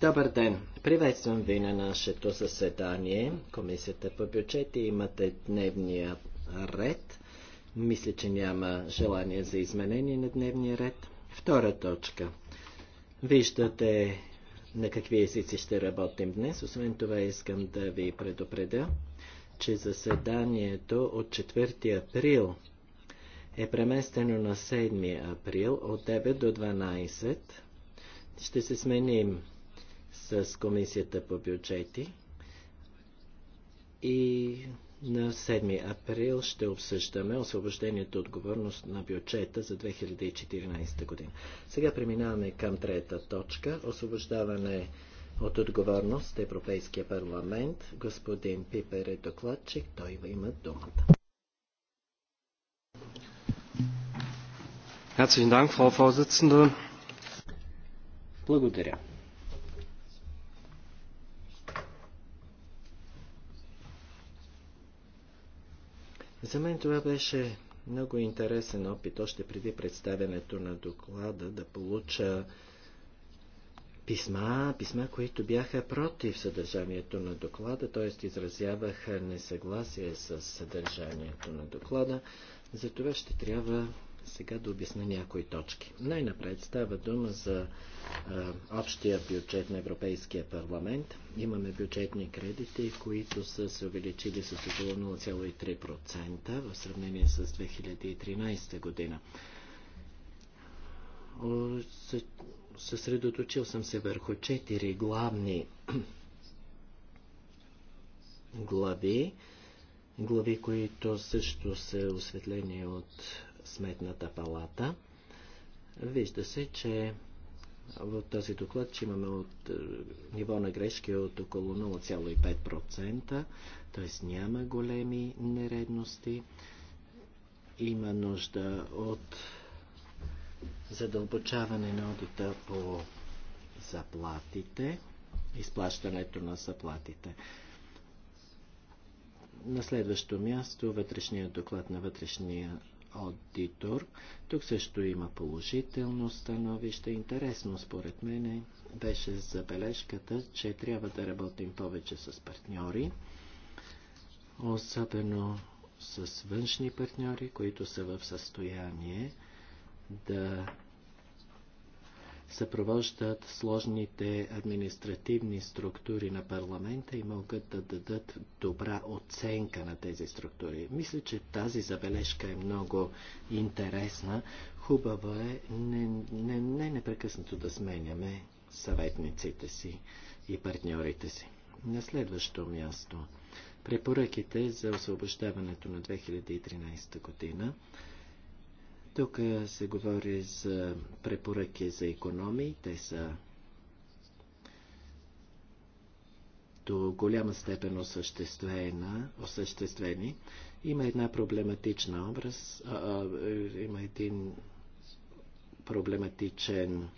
Добър ден! Приветствам ви на нашето заседание. Комисията по бюджети имате дневния ред. Мисля, че няма желание за изменение на дневния ред. Втора точка. Виждате на какви езици ще работим днес. Освен това искам да ви предупредя, че заседанието от 4 април е преместено на 7 април от 9 до 12. Ще се сменим с Комисията по бюджети и на 7 април ще обсъждаме освобождението от отговорност на бюджета за 2014 година. Сега преминаваме към трета точка. Освобождаване от отговорност Европейския парламент. Господин Пипер е докладчик. Той има думата. Herzlichen Dank, Frau Vorsitzende. Благодаря. За мен това беше много интересен опит, още преди представянето на доклада, да получа писма, писма, които бяха против съдържанието на доклада, т.е. изразяваха несъгласие с съдържанието на доклада. За това ще трябва сега да обясня някои точки. Най-напред става дума за а, общия бюджет на Европейския парламент. Имаме бюджетни кредити, които са се увеличили с около 0,3% в сравнение с 2013 година. Съсредоточил съм се върху четири главни глави, глави, които също са осветлени от Сметната палата. Вижда се, че в този доклад, че имаме от, е, ниво на грешки от около 0,5%, т.е. няма големи нередности. Има нужда от задълбочаване на одита по заплатите, изплащането на заплатите. На следващо място вътрешният доклад на вътрешния аудитор. Тук също има положително становище. Интересно според мен беше забележката, че трябва да работим повече с партньори, особено с външни партньори, които са в състояние да съпровождат сложните административни структури на парламента и могат да дадат добра оценка на тези структури. Мисля, че тази забележка е много интересна. Хубаво е не, не, не непрекъснато да сменяме съветниците си и партньорите си. На следващо място. Препоръките за освобождаването на 2013 година тук е, се говори за препоръки за економии. Те са до голяма степен осъществени. Има една проблематична образ, а, а, е, има един проблематичен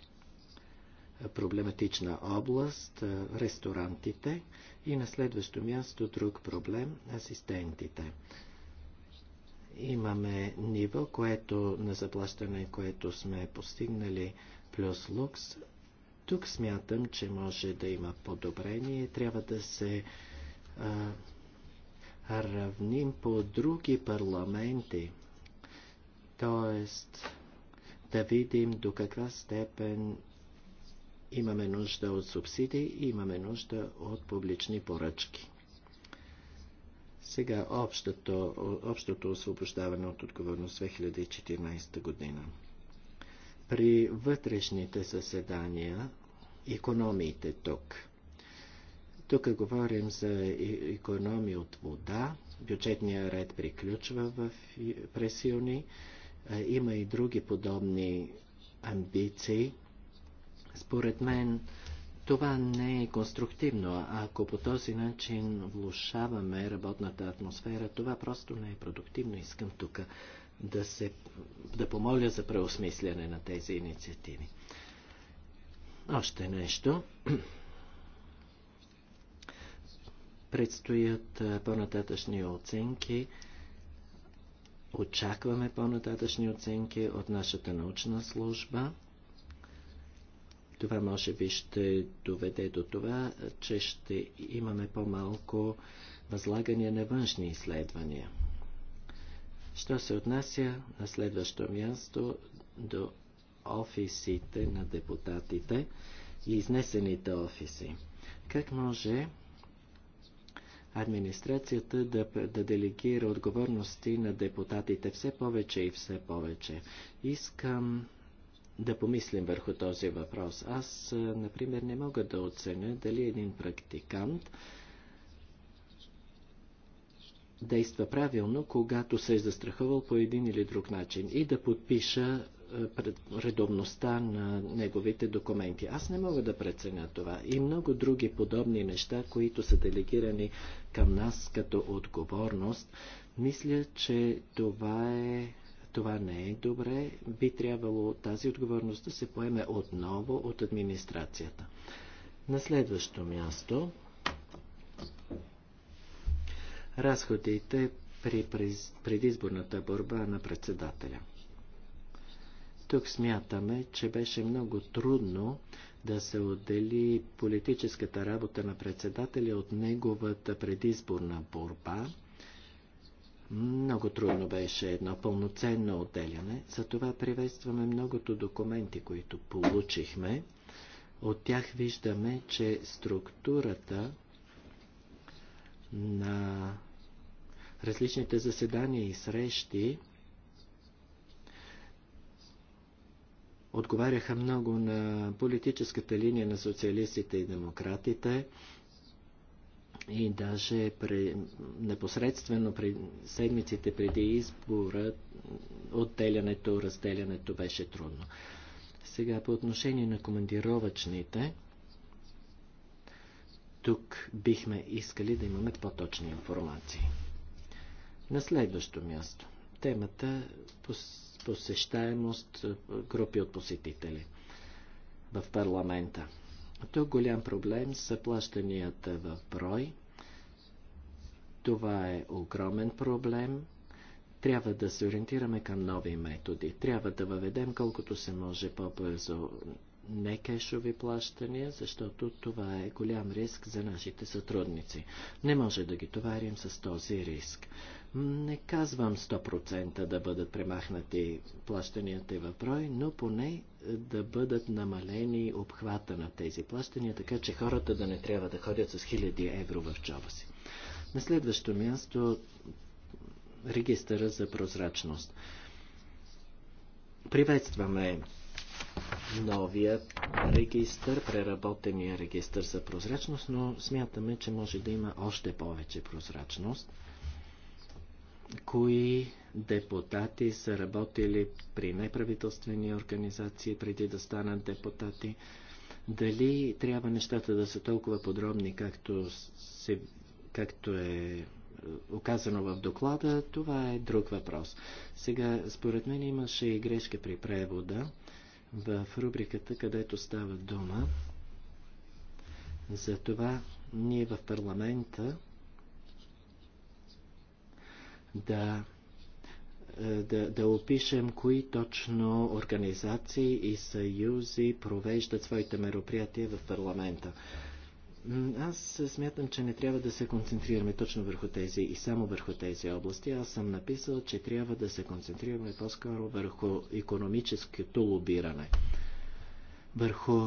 проблематична област, ресторантите и на следващо място друг проблем – асистентите имаме ниво, което на заплащане, което сме постигнали плюс лукс. Тук смятам, че може да има подобрение. Трябва да се а, равним по други парламенти. Тоест, да видим до каква степен имаме нужда от субсидии и имаме нужда от публични поръчки. Сега общото, общото освобождаване от отговорност 2014 година. При вътрешните съседания, економиите тук. Тук говорим за економи от вода. Бюджетния ред приключва в пресиони. Има и други подобни амбиции. Според мен, това не е конструктивно. Ако по този начин влушаваме работната атмосфера, това просто не е продуктивно. Искам тук да, се, да помоля за преосмисляне на тези инициативи. Още нещо. Предстоят по-нататъчни оценки. Очакваме по-нататъчни оценки от нашата научна служба. Това може би ще доведе до това, че ще имаме по-малко възлагания на външни изследвания. Що се отнася на следващо място до офисите на депутатите и изнесените офиси. Как може администрацията да, да делегира отговорности на депутатите все повече и все повече? Искам да помислим върху този въпрос. Аз, например, не мога да оценя дали един практикант действа правилно, когато се е застраховал по един или друг начин и да подпиша редовността на неговите документи. Аз не мога да преценя това и много други подобни неща, които са делегирани към нас като отговорност. Мисля, че това е това не е добре. Би трябвало тази отговорност да се поеме отново от администрацията. На следващо място разходите при предизборната борба на председателя. Тук смятаме, че беше много трудно да се отдели политическата работа на председателя от неговата предизборна борба много трудно беше едно пълноценно отделяне, затова приветстваме многото документи, които получихме. От тях виждаме, че структурата на различните заседания и срещи отговаряха много на политическата линия на социалистите и демократите. И даже при, непосредствено при седмиците преди избора отделянето, разделянето беше трудно. Сега по отношение на командировачните, тук бихме искали да имаме по-точни информации. На следващо място. Темата посещаемост е, групи от посетители в парламента. Тук голям проблем са плащанията в брой. Това е огромен проблем. Трябва да се ориентираме към нови методи. Трябва да въведем колкото се може по-бързо не кешови плащания, защото това е голям риск за нашите сътрудници. Не може да ги товарим с този риск. Не казвам 100% да бъдат премахнати плащанията в брой, но поне да бъдат намалени обхвата на тези плащания, така че хората да не трябва да ходят с хиляди евро в джоба си. На следващо място регистъра за прозрачност. Приветстваме новия регистър, преработения регистър за прозрачност, но смятаме, че може да има още повече прозрачност. Кои депутати са работили при неправителствени организации преди да станат депутати? Дали трябва нещата да са толкова подробни, както се както е, е оказано в доклада, това е друг въпрос. Сега, според мен имаше и грешка при превода в рубриката, където става дума. Затова ние в парламента да, е, да, да опишем кои точно организации и съюзи провеждат своите мероприятия в парламента. Аз смятам, че не трябва да се концентрираме точно върху тези и само върху тези области. Аз съм написал, че трябва да се концентрираме по-скоро върху економическото лобиране. Върху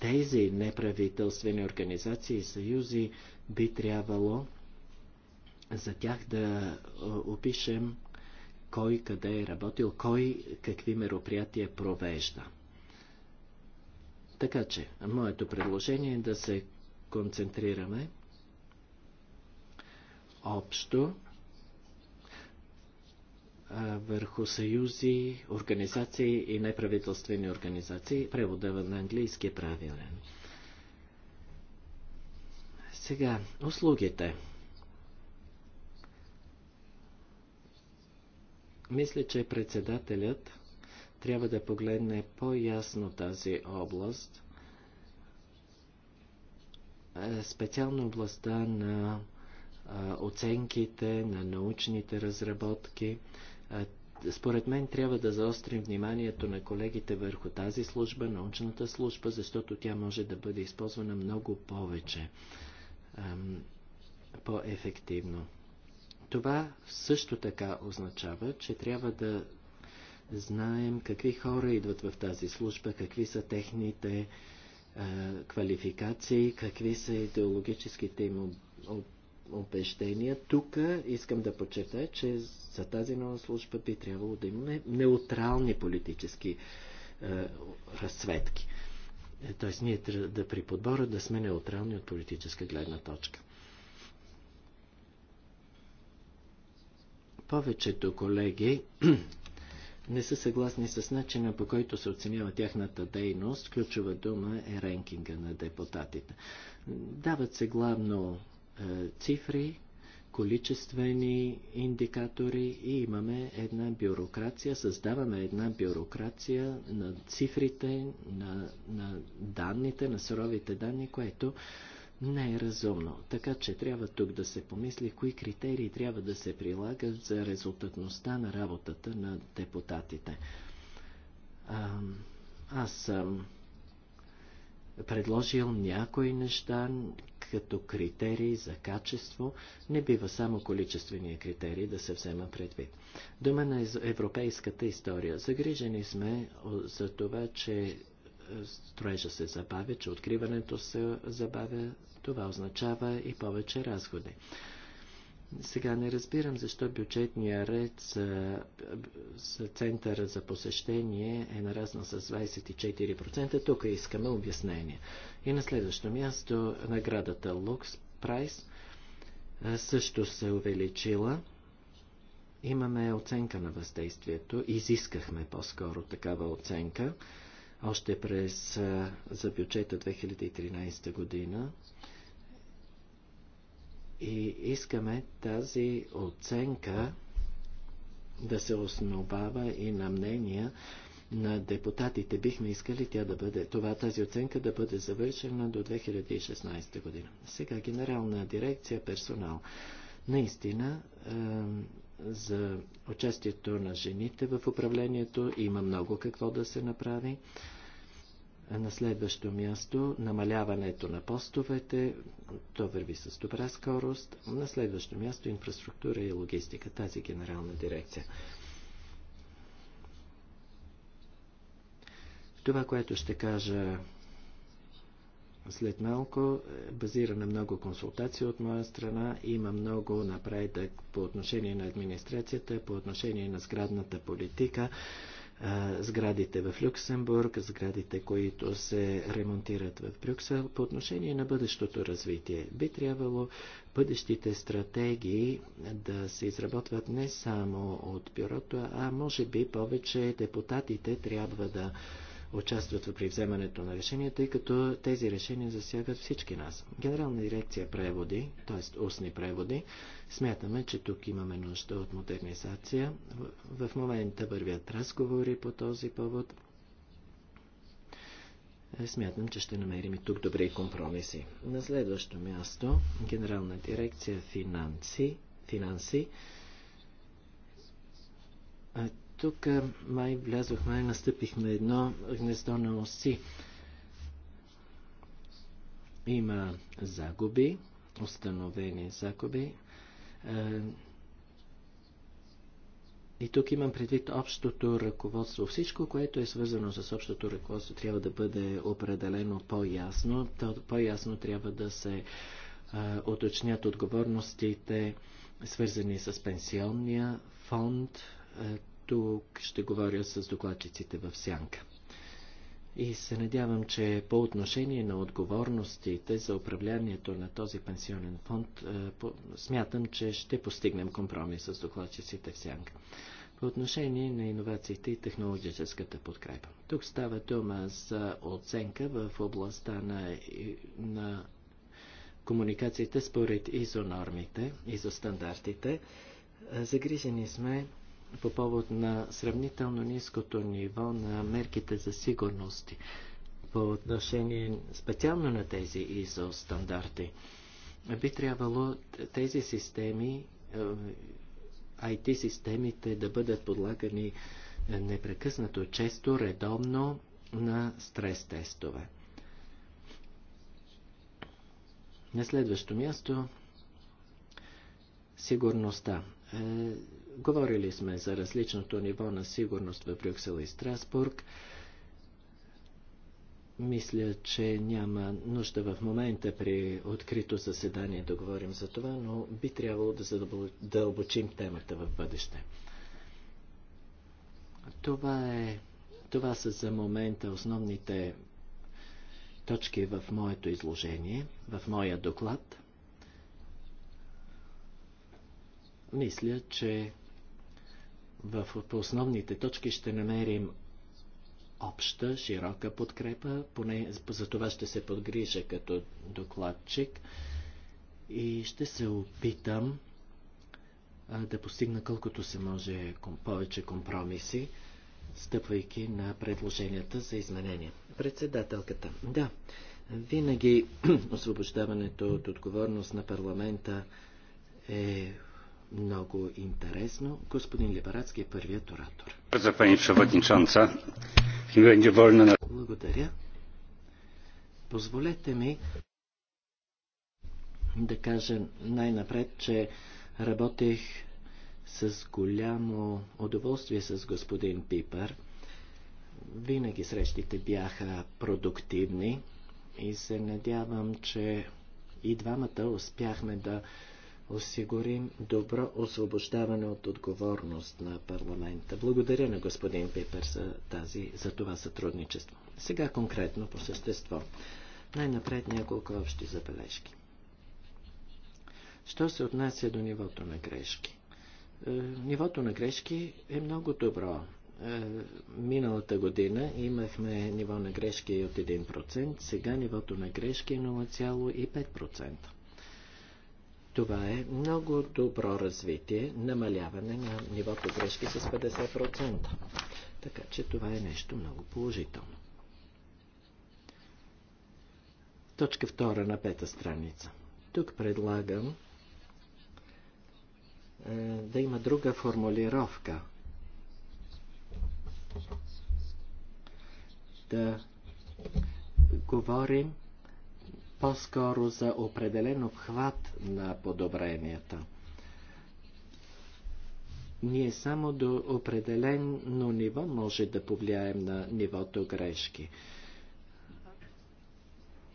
тези неправителствени организации и съюзи би трябвало за тях да опишем кой къде е работил, кой какви мероприятия провежда. Така че, моето предложение е да се концентрираме общо върху съюзи, организации и неправителствени организации. Превода на английски е правилен. Сега, услугите. Мисля, че председателят трябва да погледне по-ясно тази област – е, специално областта на е, оценките, на научните разработки. Е, според мен трябва да заострим вниманието на колегите върху тази служба, научната служба, защото тя може да бъде използвана много повече, по-ефективно. Това също така означава, че трябва да знаем какви хора идват в тази служба, какви са техните квалификации, какви са идеологическите им убеждения. Тук искам да почетая, че за тази нова служба би трябвало да имаме неутрални политически разсветки. разцветки. Е, тоест ние да при подбора да сме неутрални от политическа гледна точка. Повечето колеги не са съгласни с начина по който се оценява тяхната дейност. Ключова дума е ренкинга на депутатите. Дават се главно е, цифри, количествени индикатори и имаме една бюрокрация, създаваме една бюрокрация на цифрите, на, на данните, на суровите данни, което не е разумно. Така че трябва тук да се помисли, кои критерии трябва да се прилагат за резултатността на работата на депутатите. А, аз съм предложил някои неща като критерии за качество, не бива само количествения критерий да се взема предвид. Дума на европейската история. Загрижени сме за това, че строежа се забавя, че откриването се забавя, това означава и повече разходи. Сега не разбирам защо бюджетния ред за, за центъра за посещение е нараснал с 24%. Тук искаме обяснение. И на следващо място наградата Lux Price също се увеличила. Имаме оценка на въздействието. Изискахме по-скоро такава оценка още през за бюджета 2013 година. И искаме тази оценка да се основава и на мнения на депутатите. Бихме искали тя да бъде, това, тази оценка да бъде завършена до 2016 година. Сега генерална дирекция персонал. Наистина, за участието на жените в управлението. Има много какво да се направи. На следващо място намаляването на постовете. То върви с добра скорост. На следващо място инфраструктура и логистика. Тази генерална дирекция. Това, което ще кажа след малко, е, базира на много консултации от моя страна. Има много напредък по отношение на администрацията, по отношение на сградната политика, е, сградите в Люксембург, сградите, които се ремонтират в Брюксел. По отношение на бъдещото развитие, би трябвало бъдещите стратегии да се изработват не само от бюрото, а може би повече депутатите трябва да участват при вземането на решения, тъй като тези решения засягат всички нас. Генерална дирекция преводи, т.е. устни преводи, смятаме, че тук имаме нужда от модернизация. В, момента вървят разговори по този повод. Е, смятам, че ще намерим и тук добри компромиси. На следващо място, Генерална дирекция финанси, финанси е, тук май влязохме, настъпихме едно гнездо на оси. Има загуби, установени загуби. И тук имам предвид общото ръководство. Всичко, което е свързано с общото ръководство, трябва да бъде определено по-ясно. По-ясно трябва да се а, уточнят отговорностите, свързани с пенсионния фонд тук ще говоря с докладчиците в Сянка. И се надявам, че по отношение на отговорностите за управлението на този пенсионен фонд, е, смятам, че ще постигнем компромис с докладчиците в Сянка. По отношение на иновациите и технологическата подкрепа. Тук става дума за оценка в областта на, на комуникациите според изонормите, изостандартите. Загрижени сме по повод на сравнително ниското ниво на мерките за сигурност по отношение специално на тези ISO стандарти. Би трябвало тези системи, IT е, системите да бъдат подлагани непрекъснато, често, редовно на стрес тестове. На следващо място сигурността. Е, Говорили сме за различното ниво на сигурност в Брюксел и Страсбург. Мисля, че няма нужда в момента при открито заседание да говорим за това, но би трябвало да задълбочим темата в бъдеще. Това, е, това са за момента основните точки в моето изложение, в моя доклад. Мисля, че в, основните точки ще намерим обща, широка подкрепа, поне за това ще се подгрижа като докладчик и ще се опитам а, да постигна колкото се може ком, повече компромиси, стъпвайки на предложенията за изменения. Председателката. Да, винаги освобождаването от отговорност на парламента е много интересно. Господин Либарацки е първият оратор. Благодаря. Позволете ми да кажа най-напред, че работех с голямо удоволствие с господин Пипър. Винаги срещите бяха продуктивни и се надявам, че и двамата успяхме да осигурим добро освобождаване от отговорност на парламента. Благодаря на господин Пипер за, тази, за това сътрудничество. Сега конкретно по същество. Най-напред няколко общи забележки. Що се отнася до нивото на грешки? Е, нивото на грешки е много добро. Е, миналата година имахме ниво на грешки от 1%, сега нивото на грешки е 0,5%. Това е много добро развитие, намаляване на нивото грешки с 50%. Така че това е нещо много положително. Точка втора на пета страница. Тук предлагам е, да има друга формулировка. Да говорим по-скоро за определен обхват на подобренията. Ние само до определено ниво може да повлияем на нивото грешки.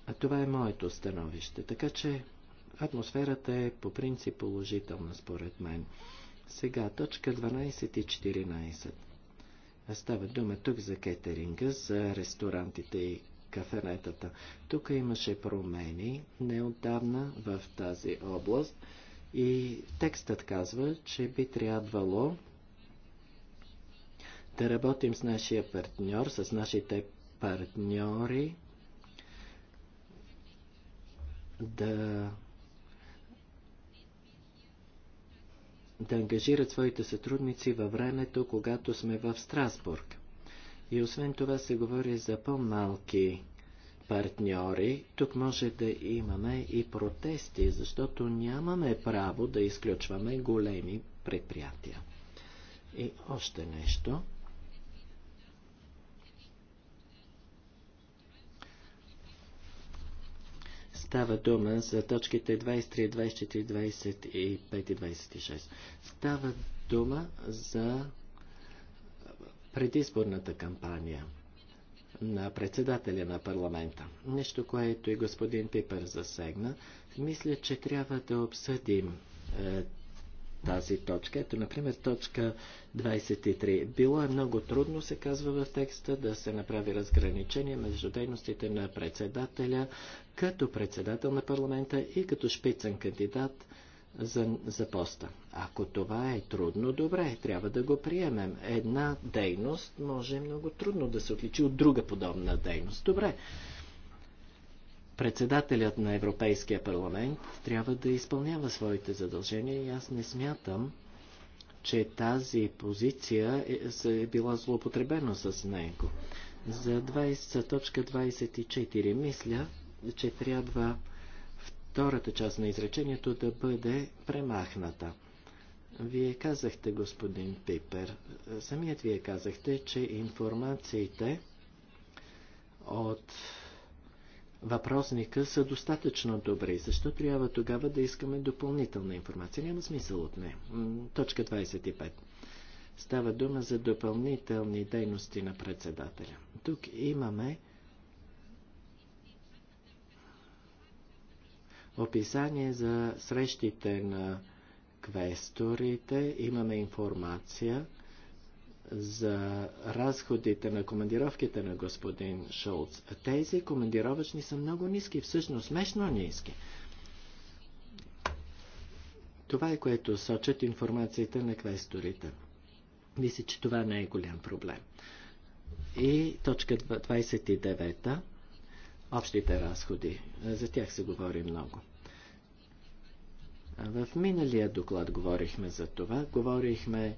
А това е моето становище. Така че атмосферата е по принцип положителна според мен. Сега точка 12 и 14. Става дума тук за кетеринга, за ресторантите и кафенетата. Тук имаше промени неотдавна в тази област и текстът казва, че би трябвало да работим с нашия партньор, с нашите партньори, да да ангажират своите сътрудници във времето, когато сме в Страсбург. И освен това се говори за по-малки партньори. Тук може да имаме и протести, защото нямаме право да изключваме големи предприятия. И още нещо. Става дума за точките 23, 24, 25 и 26. Става дума за предизборната кампания на председателя на парламента. Нещо, което и господин Пипер засегна, мисля, че трябва да обсъдим е, тази точка. Ето, например, точка 23. Било е много трудно, се казва в текста, да се направи разграничение между дейностите на председателя като председател на парламента и като шпицен кандидат за, за поста. Ако това е трудно, добре, трябва да го приемем. Една дейност може много трудно да се отличи от друга подобна дейност. Добре. Председателят на Европейския парламент трябва да изпълнява своите задължения и аз не смятам, че тази позиция е, е била злоупотребена с него. За 20.24 мисля, че трябва втората част на изречението да бъде премахната. Вие казахте, господин Пипер, самият вие казахте, че информациите от въпросника са достатъчно добри. Защо трябва тогава да искаме допълнителна информация? Няма смисъл от нея. Точка 25. Става дума за допълнителни дейности на председателя. Тук имаме описание за срещите на квесторите, имаме информация за разходите на командировките на господин Шолц. Тези командировъчни са много ниски, всъщност смешно ниски. Това е което сочат информациите на квесторите. Мисля, че това не е голям проблем. И точка 29. Общите разходи. За тях се говори много. В миналия доклад говорихме за това. Говорихме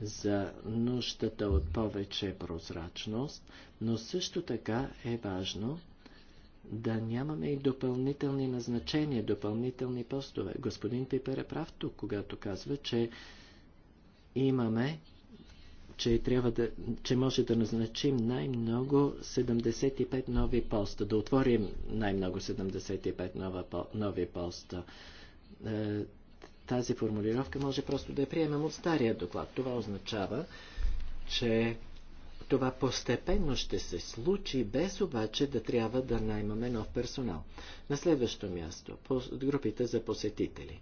за нуждата от повече прозрачност, но също така е важно да нямаме и допълнителни назначения, допълнителни постове. Господин Пипер е прав тук, когато казва, че имаме че, трябва да, че може да назначим най-много 75 нови поста, да отворим най-много 75 нова, нови поста. Е, тази формулировка може просто да я приемем от стария доклад. Това означава, че това постепенно ще се случи, без обаче да трябва да наймаме нов персонал. На следващо място, групите за посетители.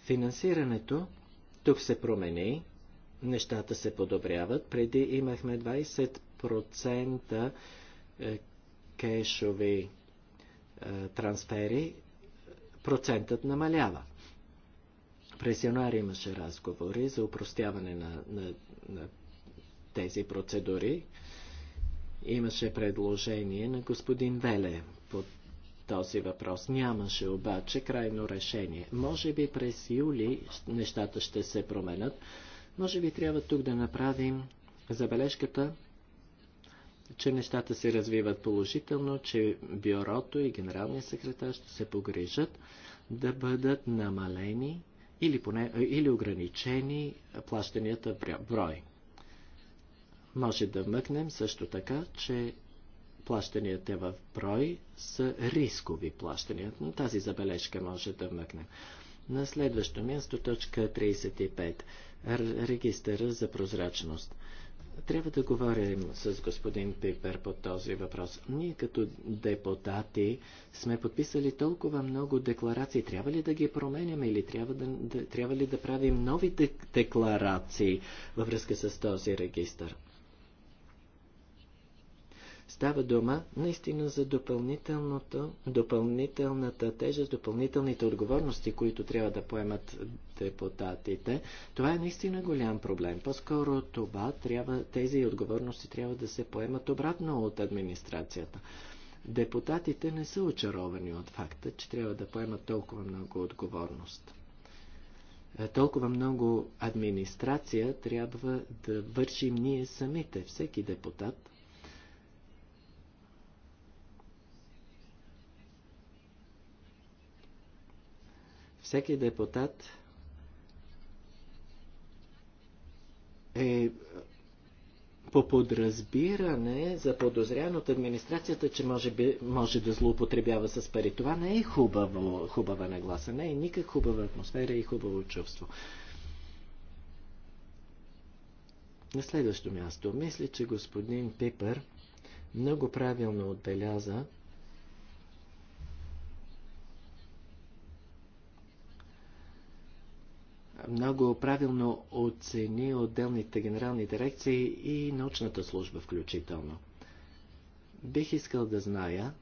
Финансирането тук се промени, нещата се подобряват. Преди имахме 20% е, кешови е, трансфери, процентът намалява. През януари имаше разговори за упростяване на, на, на тези процедури. Имаше предложение на господин Веле под този въпрос. Нямаше обаче крайно решение. Може би през юли нещата ще се променят. Може би трябва тук да направим забележката, че нещата се развиват положително, че бюрото и генералния секретар ще се погрижат да бъдат намалени или, поне, или ограничени плащанията брой. Може да мъкнем също така, че плащанията в брой са рискови плащания. На тази забележка може да вмъкнем. На следващо място, точка 35. Регистъра за прозрачност. Трябва да говорим с господин Пипер по този въпрос. Ние като депутати сме подписали толкова много декларации. Трябва ли да ги променяме или трябва, да, да, трябва ли да правим нови декларации във връзка с този регистър? Става дума наистина за допълнителната тежест, допълнителните отговорности, които трябва да поемат депутатите. Това е наистина голям проблем. По-скоро това трябва, тези отговорности трябва да се поемат обратно от администрацията. Депутатите не са очаровани от факта, че трябва да поемат толкова много отговорност е, толкова много администрация трябва да вършим ние самите, всеки депутат. Всеки депутат е по подразбиране за подозрян от администрацията, че може, би, може да злоупотребява с пари. Това не е хубаво, хубава нагласа, не е никак хубава атмосфера и хубаво чувство. На следващо място, мисля, че господин Пипър много правилно отбеляза, много правилно оцени отделните генерални дирекции и научната служба включително. Бих искал да зная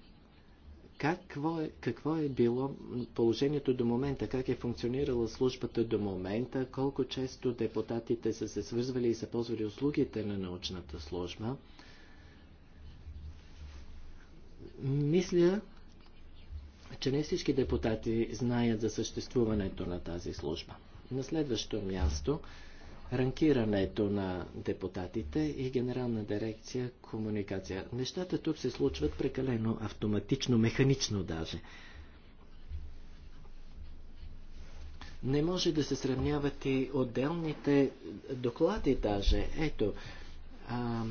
какво е, какво е било положението до момента, как е функционирала службата до момента, колко често депутатите са се свързвали и са ползвали услугите на научната служба. Мисля, че не всички депутати знаят за съществуването на тази служба. На следващо място ранкирането на депутатите и генерална дирекция комуникация. Нещата тук се случват прекалено автоматично, механично даже. Не може да се сравняват и отделните доклади даже. Ето, а,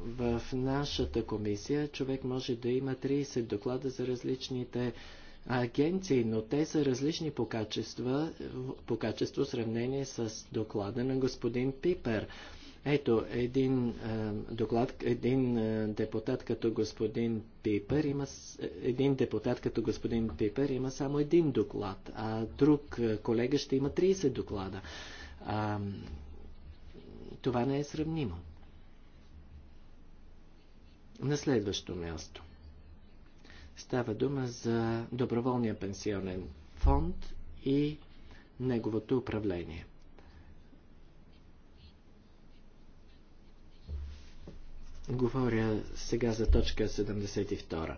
в нашата комисия човек може да има 30 доклада за различните агенции, но те са различни по качество, по качество в сравнение с доклада на господин Пипер. Ето, един, е, доклад, един е, депутат като господин Пипер има, е, един депутат като господин Пипер има само един доклад, а друг е, колега ще има 30 доклада. А, това не е сравнимо. На следващо място. Става дума за доброволния пенсионен фонд и неговото управление. Говоря сега за точка 72.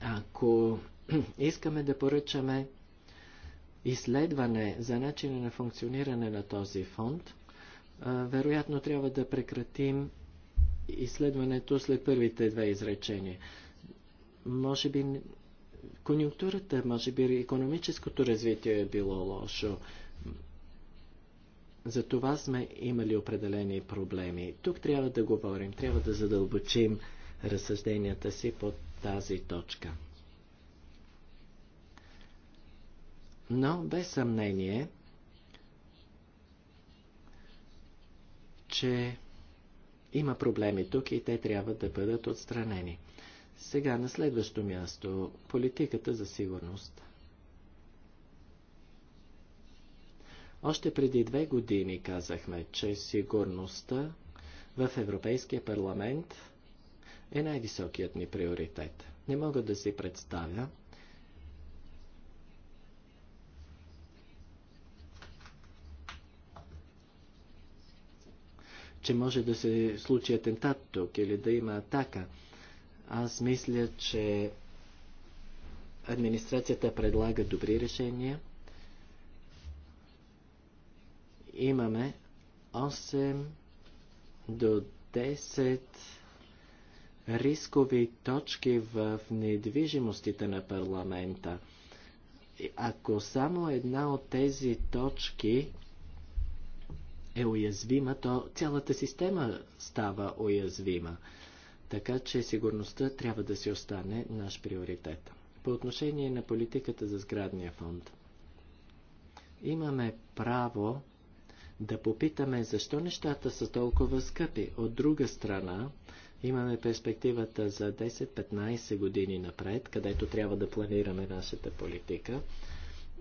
Ако искаме да поръчаме изследване за начина на функциониране на този фонд, вероятно трябва да прекратим изследването след първите две изречения. Може би конюнктурата, може би економическото развитие е било лошо. За това сме имали определени проблеми. Тук трябва да говорим, трябва да задълбочим разсъжденията си под тази точка. Но, без съмнение, че има проблеми тук и те трябва да бъдат отстранени. Сега на следващо място политиката за сигурност. Още преди две години казахме, че сигурността в Европейския парламент е най-високият ни приоритет. Не мога да си представя че може да се случи атентат тук или да има атака. Аз мисля, че администрацията предлага добри решения. Имаме 8 до 10 рискови точки в недвижимостите на парламента. Ако само една от тези точки е уязвима, то цялата система става уязвима. Така че сигурността трябва да си остане наш приоритет. По отношение на политиката за сградния фонд. Имаме право да попитаме защо нещата са толкова скъпи. От друга страна, имаме перспективата за 10-15 години напред, където трябва да планираме нашата политика.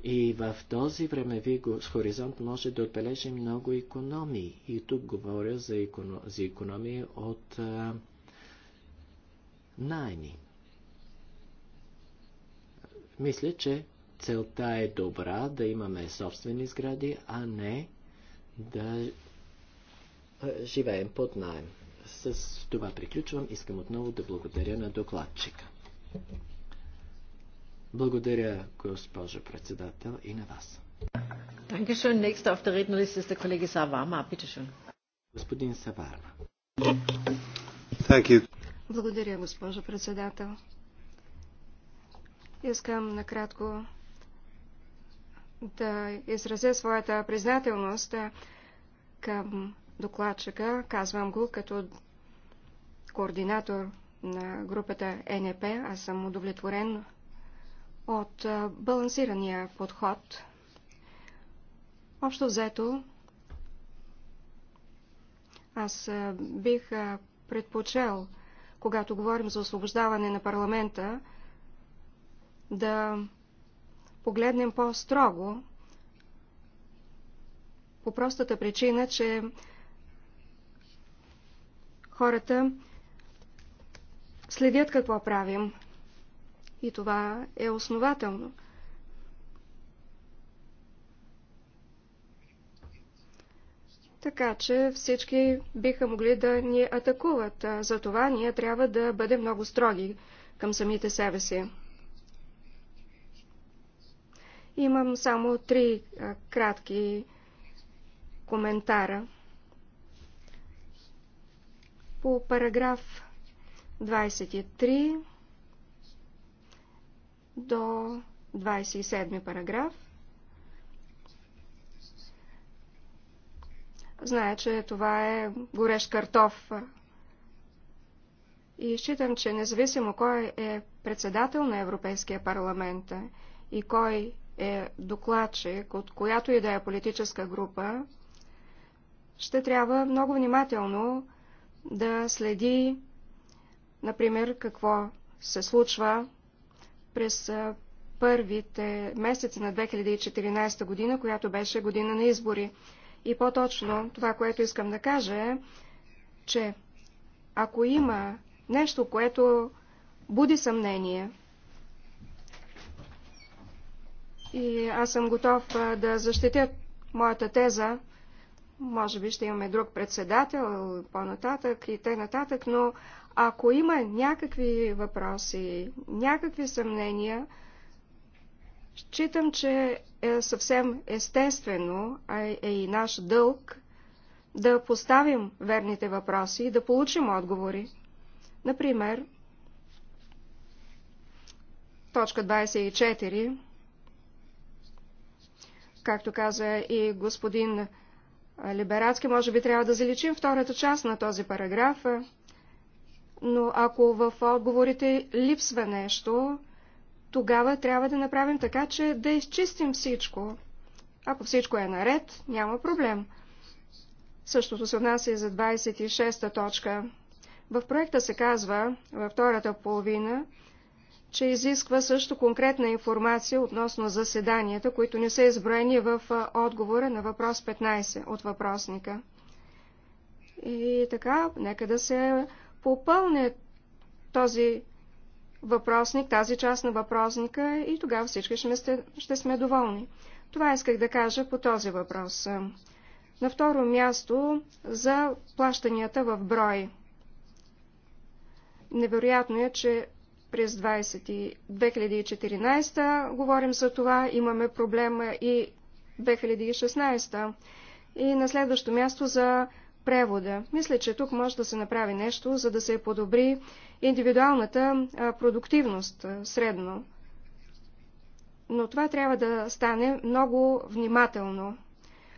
И в този времеви хоризонт може да отбележим много економии. И тук говоря за, економии от найми. Мисля, че целта е добра да имаме собствени сгради, а не да живеем под найем. С това приключвам. Искам отново да благодаря на докладчика. Благодаря, госпожа председател, и на вас. Dankeschön. Nächster auf der Rednerliste ist der Kollege Bitte schön. Господин Саварма. Thank you, благодаря, госпожо председател. Искам накратко да изразя своята признателност към докладчика. Казвам го като координатор на групата НП. Аз съм удовлетворен от балансирания подход. Общо взето, аз бих предпочел когато говорим за освобождаване на парламента, да погледнем по-строго по простата причина, че хората следят какво правим. И това е основателно. така че всички биха могли да ни атакуват. Затова ние трябва да бъдем много строги към самите себе си. Имам само три кратки коментара. По параграф 23 до 27 параграф Знае, че това е горещ картоф. И считам, че независимо кой е председател на Европейския парламент и кой е докладчик, от която и да е политическа група, ще трябва много внимателно да следи, например, какво се случва през първите месеци на 2014 година, която беше година на избори. И по-точно това, което искам да кажа е, че ако има нещо, което буди съмнение, и аз съм готов да защитя моята теза, може би ще имаме друг председател по-нататък и те нататък, но ако има някакви въпроси, някакви съмнения, Считам, че е съвсем естествено, а е и наш дълг, да поставим верните въпроси и да получим отговори. Например, точка 24, както каза и господин Либерацки, може би трябва да заличим втората част на този параграф, но ако в отговорите липсва нещо, тогава трябва да направим така, че да изчистим всичко. Ако всичко е наред, няма проблем. Същото се отнася и за 26-та точка. В проекта се казва, във втората половина, че изисква също конкретна информация относно заседанията, които не са изброени в отговора на въпрос 15 от въпросника. И така, нека да се попълне този въпросник, тази част на въпросника и тогава всички ще сме, ще сме доволни. Това исках да кажа по този въпрос. На второ място за плащанията в брой. Невероятно е, че през 2014 говорим за това, имаме проблема и 2016. И на следващо място за превода. Мисля, че тук може да се направи нещо, за да се подобри индивидуалната продуктивност средно. Но това трябва да стане много внимателно,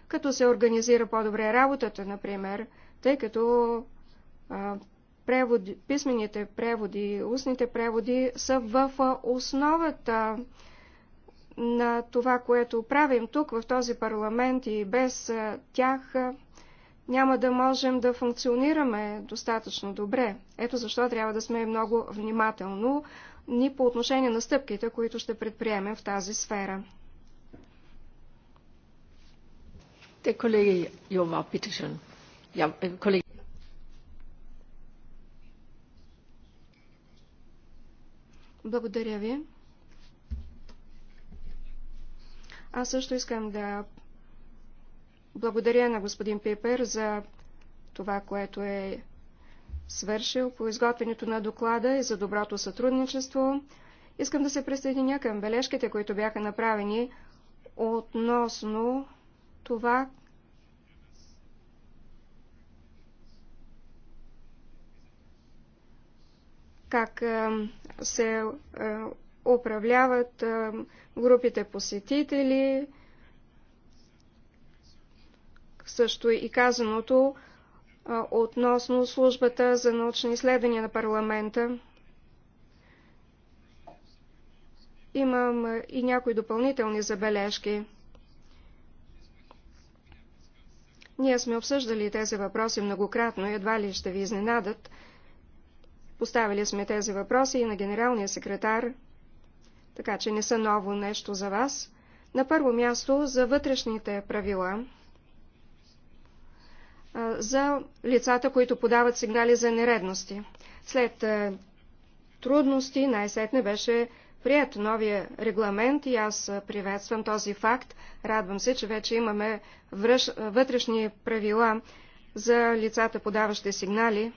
като се организира по-добре работата, например, тъй като преводи, писмените преводи, устните преводи са в основата на това, което правим тук в този парламент и без тях няма да можем да функционираме достатъчно добре. Ето защо трябва да сме много внимателно ни по отношение на стъпките, които ще предприемем в тази сфера. Те колеги, Йова bitteschön. Колеги. Благодаря ви. Аз също искам да благодаря на господин Пипер за това, което е свършил по изготвянето на доклада и за доброто сътрудничество. Искам да се присъединя към бележките, които бяха направени относно това, как е, се е, управляват е, групите посетители, също е и казаното относно службата за научни изследвания на парламента. Имам и някои допълнителни забележки. Ние сме обсъждали тези въпроси многократно и едва ли ще ви изненадат. Поставили сме тези въпроси и на генералния секретар, така че не са ново нещо за вас. На първо място за вътрешните правила – за лицата, които подават сигнали за нередности. След трудности най-сетне беше прият новия регламент и аз приветствам този факт. Радвам се, че вече имаме вътрешни правила за лицата, подаващи сигнали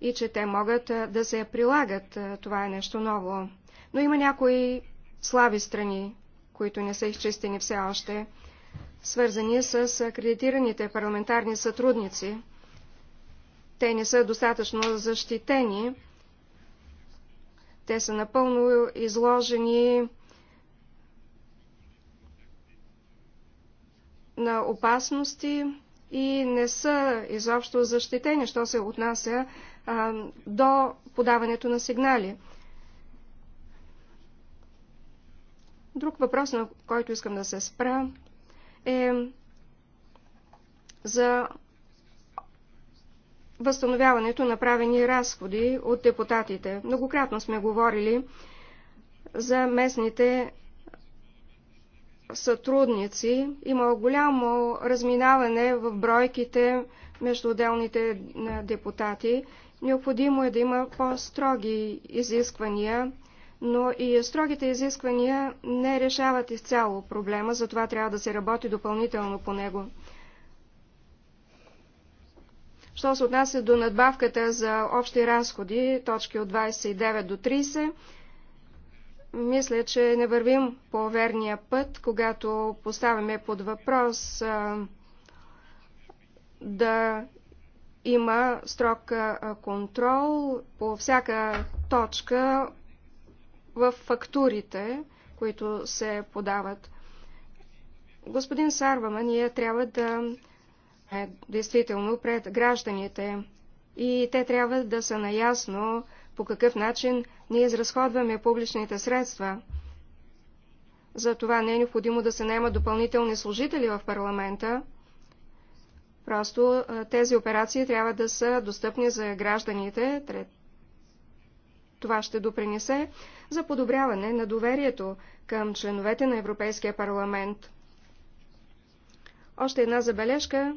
и че те могат да се прилагат. Това е нещо ново. Но има някои слаби страни, които не са изчистени все още свързани с акредитираните парламентарни сътрудници. Те не са достатъчно защитени. Те са напълно изложени на опасности и не са изобщо защитени, що се отнася а, до подаването на сигнали. Друг въпрос, на който искам да се спра, е за възстановяването на правени разходи от депутатите. Многократно сме говорили за местните сътрудници. Има голямо разминаване в бройките между отделните депутати. Необходимо е да има по-строги изисквания но и строгите изисквания не решават изцяло проблема, затова трябва да се работи допълнително по него. Що се отнася до надбавката за общи разходи, точки от 29 до 30, мисля, че не вървим по верния път, когато поставяме под въпрос а, да има строг контрол по всяка точка в фактурите, които се подават. Господин Сарвама, ние трябва да е действително пред гражданите и те трябва да са наясно по какъв начин ние изразходваме публичните средства. За това не е необходимо да се наемат допълнителни служители в парламента. Просто тези операции трябва да са достъпни за гражданите, това ще допринесе за подобряване на доверието към членовете на Европейския парламент. Още една забележка,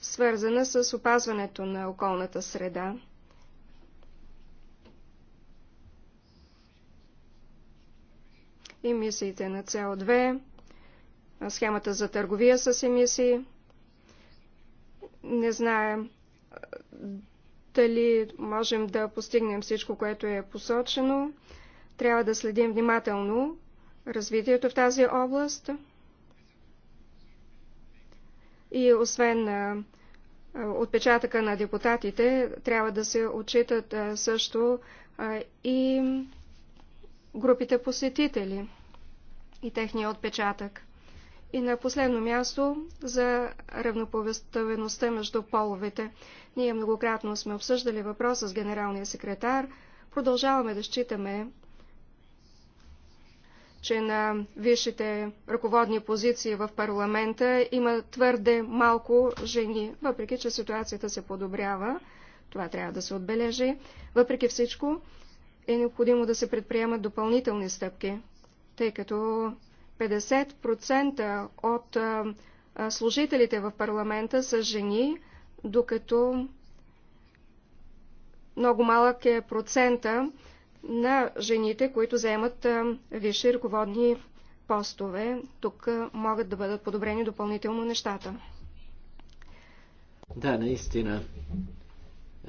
свързана с опазването на околната среда. Емисиите на CO2, схемата за търговия с емисии. Не знаем дали можем да постигнем всичко, което е посочено. Трябва да следим внимателно развитието в тази област. И освен отпечатъка на депутатите, трябва да се отчитат също и групите посетители и техния отпечатък. И на последно място за равнопоставеността между половете. Ние многократно сме обсъждали въпроса с генералния секретар. Продължаваме да считаме, че на висшите ръководни позиции в парламента има твърде малко жени, въпреки че ситуацията се подобрява. Това трябва да се отбележи. Въпреки всичко е необходимо да се предприемат допълнителни стъпки, тъй като 50% от служителите в парламента са жени, докато много малък е процента на жените, които заемат висши ръководни постове. Тук могат да бъдат подобрени допълнително нещата. Да, наистина.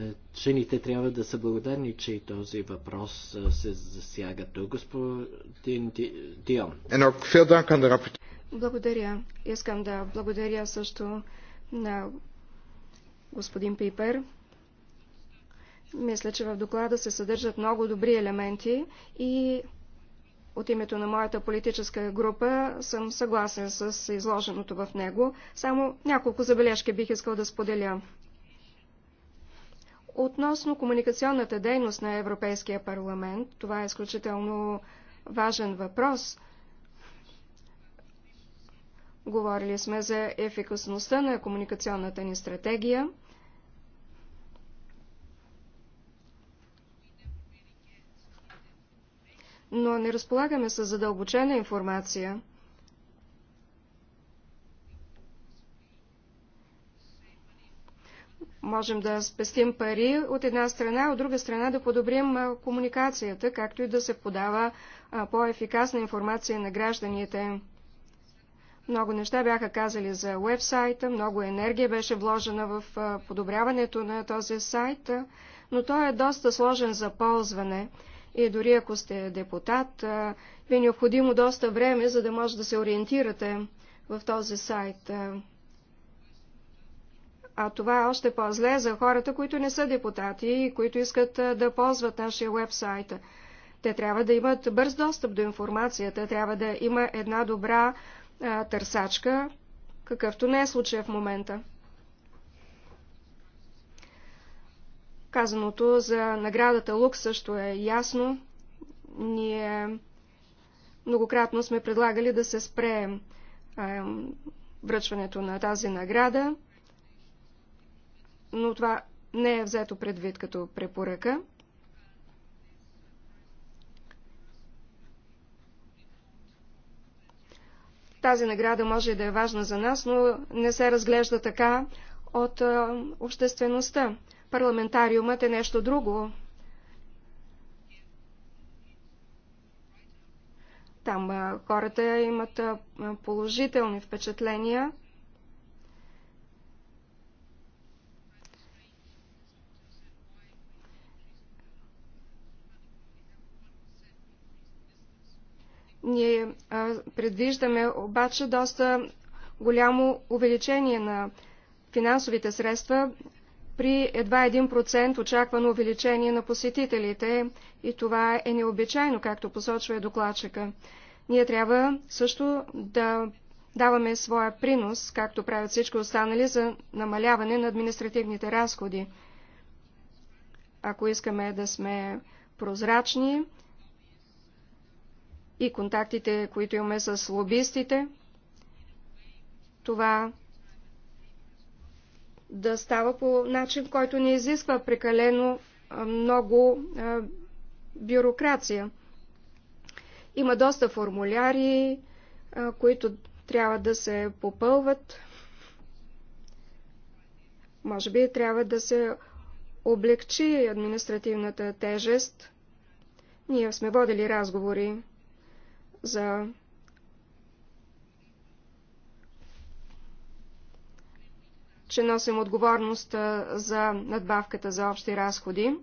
Е, жените трябва да са благодарни, че и този въпрос е, се засяга тук, господин Дион. Благодаря. Искам да благодаря също на господин Пипер. Мисля, че в доклада се съдържат много добри елементи и от името на моята политическа група съм съгласен с изложеното в него. Само няколко забележки бих искал да споделя. Относно комуникационната дейност на Европейския парламент, това е изключително важен въпрос. Говорили сме за ефикасността на комуникационната ни стратегия. Но не разполагаме с задълбочена информация – можем да спестим пари от една страна, от друга страна да подобрим комуникацията, както и да се подава по-ефикасна информация на гражданите. Много неща бяха казали за вебсайта, много енергия беше вложена в подобряването на този сайт, но той е доста сложен за ползване. И дори ако сте депутат, ви е необходимо доста време, за да може да се ориентирате в този сайт. А това е още по-зле за хората, които не са депутати и които искат да ползват нашия вебсайт. Те трябва да имат бърз достъп до информацията, трябва да има една добра а, търсачка, какъвто не е случая в момента. Казаното за наградата Лук също е ясно. Ние многократно сме предлагали да се спре а, връчването на тази награда но това не е взето предвид като препоръка. Тази награда може да е важна за нас, но не се разглежда така от а, обществеността. Парламентариумът е нещо друго. Там а, хората имат а, положителни впечатления Ние предвиждаме обаче доста голямо увеличение на финансовите средства при едва 1% очаквано увеличение на посетителите и това е необичайно, както посочва и докладчика. Ние трябва също да даваме своя принос, както правят всички останали, за намаляване на административните разходи. Ако искаме да сме прозрачни, и контактите, които имаме с лобистите, това да става по начин, който не изисква прекалено много бюрокрация. Има доста формуляри, които трябва да се попълват. Може би трябва да се облегчи административната тежест. Ние сме водили разговори за че носим отговорност за надбавката за общи разходи.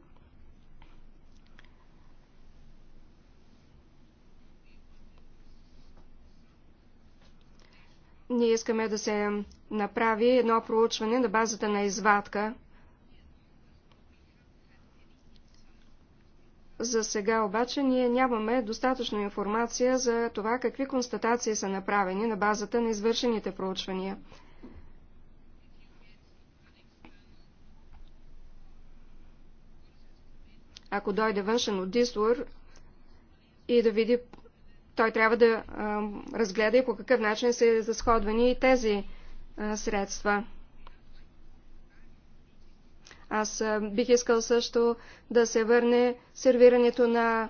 Ние искаме да се направи едно проучване на базата на извадка За сега обаче ние нямаме достатъчно информация за това какви констатации са направени на базата на извършените проучвания. Ако дойде външен от дислор и да види, той трябва да а, разгледа и по какъв начин са изразходвани и тези а, средства. Аз бих искал също да се върне сервирането на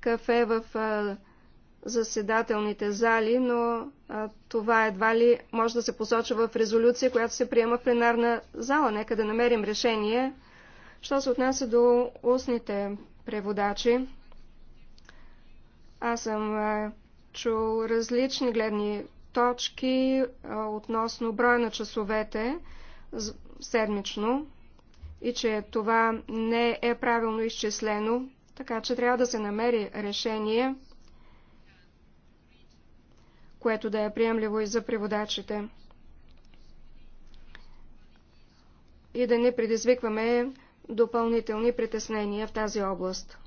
кафе в заседателните зали, но а, това едва ли може да се посочва в резолюция, която се приема в пленарна зала. Нека да намерим решение. Що се отнася до устните преводачи, аз съм а, чул различни гледни точки а, относно броя на часовете седмично и че това не е правилно изчислено, така че трябва да се намери решение, което да е приемливо и за преводачите. И да не предизвикваме допълнителни притеснения в тази област.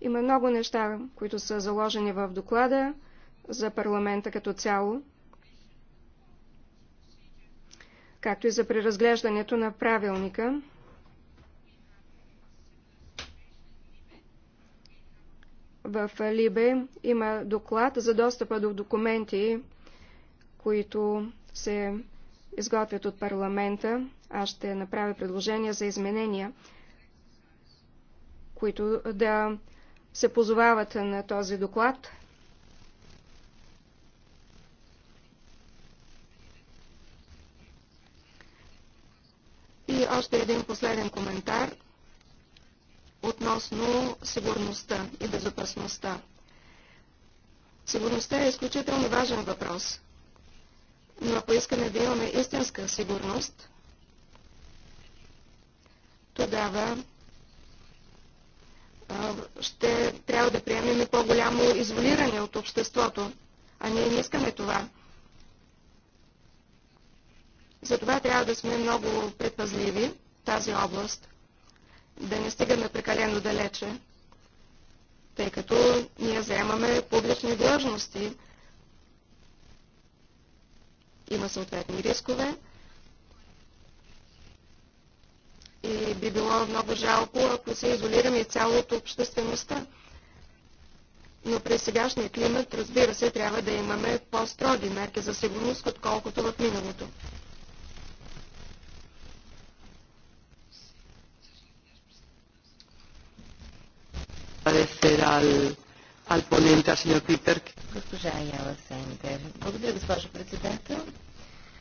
Има много неща, които са заложени в доклада за парламента като цяло както и за преразглеждането на правилника. В Либе има доклад за достъпа до документи, които се изготвят от парламента. Аз ще направя предложения за изменения, които да се позовават на този доклад още един последен коментар относно сигурността и безопасността. Сигурността е изключително важен въпрос, но ако искаме да имаме истинска сигурност, тогава ще трябва да приемем по-голямо изолиране от обществото, а ние не искаме това. Затова трябва да сме много предпазливи в тази област, да не стигаме прекалено далече, тъй като ние заемаме публични длъжности. Има съответни рискове и би било много жалко, ако се изолираме цяло от обществеността. Но при сегашния климат, разбира се, трябва да имаме по-строги мерки за сигурност, отколкото в миналото. agradecer al, al ponente, al señor Piper. Госпожа Аяла Сендер. Благодаря, госпожо председател.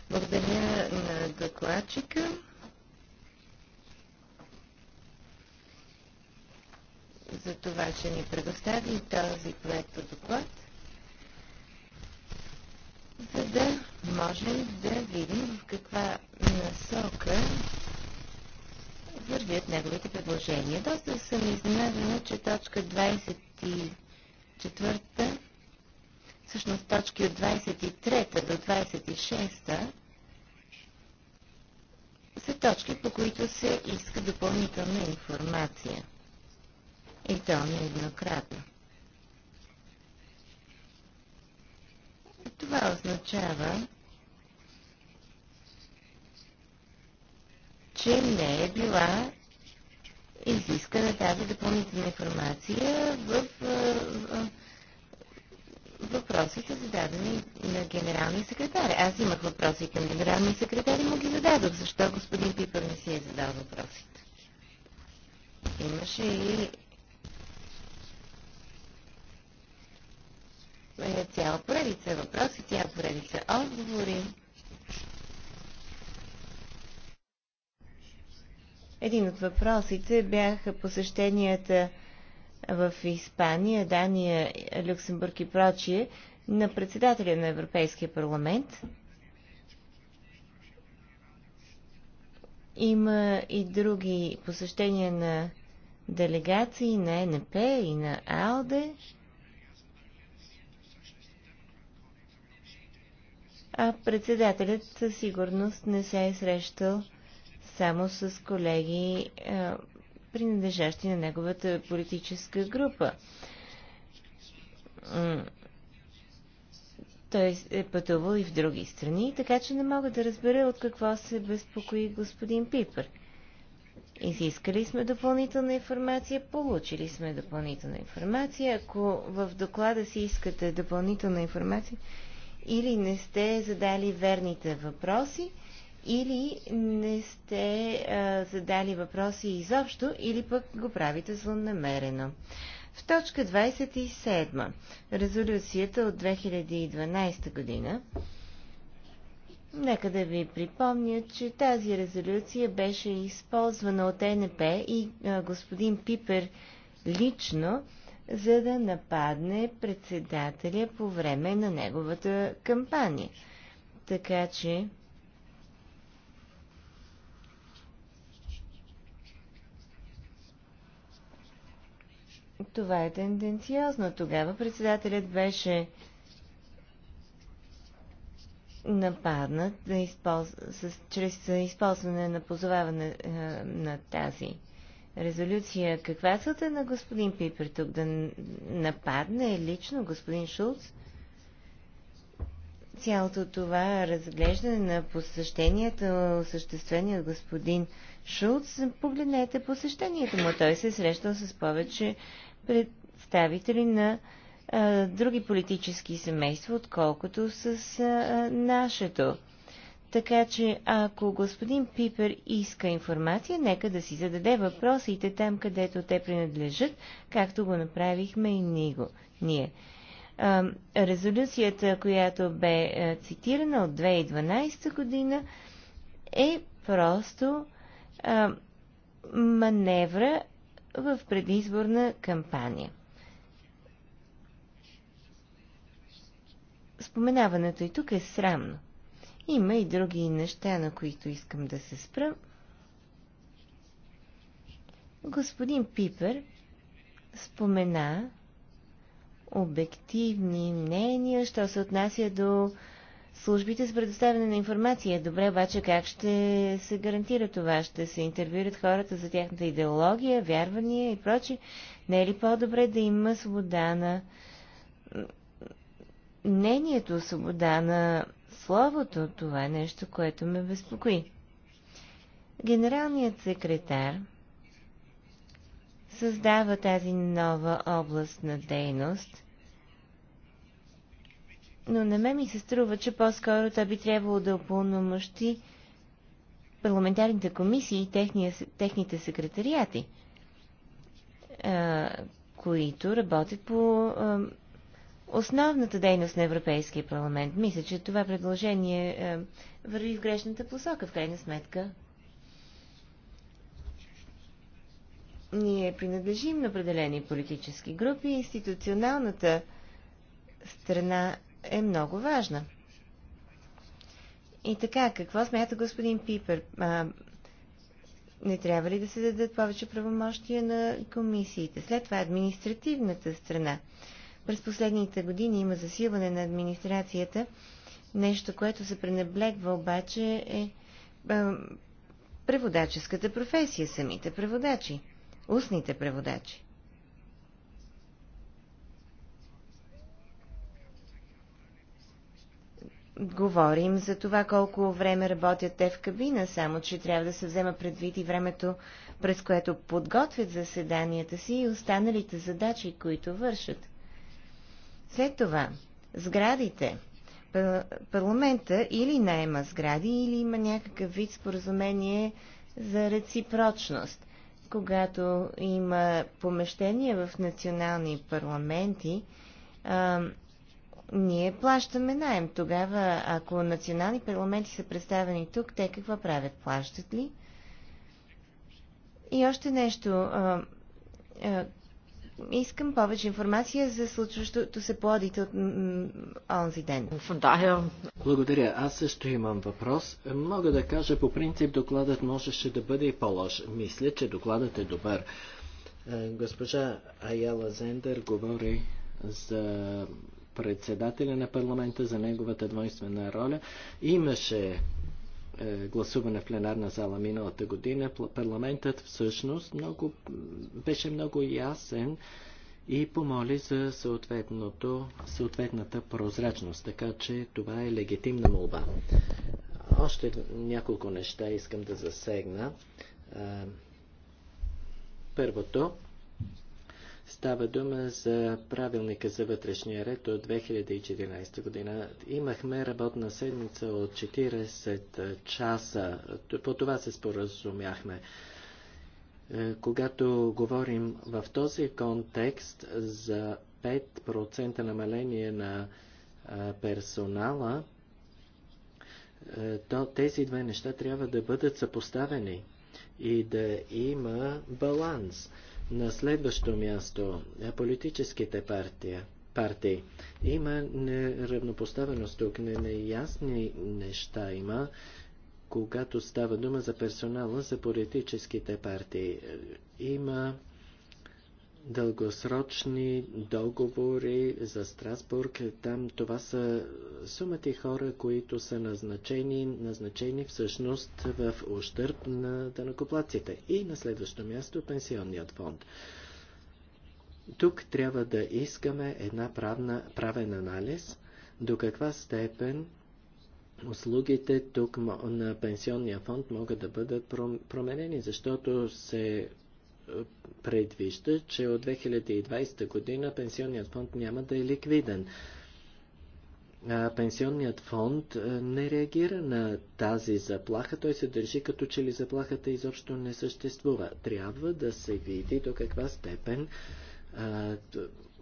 Благодаря на докладчика. за това, че ни предостави този проект от доклад, за да можем да видим в каква насока отхвърлят неговите предложения. Доста съм изненадана, че точка 24, всъщност точки от 23 до 26 са точки, по които се иска допълнителна информация. И то еднократно. Това означава, че не е била изискана тази допълнителна информация в, в, в въпросите зададени на генералния секретар. Аз имах въпроси към генералния секретар и му ги зададох. Защо господин Пипър не си е задал въпросите? Имаше и е, цяла поредица въпроси, цяла поредица отговори. Един от въпросите бяха посещенията в Испания, Дания, Люксембург и прочие на председателя на Европейския парламент. Има и други посещения на делегации на НП и на АЛДЕ. А председателят със сигурност не се е срещал само с колеги, е, принадлежащи на неговата политическа група. Той е пътувал и в други страни, така че не мога да разбера от какво се безпокои господин Пипър. Изискали сме допълнителна информация, получили сме допълнителна информация. Ако в доклада си искате допълнителна информация или не сте задали верните въпроси, или не сте а, задали въпроси изобщо, или пък го правите злонамерено. В точка 27, резолюцията от 2012 година, нека да ви припомня, че тази резолюция беше използвана от НП и а, господин Пипер лично, за да нападне председателя по време на неговата кампания. Така че Това е тенденциозно. Тогава председателят беше нападнат да използ... с... чрез използване на позоваване а, е, на тази резолюция. Каква е целта на господин Пипер тук? Да нападне лично господин Шулц? Цялото това разглеждане на посещенията, осъществени от господин Шулц, погледнете посещението му. Той се е срещал с повече представители на а, други политически семейства, отколкото с а, нашето. Така че, ако господин Пипер иска информация, нека да си зададе въпросите там, където те принадлежат, както го направихме и него, ние. А, резолюцията, която бе цитирана от 2012 година, е просто а, маневра в предизборна кампания. Споменаването и тук е срамно. Има и други неща, на които искам да се спра. Господин Пипер спомена обективни мнения, що се отнася до службите за предоставяне на информация. Добре, обаче как ще се гарантира това? Ще се интервюрат хората за тяхната идеология, вярвания и прочи. Не е ли по-добре да има свобода на мнението, свобода на словото? Това е нещо, което ме безпокои. Генералният секретар създава тази нова област на дейност – но на мен ми се струва, че по-скоро той би трябвало да опълномощи парламентарните комисии и техния, техните секретариати, а, които работят по а, основната дейност на Европейския парламент. Мисля, че това предложение а, върви в грешната посока, в крайна сметка. Ние принадлежим на определени политически групи. Институционалната страна е много важна. И така, какво смята господин Пипер? А, не трябва ли да се дадат повече правомощия на комисиите? След това административната страна. През последните години има засилване на администрацията. Нещо, което се пренеблегва обаче е преводаческата професия, самите преводачи, устните преводачи. говорим за това колко време работят те в кабина, само че трябва да се взема предвид и времето, през което подготвят заседанията си и останалите задачи, които вършат. След това, сградите. Парламента или найема сгради, или има някакъв вид споразумение за реципрочност. Когато има помещения в национални парламенти, ние плащаме найем. Тогава, ако национални парламенти са представени тук, те какво правят? Плащат ли? И още нещо. А, а, искам повече информация за случващото се плодите от онзи ден. Благодаря. Аз също имам въпрос. Мога да кажа, по принцип докладът можеше да бъде и по-лош. Мисля, че докладът е добър. Е, госпожа Аяла Зендер говори за председателя на парламента за неговата двойствена роля. Имаше е, гласуване в пленарна зала миналата година, парламентът всъщност много, беше много ясен и помоли за съответната прозрачност, така че това е легитимна молба. Още няколко неща искам да засегна. Е, първото, Става дума за правилника за вътрешния ред от 2014 година. Имахме работна седмица от 40 часа. По това се споразумяхме. Е, когато говорим в този контекст за 5% намаление на персонала, е, то тези две неща трябва да бъдат съпоставени и да има баланс. На следващо място, е, политическите партия, партии. Има неравнопоставеност тук, не, неясни неща има, когато става дума за персонала за политическите партии. Е, има дългосрочни договори за Страсбург. Там това са сумати хора, които са назначени, назначени всъщност в ущърп на данокоплаците. И на следващо място пенсионният фонд. Тук трябва да искаме една правна, правен анализ до каква степен услугите тук на пенсионния фонд могат да бъдат променени, защото се предвижда, че от 2020 година пенсионният фонд няма да е ликвиден. Пенсионният фонд не реагира на тази заплаха, той се държи като че ли заплахата изобщо не съществува. Трябва да се види до каква степен а,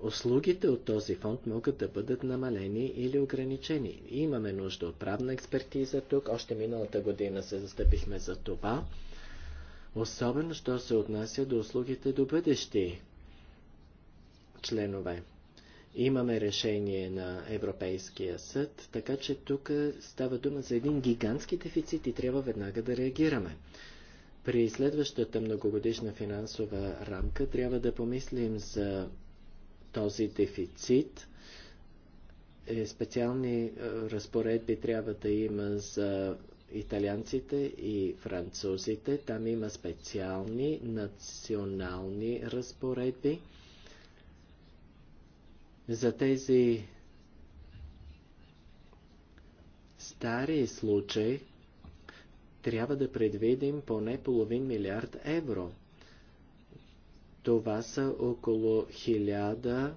услугите от този фонд могат да бъдат намалени или ограничени. Имаме нужда от правна експертиза тук. Още миналата година се застъпихме за това особено що се отнася до услугите до бъдещи членове. Имаме решение на Европейския съд, така че тук става дума за един гигантски дефицит и трябва веднага да реагираме. При следващата многогодишна финансова рамка трябва да помислим за този дефицит. Е, специални е, разпоредби трябва да има за италианците и французите. Там има специални национални разпоредби за тези стари случаи трябва да предвидим поне половин милиард евро. Това са около хиляда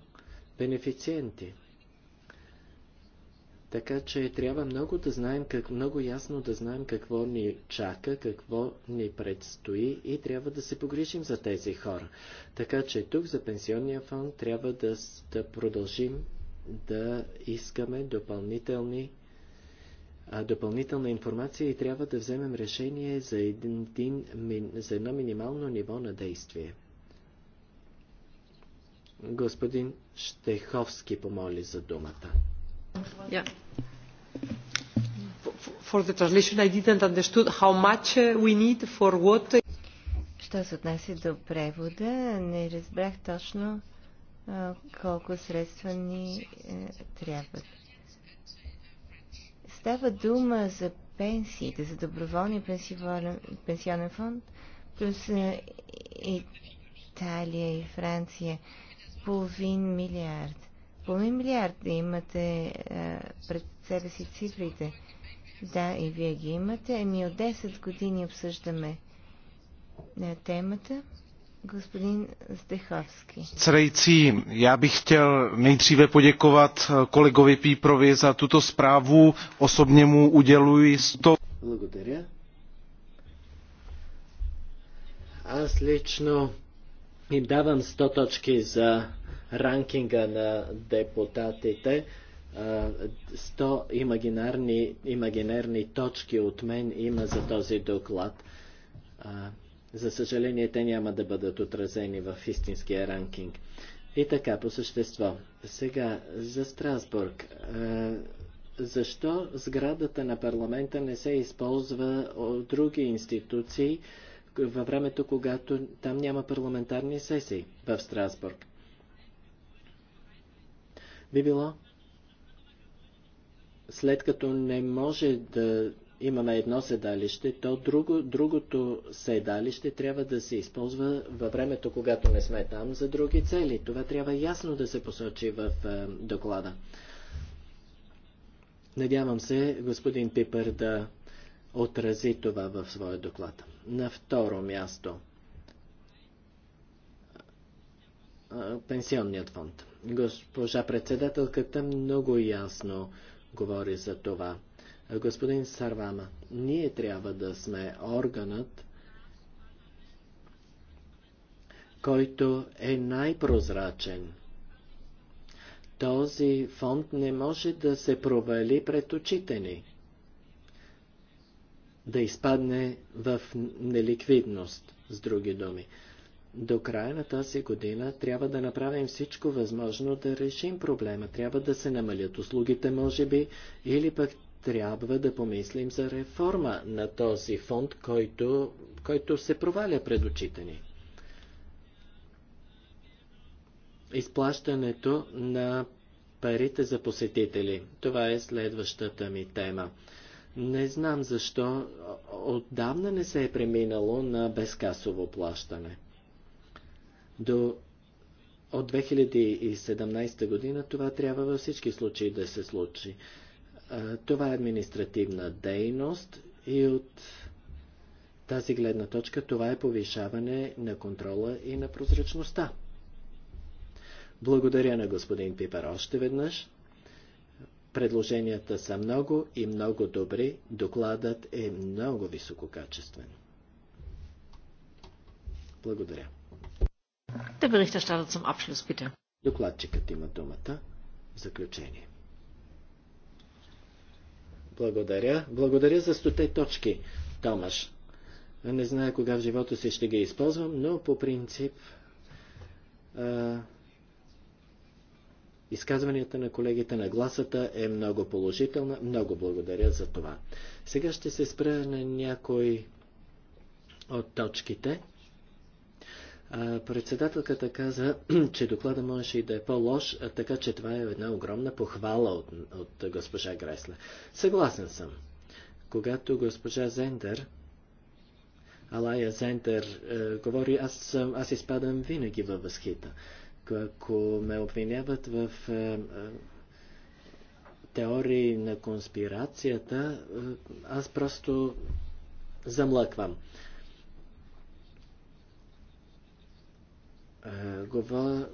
бенефициенти. Така че трябва много да знаем, как, много ясно да знаем какво ни чака, какво ни предстои и трябва да се погрижим за тези хора. Така че тук за пенсионния фонд трябва да, да продължим да искаме допълнителни, а, допълнителна информация и трябва да вземем решение за, един, за едно минимално ниво на действие. Господин Штеховски помоли за думата. Yeah. For the translation, I didn't understood how much uh, we need for what. Що се отнася до превода, не разбрах точно колко средства ни е, трябват. Става дума за пенсиите, за доброволния пенсионен, фонд, плюс е, Италия и Франция половин милиард половин милиард. Имате а, е, пред себе си цифрите. Да, и вие ги имате. Еми от 10 години обсъждаме на е, темата. Господин Zdechovský. Předsedající, já bych chtěl nejdříve poděkovat е, kolegovi Píprovi za tuto zprávu. Osobně mu uděluji 100. Благодаря. Аз лично им давам 100 точки за ранкинга на депутатите. 100 имагинарни, имагинерни точки от мен има за този доклад. За съжаление, те няма да бъдат отразени в истинския ранкинг. И така, по същество. Сега, за Страсбург. Защо сградата на парламента не се използва от други институции, във времето, когато там няма парламентарни сесии в Страсбург. Би било, след като не може да имаме едно седалище, то друго, другото седалище трябва да се използва във времето, когато не сме там, за други цели. Това трябва ясно да се посочи в е, доклада. Надявам се, господин Пипър, да отрази това в своя доклад. На второ място пенсионният фонд. Госпожа председателката много ясно говори за това. Господин Сарвама, ние трябва да сме органът, който е най-прозрачен. Този фонд не може да се провали пред очите ни да изпадне в неликвидност, с други думи. До края на тази година трябва да направим всичко възможно да решим проблема. Трябва да се намалят услугите, може би, или пък трябва да помислим за реформа на този фонд, който, който се проваля пред очите ни. Изплащането на парите за посетители. Това е следващата ми тема. Не знам защо отдавна не се е преминало на безкасово плащане. До от 2017 година това трябва във всички случаи да се случи. Това е административна дейност и от тази гледна точка това е повишаване на контрола и на прозрачността. Благодаря на господин Пипер още веднъж. Предложенията са много и много добри. Докладът е много висококачествен. Благодаря. Der Berichterstatter zum Abschluss, bitte. Докладчикът има думата заключение. Благодаря. Благодаря за стоте точки, Томаш. Не зная кога в живота си ще ги използвам, но по принцип а, изказванията на колегите, на гласата е много положителна. Много благодаря за това. Сега ще се спра на някой от точките. Председателката каза, че доклада можеше и да е по-лош, така че това е една огромна похвала от, от госпожа Гресле. Съгласен съм. Когато госпожа Зендер, Алая Зендер, е, говори, аз, съм, аз изпадам винаги във възхита ако ме обвиняват в е, е, теории на конспирацията, е, аз просто замлъквам. Гова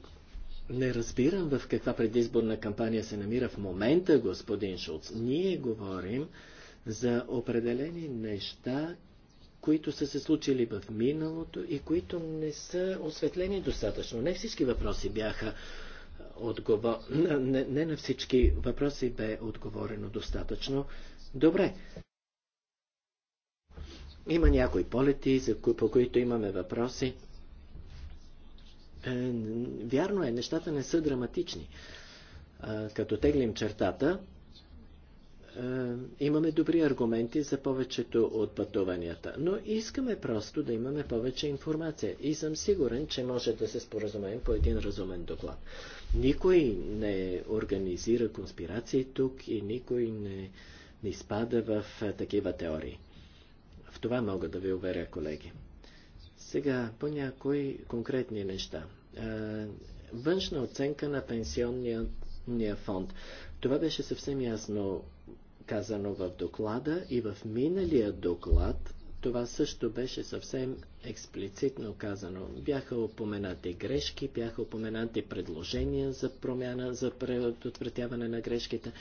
не разбирам в каква предизборна кампания се намира в момента господин Шулц. Ние говорим за определени неща, които са се случили в миналото и които не са осветлени достатъчно. Не всички въпроси бяха отговор... не, не на всички въпроси бе отговорено достатъчно. Добре. Има някои полети, за кои, по които имаме въпроси. Е, вярно е, нещата не са драматични. Е, като теглим чертата, е, имаме добри аргументи за повечето от пътуванията, но искаме просто да имаме повече информация и съм сигурен, че може да се споразумеем по един разумен доклад. Никой не организира конспирации тук и никой не, не изпада в е, такива теории. В това мога да ви уверя, колеги. Сега по някои конкретни неща. Е, външна оценка на пенсионния фонд. Това беше съвсем ясно казано в доклада и в миналия доклад това също беше съвсем експлицитно казано. Бяха упоменати грешки, бяха упоменати предложения за промяна, за предотвратяване на грешките.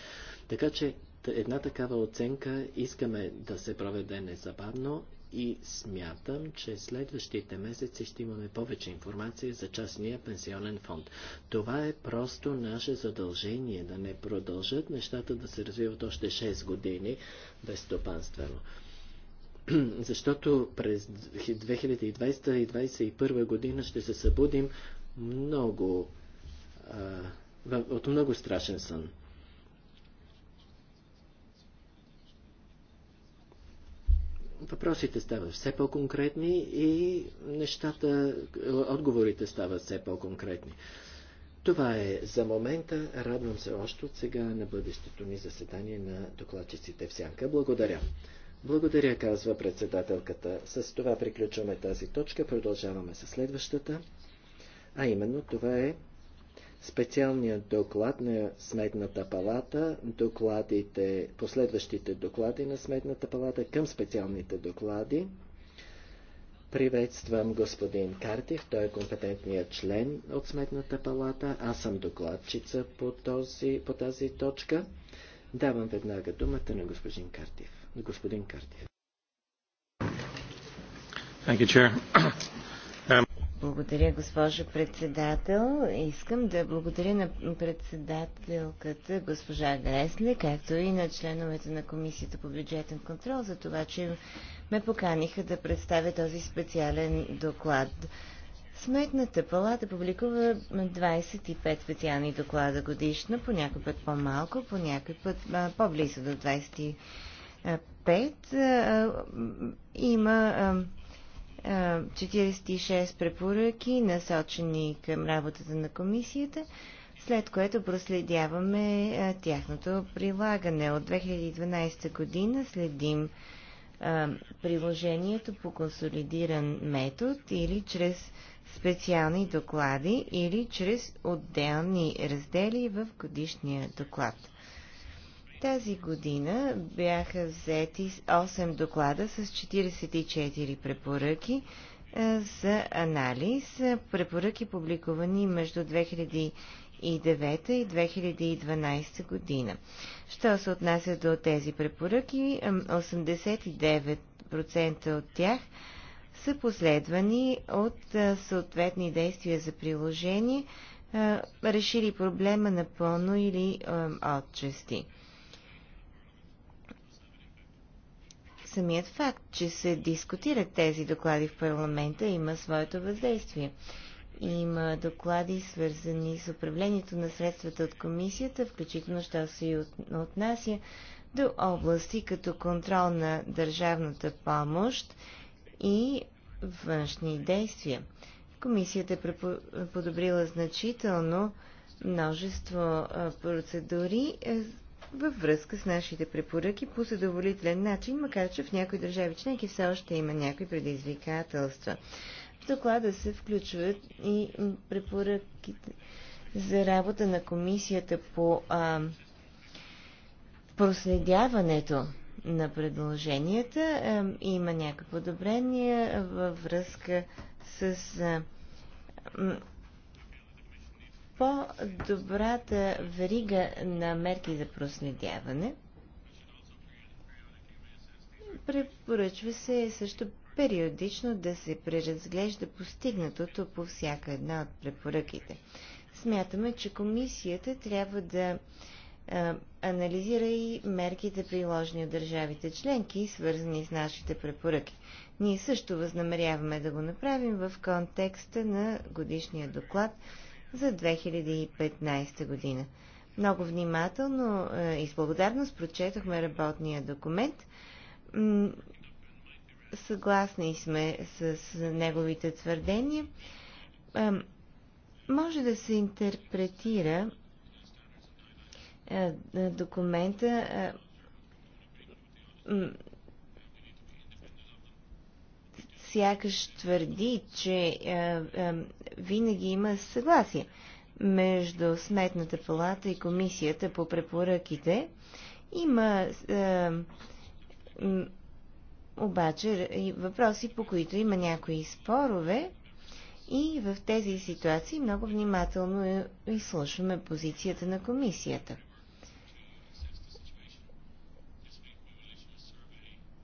Така че една такава оценка искаме да се проведе незабавно и смятам, че следващите месеци ще имаме повече информация за частния пенсионен фонд. Това е просто наше задължение да не продължат нещата да се развиват още 6 години безстопанствено. Защото през 2020 и 2021 година ще се събудим много, а, от много страшен сън. Въпросите стават все по-конкретни и нещата, отговорите стават все по-конкретни. Това е за момента. Радвам се още от сега на бъдещето ни заседание на докладчиците в Сянка. Благодаря. Благодаря, казва председателката. С това приключваме тази точка. Продължаваме с следващата. А именно това е Специалния доклад на Сметната палата, докладите, последващите доклади на Сметната палата към специалните доклади. Приветствам господин Картив, той е компетентният член от Сметната палата. Аз съм докладчица по, този, по тази точка. Давам веднага думата на господин Картив. Господин Картив. Thank you, Chair. Благодаря, госпожо председател. Искам да благодаря на председателката госпожа Гресли, както и на членовете на Комисията по бюджетен контрол за това, че ме поканиха да представя този специален доклад. Сметната палата публикува 25 специални доклада годишно, по някой път по-малко, по някой път по-близо до 25. Има 46 препоръки, насочени към работата на комисията, след което проследяваме тяхното прилагане. От 2012 година следим приложението по консолидиран метод или чрез специални доклади или чрез отделни раздели в годишния доклад. Тази година бяха взети 8 доклада с 44 препоръки за анализ. Препоръки публикувани между 2009 и 2012 година. Що се отнася до тези препоръки, 89% от тях са последвани от съответни действия за приложение, решили проблема напълно или отчасти. самият факт, че се дискутират тези доклади в парламента, има своето въздействие. Има доклади, свързани с управлението на средствата от комисията, включително що се и отнася до области като контрол на държавната помощ и външни действия. Комисията е подобрила значително множество процедури е, във връзка с нашите препоръки по задоволителен начин, макар че в някои държави членки все още има някои предизвикателства. В доклада се включват и препоръките за работа на комисията по а, проследяването на предложенията. А, има някакво одобрение във връзка с а, по-добрата верига на мерки за проследяване препоръчва се също периодично да се преразглежда постигнатото по всяка една от препоръките. Смятаме, че комисията трябва да а, анализира и мерките, приложени от държавите членки, свързани с нашите препоръки. Ние също възнамеряваме да го направим в контекста на годишния доклад за 2015 година. Много внимателно е, и с благодарност прочетохме работния документ. Съгласни сме с неговите твърдения. Може да се интерпретира е, е, документа сякаш твърди, че а, е, а, е, винаги има съгласие между Сметната палата и комисията по препоръките. Има а, е, обаче въпроси, по които има някои спорове и в тези ситуации много внимателно изслушваме позицията на комисията.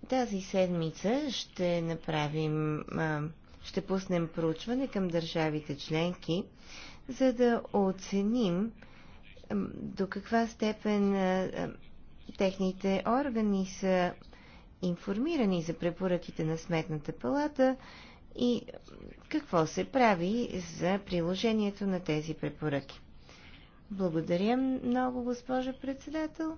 Тази седмица ще направим, ще пуснем проучване към държавите членки, за да оценим до каква степен техните органи са информирани за препоръките на Сметната палата и какво се прави за приложението на тези препоръки. Благодаря много, госпожа председател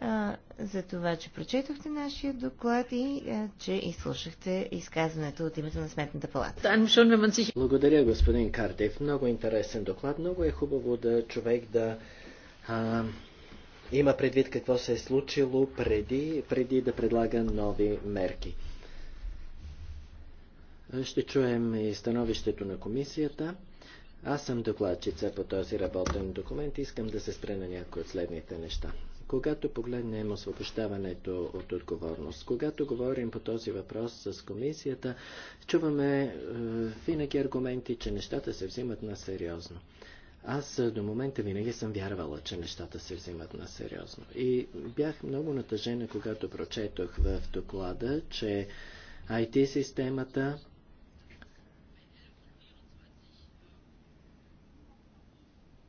а, за това, че прочетохте нашия доклад и а, че изслушахте изказването от името на Сметната палата. Благодаря, господин Кардев. Много интересен доклад. Много е хубаво да човек да а, има предвид какво се е случило преди, преди да предлага нови мерки. Ще чуем и становището на комисията. Аз съм докладчица по този работен документ и искам да се спре на някои от следните неща. Когато погледнем освобождаването от отговорност, когато говорим по този въпрос с комисията, чуваме е, винаги аргументи, че нещата се взимат на сериозно. Аз е, до момента винаги съм вярвала, че нещата се взимат на сериозно. И бях много натъжена, когато прочетох в доклада, че IT-системата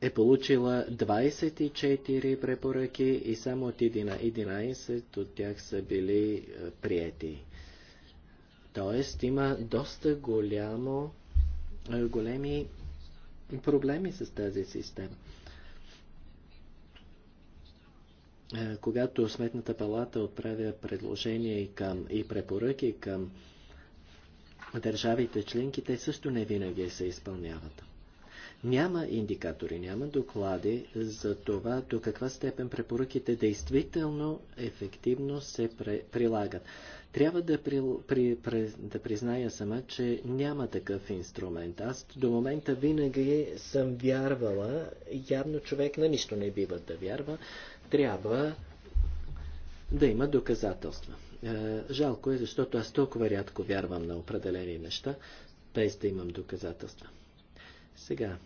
е получила 24 препоръки и само от 11 от тях са били е, приети. Тоест има доста голямо, е, големи проблеми с тази система. Е, когато Сметната палата отправя предложения и, към, и препоръки към държавите членки, те също не винаги се изпълняват. Няма индикатори, няма доклади за това до каква степен препоръките действително ефективно се прилагат. Трябва да, при, при, при, да призная сама, че няма такъв инструмент. Аз до момента винаги съм вярвала. Явно човек на нищо не бива да вярва. Трябва да има доказателства. Е, жалко е, защото аз толкова рядко вярвам на определени неща, без да имам доказателства. Сега,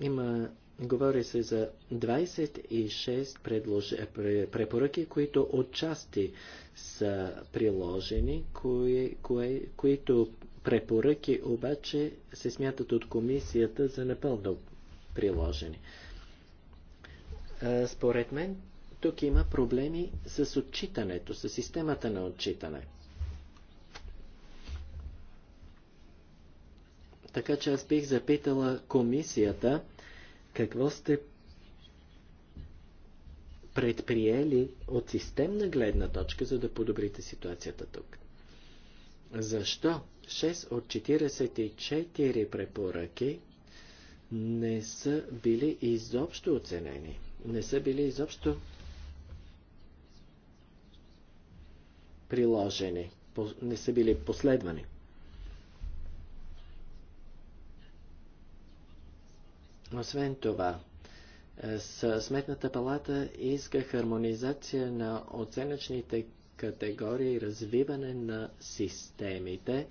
има, говори се за 26 предлож... препоръки, които отчасти са приложени, кои, кои, които препоръки обаче се смятат от комисията за напълно приложени. Според мен, тук има проблеми с отчитането, с системата на отчитане. Така че аз бих запитала комисията какво сте предприели от системна гледна точка, за да подобрите ситуацията тук. Защо 6 от 44 препоръки не са били изобщо оценени? Не са били изобщо приложени, не са били последвани. Освен това, е, с Сметната палата иска хармонизация на оценъчните категории и развиване на системите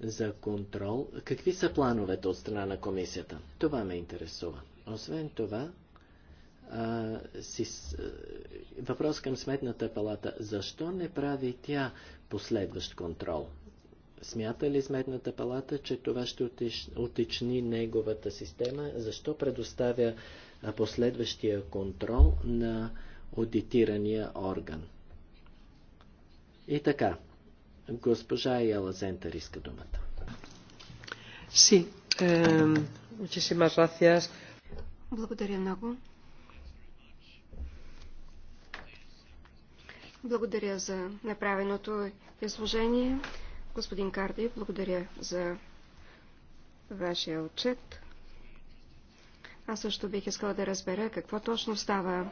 за контрол. Какви са плановете от страна на комисията? Това ме интересува. Освен това, а, си, е, въпрос към Сметната палата. Защо не прави тя последващ контрол? Смята ли Сметната палата, че това ще отечни неговата система? Защо предоставя последващия контрол на аудитирания орган? И така, госпожа Яла Зентър иска думата. Си, е, Благодаря много. Благодаря за направеното изложение. Господин Карди, благодаря за вашия отчет. Аз също бих искала да разбера какво точно става.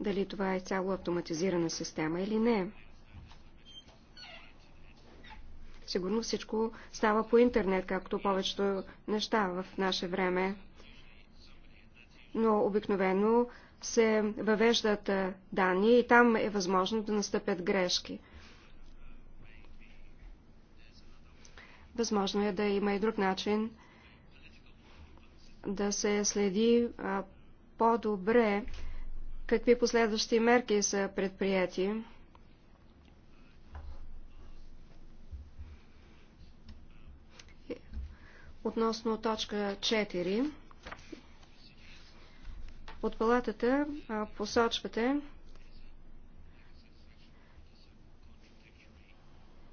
Дали това е цяло автоматизирана система или не. Сигурно всичко става по интернет, както повечето неща в наше време. Но обикновено се въвеждат данни и там е възможно да настъпят грешки. Възможно е да има и друг начин да се следи по-добре какви последващи мерки са предприяти. Относно точка 4. От палатата посочвате,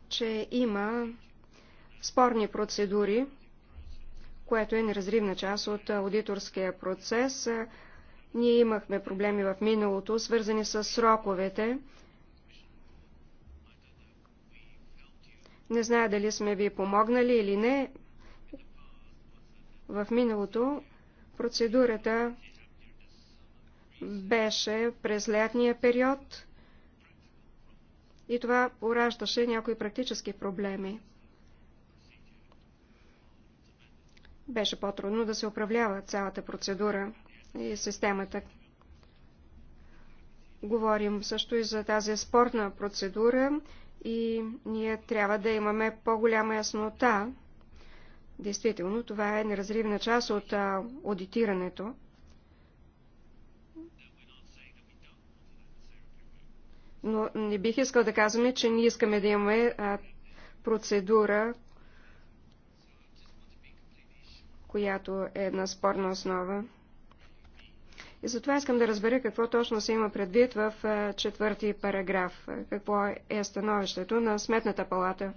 че има спорни процедури, което е неразривна част от аудиторския процес. Ние имахме проблеми в миналото, свързани с сроковете. Не зная дали сме ви помогнали или не. В миналото процедурата беше през летния период и това пораждаше някои практически проблеми. Беше по-трудно да се управлява цялата процедура и системата. Говорим също и за тази спортна процедура и ние трябва да имаме по-голяма яснота. Действително, това е неразривна част от аудитирането. Но не бих искал да казваме, че ние искаме да имаме процедура, която е една спорна основа. И затова искам да разбера какво точно се има предвид в четвърти параграф. Какво е становището на Сметната палата?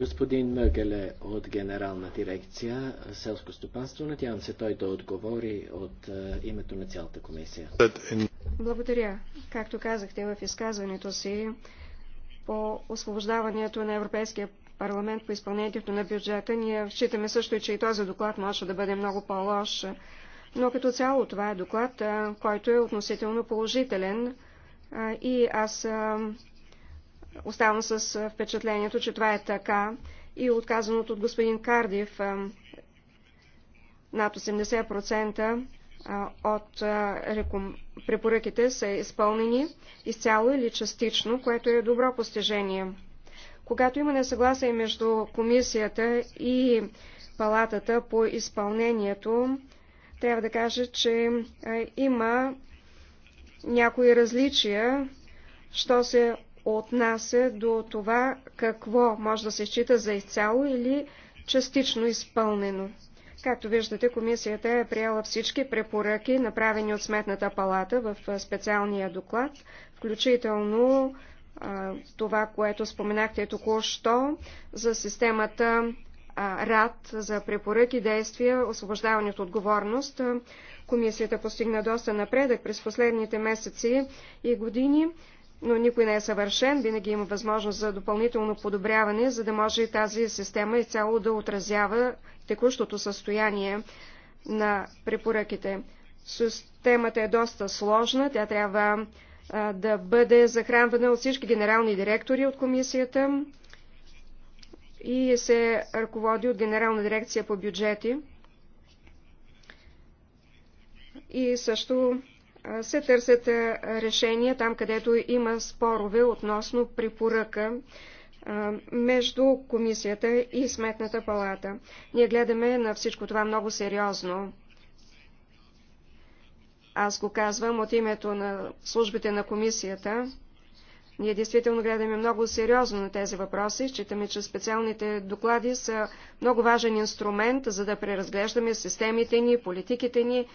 Господин Мъгеле от Генерална дирекция Селско стопанство. Надявам се той да отговори от името на цялата комисия. Благодаря. Както казахте в изказването си, по освобождаването на Европейския парламент по изпълнението на бюджета, ние считаме също, че и този доклад може да бъде много по-лош. Но като цяло това е доклад, който е относително положителен и аз Оставам с впечатлението, че това е така и отказаното от господин Кардив над 80% от препоръките са изпълнени изцяло или частично, което е добро постижение. Когато има несъгласие между комисията и палатата по изпълнението, трябва да кажа, че има някои различия, що се отнася до това какво може да се счита за изцяло или частично изпълнено. Както виждате, комисията е приела всички препоръки, направени от Сметната палата в специалния доклад, включително а, това, което споменахте току-що за системата а, РАД за препоръки, действия, освобождаване от отговорност. Комисията постигна доста напредък през последните месеци и години но никой не е съвършен, винаги има възможност за допълнително подобряване, за да може и тази система изцяло да отразява текущото състояние на препоръките. Системата е доста сложна, тя трябва а, да бъде захранвана от всички генерални директори от комисията и се ръководи от Генерална дирекция по бюджети. И също се търсят решения там, където има спорове относно препоръка между комисията и сметната палата. Ние гледаме на всичко това много сериозно. Аз го казвам от името на службите на комисията. Ние действително гледаме много сериозно на тези въпроси. Считаме, че специалните доклади са много важен инструмент, за да преразглеждаме системите ни, политиките ни,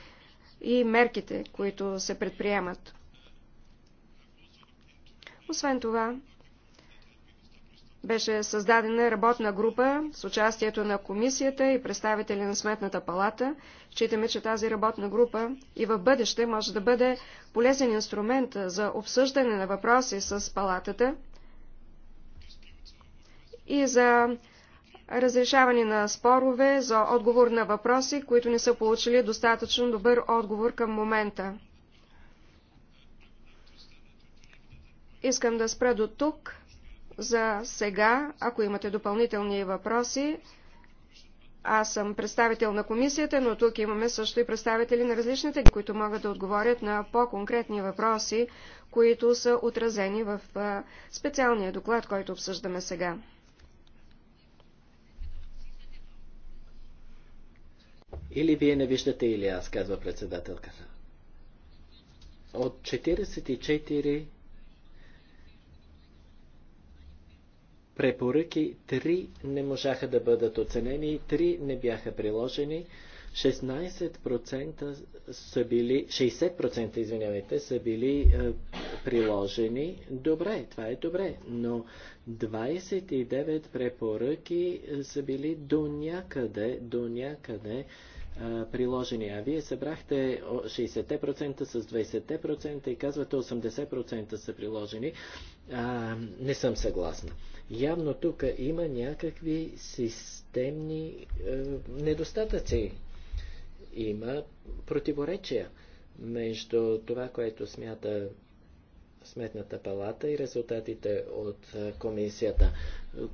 и мерките, които се предприемат. Освен това, беше създадена работна група с участието на комисията и представители на Сметната палата. Читаме, че тази работна група и в бъдеще може да бъде полезен инструмент за обсъждане на въпроси с палатата и за разрешаване на спорове за отговор на въпроси, които не са получили достатъчно добър отговор към момента. Искам да спра до тук за сега, ако имате допълнителни въпроси. Аз съм представител на комисията, но тук имаме също и представители на различните, които могат да отговорят на по-конкретни въпроси, които са отразени в специалния доклад, който обсъждаме сега. Или вие не виждате, или аз, казва председателката. От 44 препоръки, 3 не можаха да бъдат оценени, 3 не бяха приложени, 16% са били, 60% извинявайте, са били е, приложени. Добре, това е добре, но 29 препоръки са били до някъде, до някъде приложени. А вие събрахте 60% с 20% и казвате 80% са приложени. А, не съм съгласна. Явно тук има някакви системни е, недостатъци. Има противоречия между това, което смята Сметната палата и резултатите от комисията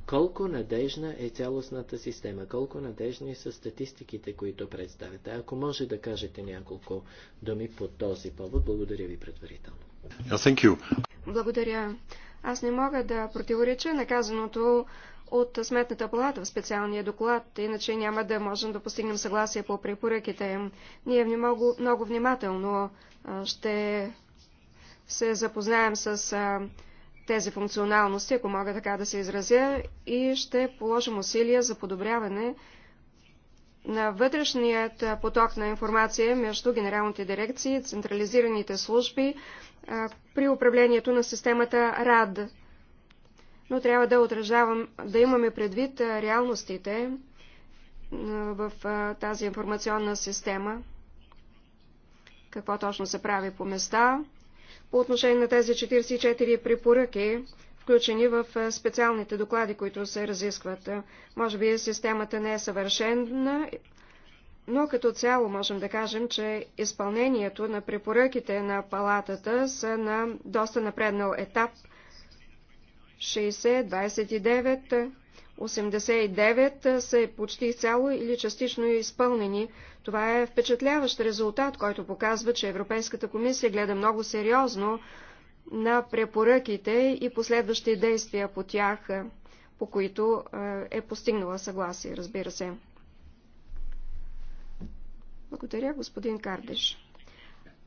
колко надежна е цялостната система, колко надежни са статистиките, които представяте. Ако може да кажете няколко думи по този повод, благодаря ви предварително. Yeah, благодаря. Аз не мога да противореча наказаното от Сметната палата в специалния доклад, иначе няма да можем да постигнем съгласие по препоръките. Ние много, много внимателно ще се запознаем с тези функционалности, ако мога така да се изразя, и ще положим усилия за подобряване на вътрешният поток на информация между генералните дирекции и централизираните служби при управлението на системата РАД. Но трябва да отражавам, да имаме предвид реалностите в тази информационна система, какво точно се прави по места, по отношение на тези 44 препоръки, включени в специалните доклади, които се разискват. Може би системата не е съвършена, но като цяло можем да кажем, че изпълнението на препоръките на палатата са на доста напреднал етап. 60, 29, 89 са почти цяло или частично изпълнени. Това е впечатляващ резултат, който показва, че Европейската комисия гледа много сериозно на препоръките и последващи действия по тях, по които е постигнала съгласие, разбира се. Благодаря, господин Кардеш.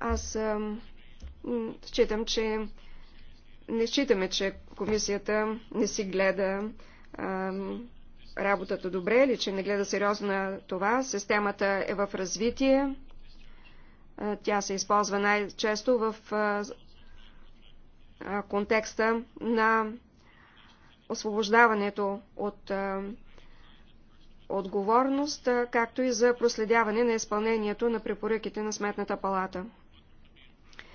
Аз считам, че не считаме, че комисията не си гледа работата добре или че не гледа сериозно на това. Системата е в развитие. Тя се използва най-често в контекста на освобождаването от отговорност, както и за проследяване на изпълнението на препоръките на Сметната палата.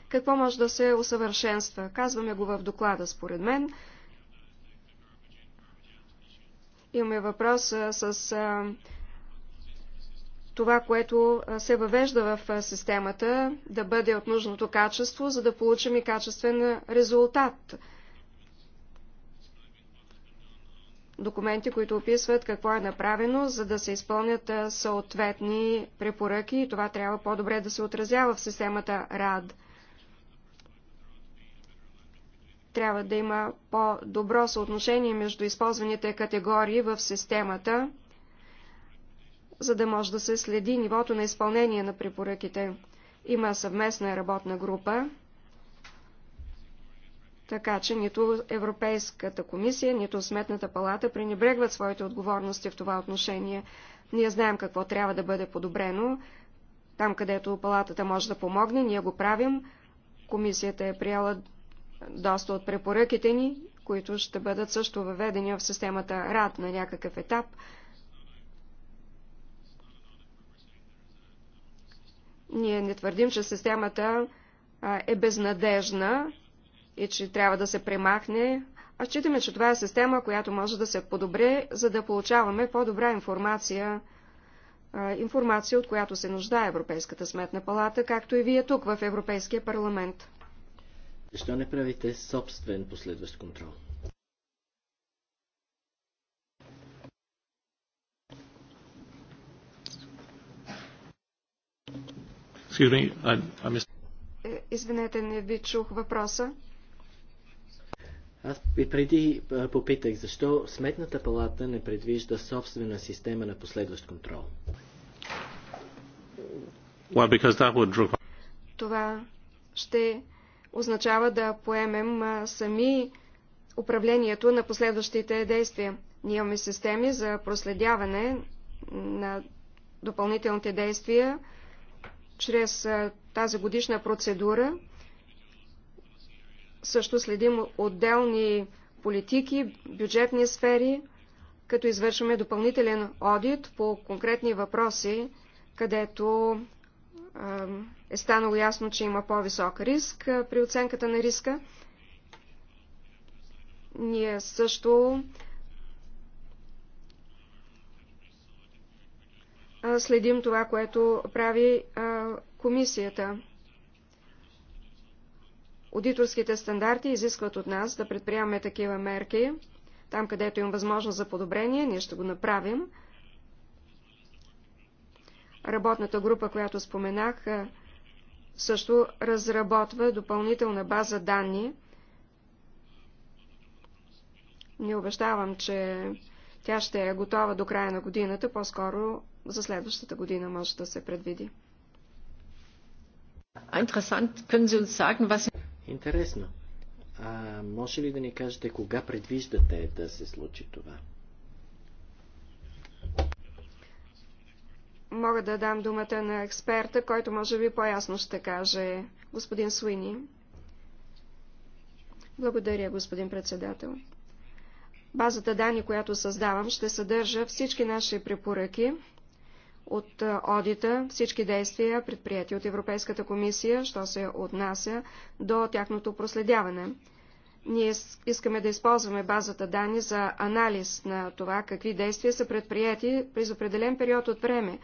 Какво може да се усъвършенства? Казваме го в доклада, според мен. Имаме въпрос с това, което се въвежда в системата, да бъде от нужното качество, за да получим и качествен резултат. Документи, които описват какво е направено, за да се изпълнят съответни препоръки и това трябва по-добре да се отразява в системата РАД. Трябва да има по-добро съотношение между използваните категории в системата, за да може да се следи нивото на изпълнение на препоръките. Има съвместна работна група, така че нито Европейската комисия, нито Сметната палата пренебрегват своите отговорности в това отношение. Ние знаем какво трябва да бъде подобрено. Там, където палатата може да помогне, ние го правим. Комисията е приела доста от препоръките ни, които ще бъдат също въведени в системата РАД на някакъв етап. Ние не твърдим, че системата е безнадежна и че трябва да се премахне, а считаме, че това е система, която може да се подобре, за да получаваме по-добра информация, информация, от която се нуждае Европейската сметна палата, както и вие тук в Европейския парламент. Защо не правите собствен последващ контрол? Е, извинете, не ви чух въпроса. Аз и преди попитах, защо Сметната палата не предвижда собствена система на последващ контрол. Well, would... Това ще означава да поемем сами управлението на последващите действия. Ние имаме системи за проследяване на допълнителните действия чрез тази годишна процедура. Също следим отделни политики, бюджетни сфери, като извършваме допълнителен одит по конкретни въпроси, където е станало ясно, че има по-висок риск при оценката на риска. Ние също следим това, което прави комисията. Аудиторските стандарти изискват от нас да предприемаме такива мерки. Там, където има възможност за подобрение, ние ще го направим. Работната група, която споменах, също разработва допълнителна база данни. Не обещавам, че тя ще е готова до края на годината, по-скоро за следващата година може да се предвиди. Е- Интересно. А може ли да ни кажете кога предвиждате да се случи това? мога да дам думата на експерта, който може би по-ясно ще каже господин Суини. Благодаря, господин председател. Базата данни, която създавам, ще съдържа всички наши препоръки от одита, всички действия, предприяти от Европейската комисия, що се отнася до тяхното проследяване. Ние искаме да използваме базата данни за анализ на това, какви действия са предприяти през определен период от време,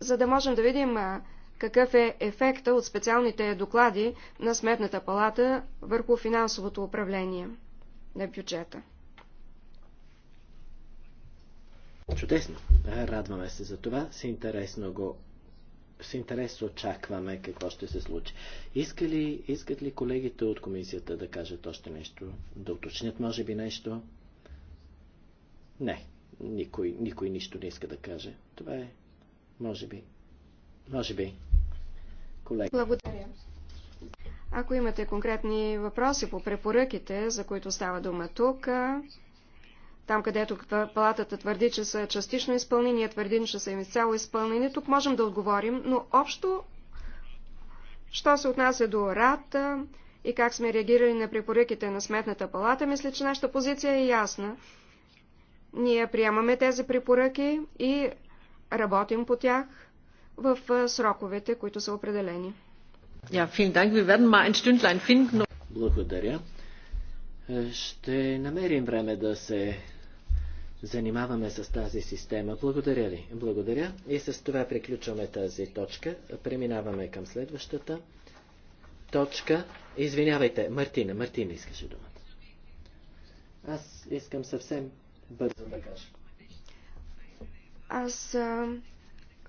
за да можем да видим какъв е ефекта от специалните доклади на Сметната палата върху финансовото управление на бюджета. Чудесно. Радваме се за това. С интересно го с интерес очакваме какво ще се случи. Иска ли, искат ли колегите от комисията да кажат още нещо, да уточнят може би нещо? Не, никой, никой нищо не иска да каже. Това е, може би, може би, колега. Благодаря. Ако имате конкретни въпроси по препоръките, за които става дума тук, там където палатата твърди, че са частично изпълнени, ние твърдим, че са им изцяло изпълнени. Тук можем да отговорим, но общо, що се отнася до РАТА и как сме реагирали на препоръките на Сметната палата, мисля, че нашата позиция е ясна. Ние приемаме тези препоръки и работим по тях в сроковете, които са определени. Благодаря. Е, ще намерим време да се занимаваме с тази система. Благодаря ви. Благодаря. И с това приключваме тази точка. Преминаваме към следващата точка. Извинявайте, Мартина. Мартина искаше думата. Аз искам съвсем бързо да кажа. Аз а,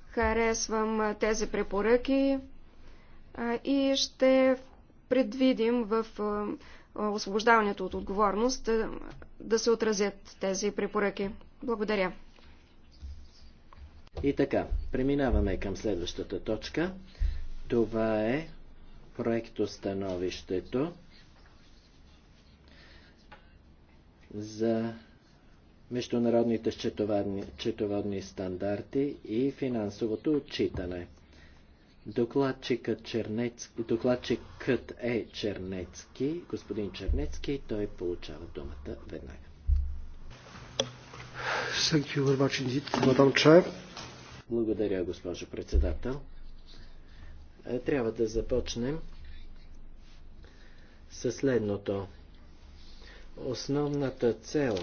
харесвам тези препоръки а, и ще предвидим в а, освобождаването от отговорност да се отразят тези препоръки. Благодаря. И така, преминаваме към следващата точка. Това е проектостановището за международните счетоводни, стандарти и финансовото отчитане. Докладчикът, Докладчикът е Чернецки, господин Чернецки, той получава думата веднага. Благодаря, госпожо председател. Е, трябва да започнем със следното. Основната цел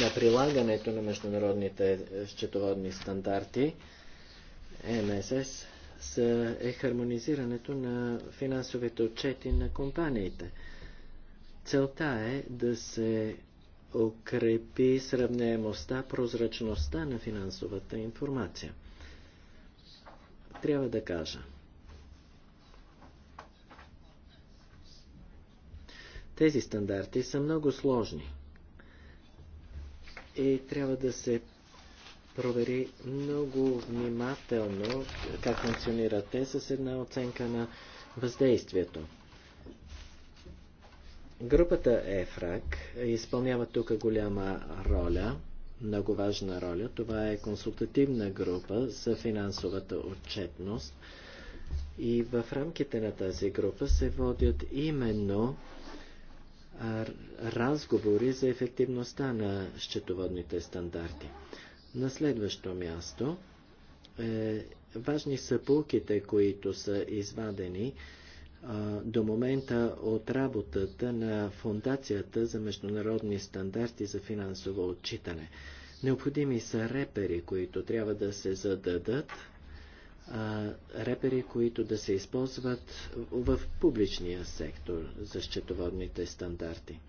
на прилагането на международните счетоводни стандарти – МСС са, е хармонизирането на финансовите отчети на компаниите. Целта е да се укрепи сравняемостта, прозрачността на финансовата информация. Трябва да кажа. Тези стандарти са много сложни и трябва да се провери много внимателно как функционират те с една оценка на въздействието. Групата ЕФРАК изпълнява тук голяма роля, много важна роля. Това е консултативна група за финансовата отчетност. И в рамките на тази група се водят именно разговори за ефективността на счетоводните стандарти. На следващо място, е, важни са полките, които са извадени а, до момента от работата на Фундацията за международни стандарти за финансово отчитане. Необходими са репери, които трябва да се зададат, а, репери, които да се използват в публичния сектор за счетоводните стандарти.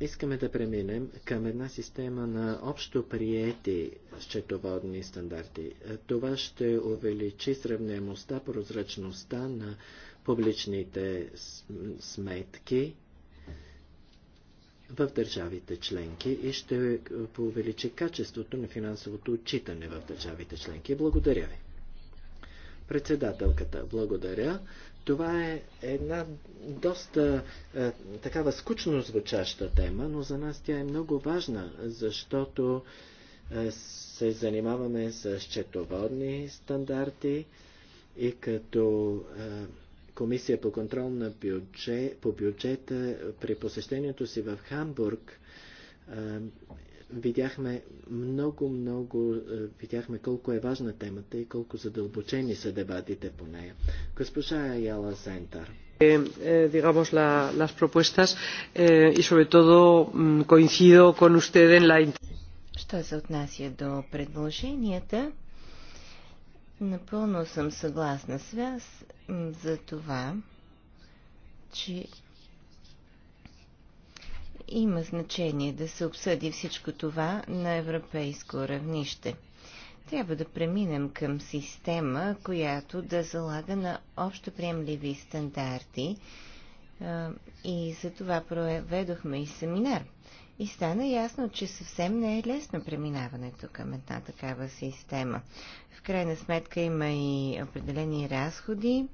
искаме да преминем към една система на общо приети счетоводни стандарти. Това ще увеличи сравнемостта, прозрачността на публичните сметки в държавите членки и ще увеличи качеството на финансовото отчитане в държавите членки. Благодаря ви. Председателката, благодаря. Това е една доста е, такава скучно звучаща тема, но за нас тя е много важна, защото е, се занимаваме с счетоводни стандарти и като е, Комисия по контрол на бюджет, по бюджета при посещението си в Хамбург е, видяхме много, много, е, видяхме колко е важна темата и колко задълбочени са дебатите по нея. Госпожа Аяла Сентар. Eh, eh, digamos la, las propuestas eh, y sobre todo mm, coincido con usted en la Що се отнася до предложенията, напълно съм съгласна с вас за това, че има значение да се обсъди всичко това на европейско равнище. Трябва да преминем към система, която да залага на общо приемливи стандарти и за това проведохме и семинар. И стана ясно, че съвсем не е лесно преминаването към една такава система. В крайна сметка има и определени разходи,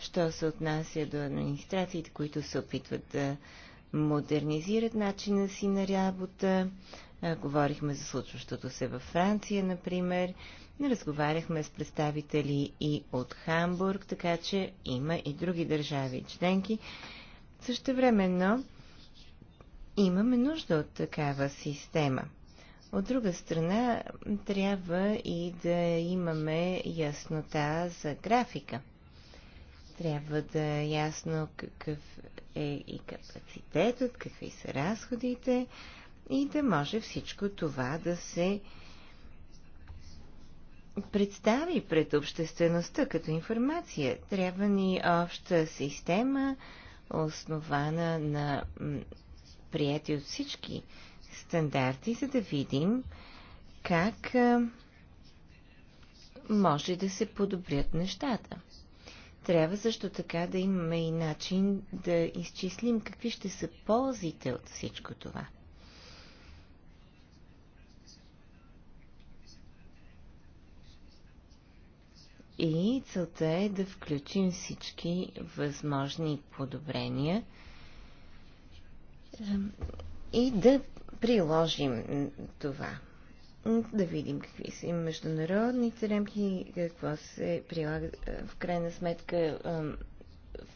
що се отнася до администрациите, които се опитват да модернизират начина си на работа. Говорихме за случващото се във Франция, например. Разговаряхме с представители и от Хамбург, така че има и други държави членки. Също времено имаме нужда от такава система. От друга страна, трябва и да имаме яснота за графика. Трябва да е ясно какъв е и капацитетът, какви са разходите и да може всичко това да се представи пред обществеността като информация. Трябва ни обща система, основана на прияти от всички стандарти, за да видим как може да се подобрят нещата трябва също така да имаме и начин да изчислим какви ще са ползите от всичко това. И целта е да включим всички възможни подобрения и да приложим това да видим какви са и международните рамки, какво се прилага е, в крайна сметка е, в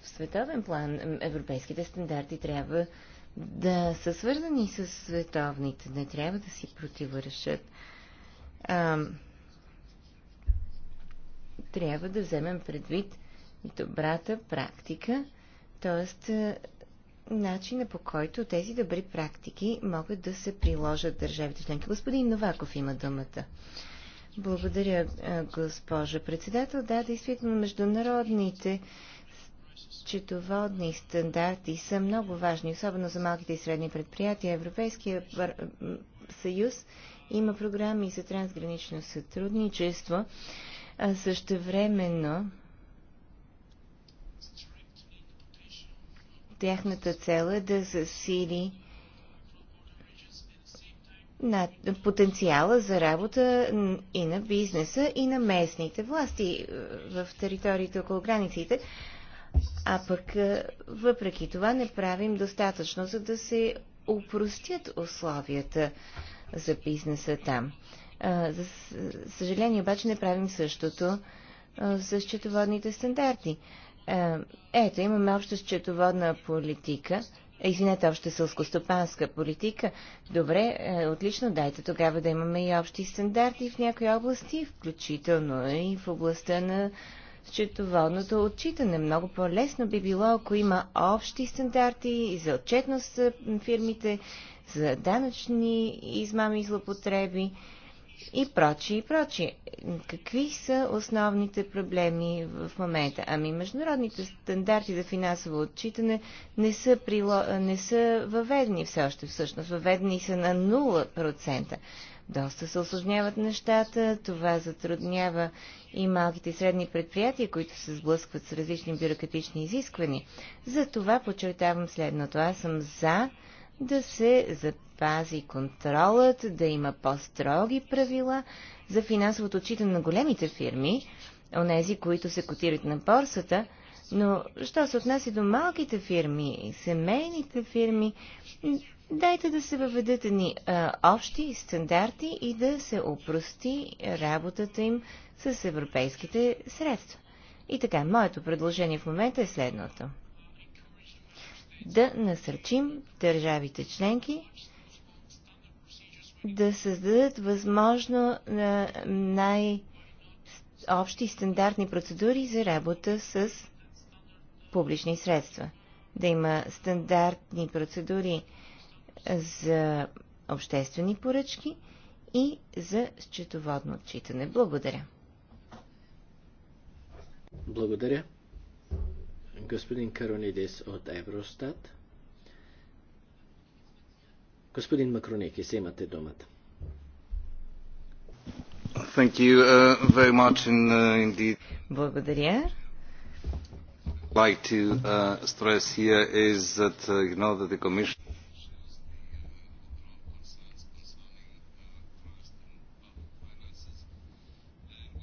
световен план. Европейските стандарти трябва да са свързани с световните, не трябва да си противоречат. Трябва да вземем предвид добрата практика, т.е начина по който тези добри практики могат да се приложат държавите членки. Господин Новаков има думата. Благодаря, госпожа председател. Да, действително, международните счетоводни стандарти са много важни, особено за малките и средни предприятия. Европейския съюз има програми за трансгранично сътрудничество. Същевременно, Тяхната цел е да засили на потенциала за работа и на бизнеса, и на местните власти е, в териториите около границите. А пък, е, въпреки това, не правим достатъчно, за да се упростят условията за бизнеса там. Е, за съжаление, обаче, не правим същото за счетоводните стандарти. Е, ето, имаме обща счетоводна политика, е, извинете, обща сълскостопанска политика. Добре, е, отлично, дайте тогава да имаме и общи стандарти в някои области, включително и в областта на счетоводното отчитане. Много по-лесно би било, ако има общи стандарти и за отчетност на фирмите, за данъчни измами и злопотреби и прочи, и прочи. Какви са основните проблеми в момента? Ами, международните стандарти за финансово отчитане не са, прило... не са въведени все още, всъщност. Въведени са на 0%. Доста се осложняват нещата, това затруднява и малките и средни предприятия, които се сблъскват с различни бюрократични изисквания. За това подчертавам следното. Аз съм за да се запази контролът, да има по-строги правила за финансовото отчитане на големите фирми, онези, които се котират на борсата, но що се отнася до малките фирми, семейните фирми, дайте да се въведат ни а, общи стандарти и да се опрости работата им с европейските средства. И така, моето предложение в момента е следното да насърчим държавите членки да създадат възможно най-общи стандартни процедури за работа с публични средства. Да има стандартни процедури за обществени поръчки и за счетоводно отчитане. Благодаря. Благодаря господин Каронидис от Евростат. Господин се имате думата. Thank you, uh, very much in, uh, indeed. Благодаря. Like to uh, stress here is that uh, you know that the Commission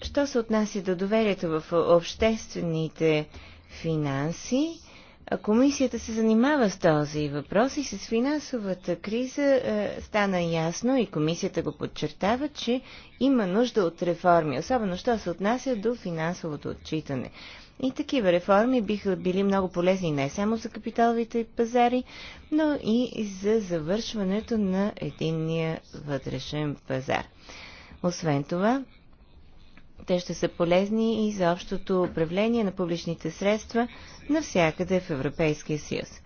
Що се отнася до доверието в обществените финанси. Комисията се занимава с този въпрос и с финансовата криза е, стана ясно и комисията го подчертава, че има нужда от реформи, особено що се отнася до финансовото отчитане. И такива реформи биха били много полезни не само за капиталовите пазари, но и за завършването на единния вътрешен пазар. Освен това, те ще са полезни и за общото управление на публичните средства навсякъде в Европейския съюз.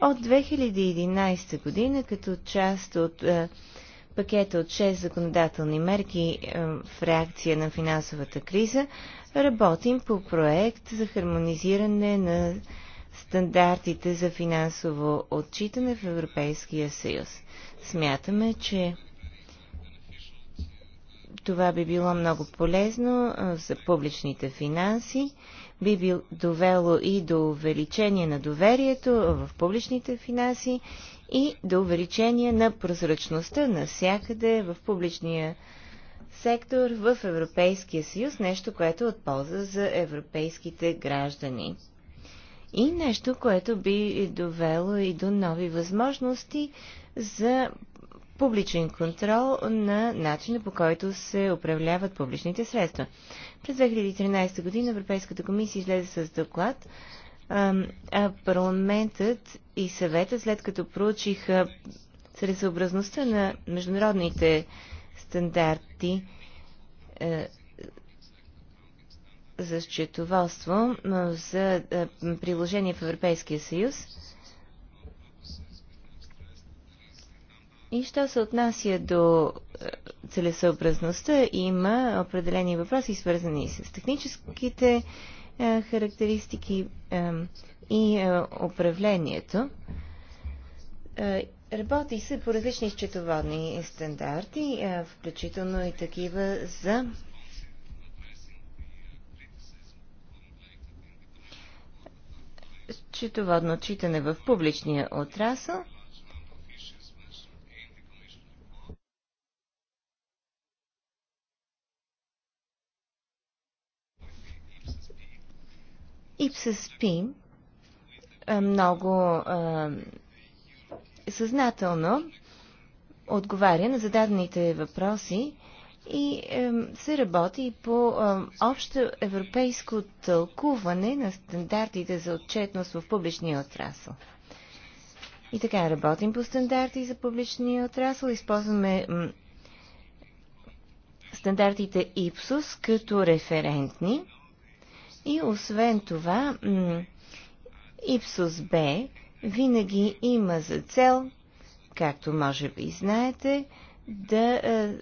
От 2011 година, като част от е, пакета от 6 законодателни мерки е, в реакция на финансовата криза, работим по проект за хармонизиране на стандартите за финансово отчитане в Европейския съюз. Смятаме, че това би било много полезно за публичните финанси, би било довело и до увеличение на доверието в публичните финанси и до увеличение на прозрачността навсякъде в публичния сектор в Европейския съюз, нещо, което е от полза за европейските граждани. И нещо, което би довело и до нови възможности за публичен контрол на начина по който се управляват публичните средства. През 2013 година Европейската комисия излезе с доклад, а парламентът и съвета, след като проучиха целесообразността на международните стандарти е, за счетоводство за е, приложение в Европейския съюз, И що се отнася до е, целесъобразността, има определени въпроси, свързани с техническите е, характеристики е, и е, управлението. Е, работи се по различни счетоводни стандарти, е, включително и такива за счетоводно отчитане в публичния отрасъл ИПССПИ е, много е, съзнателно отговаря на зададените въпроси и е, се работи по общо европейско тълкуване на стандартите за отчетност в публичния отрасъл. И така работим по стандарти за публичния отрасъл, използваме стандартите ИПСОС като референтни и освен това, Ипсус Б винаги има за цел, както може би знаете, да е,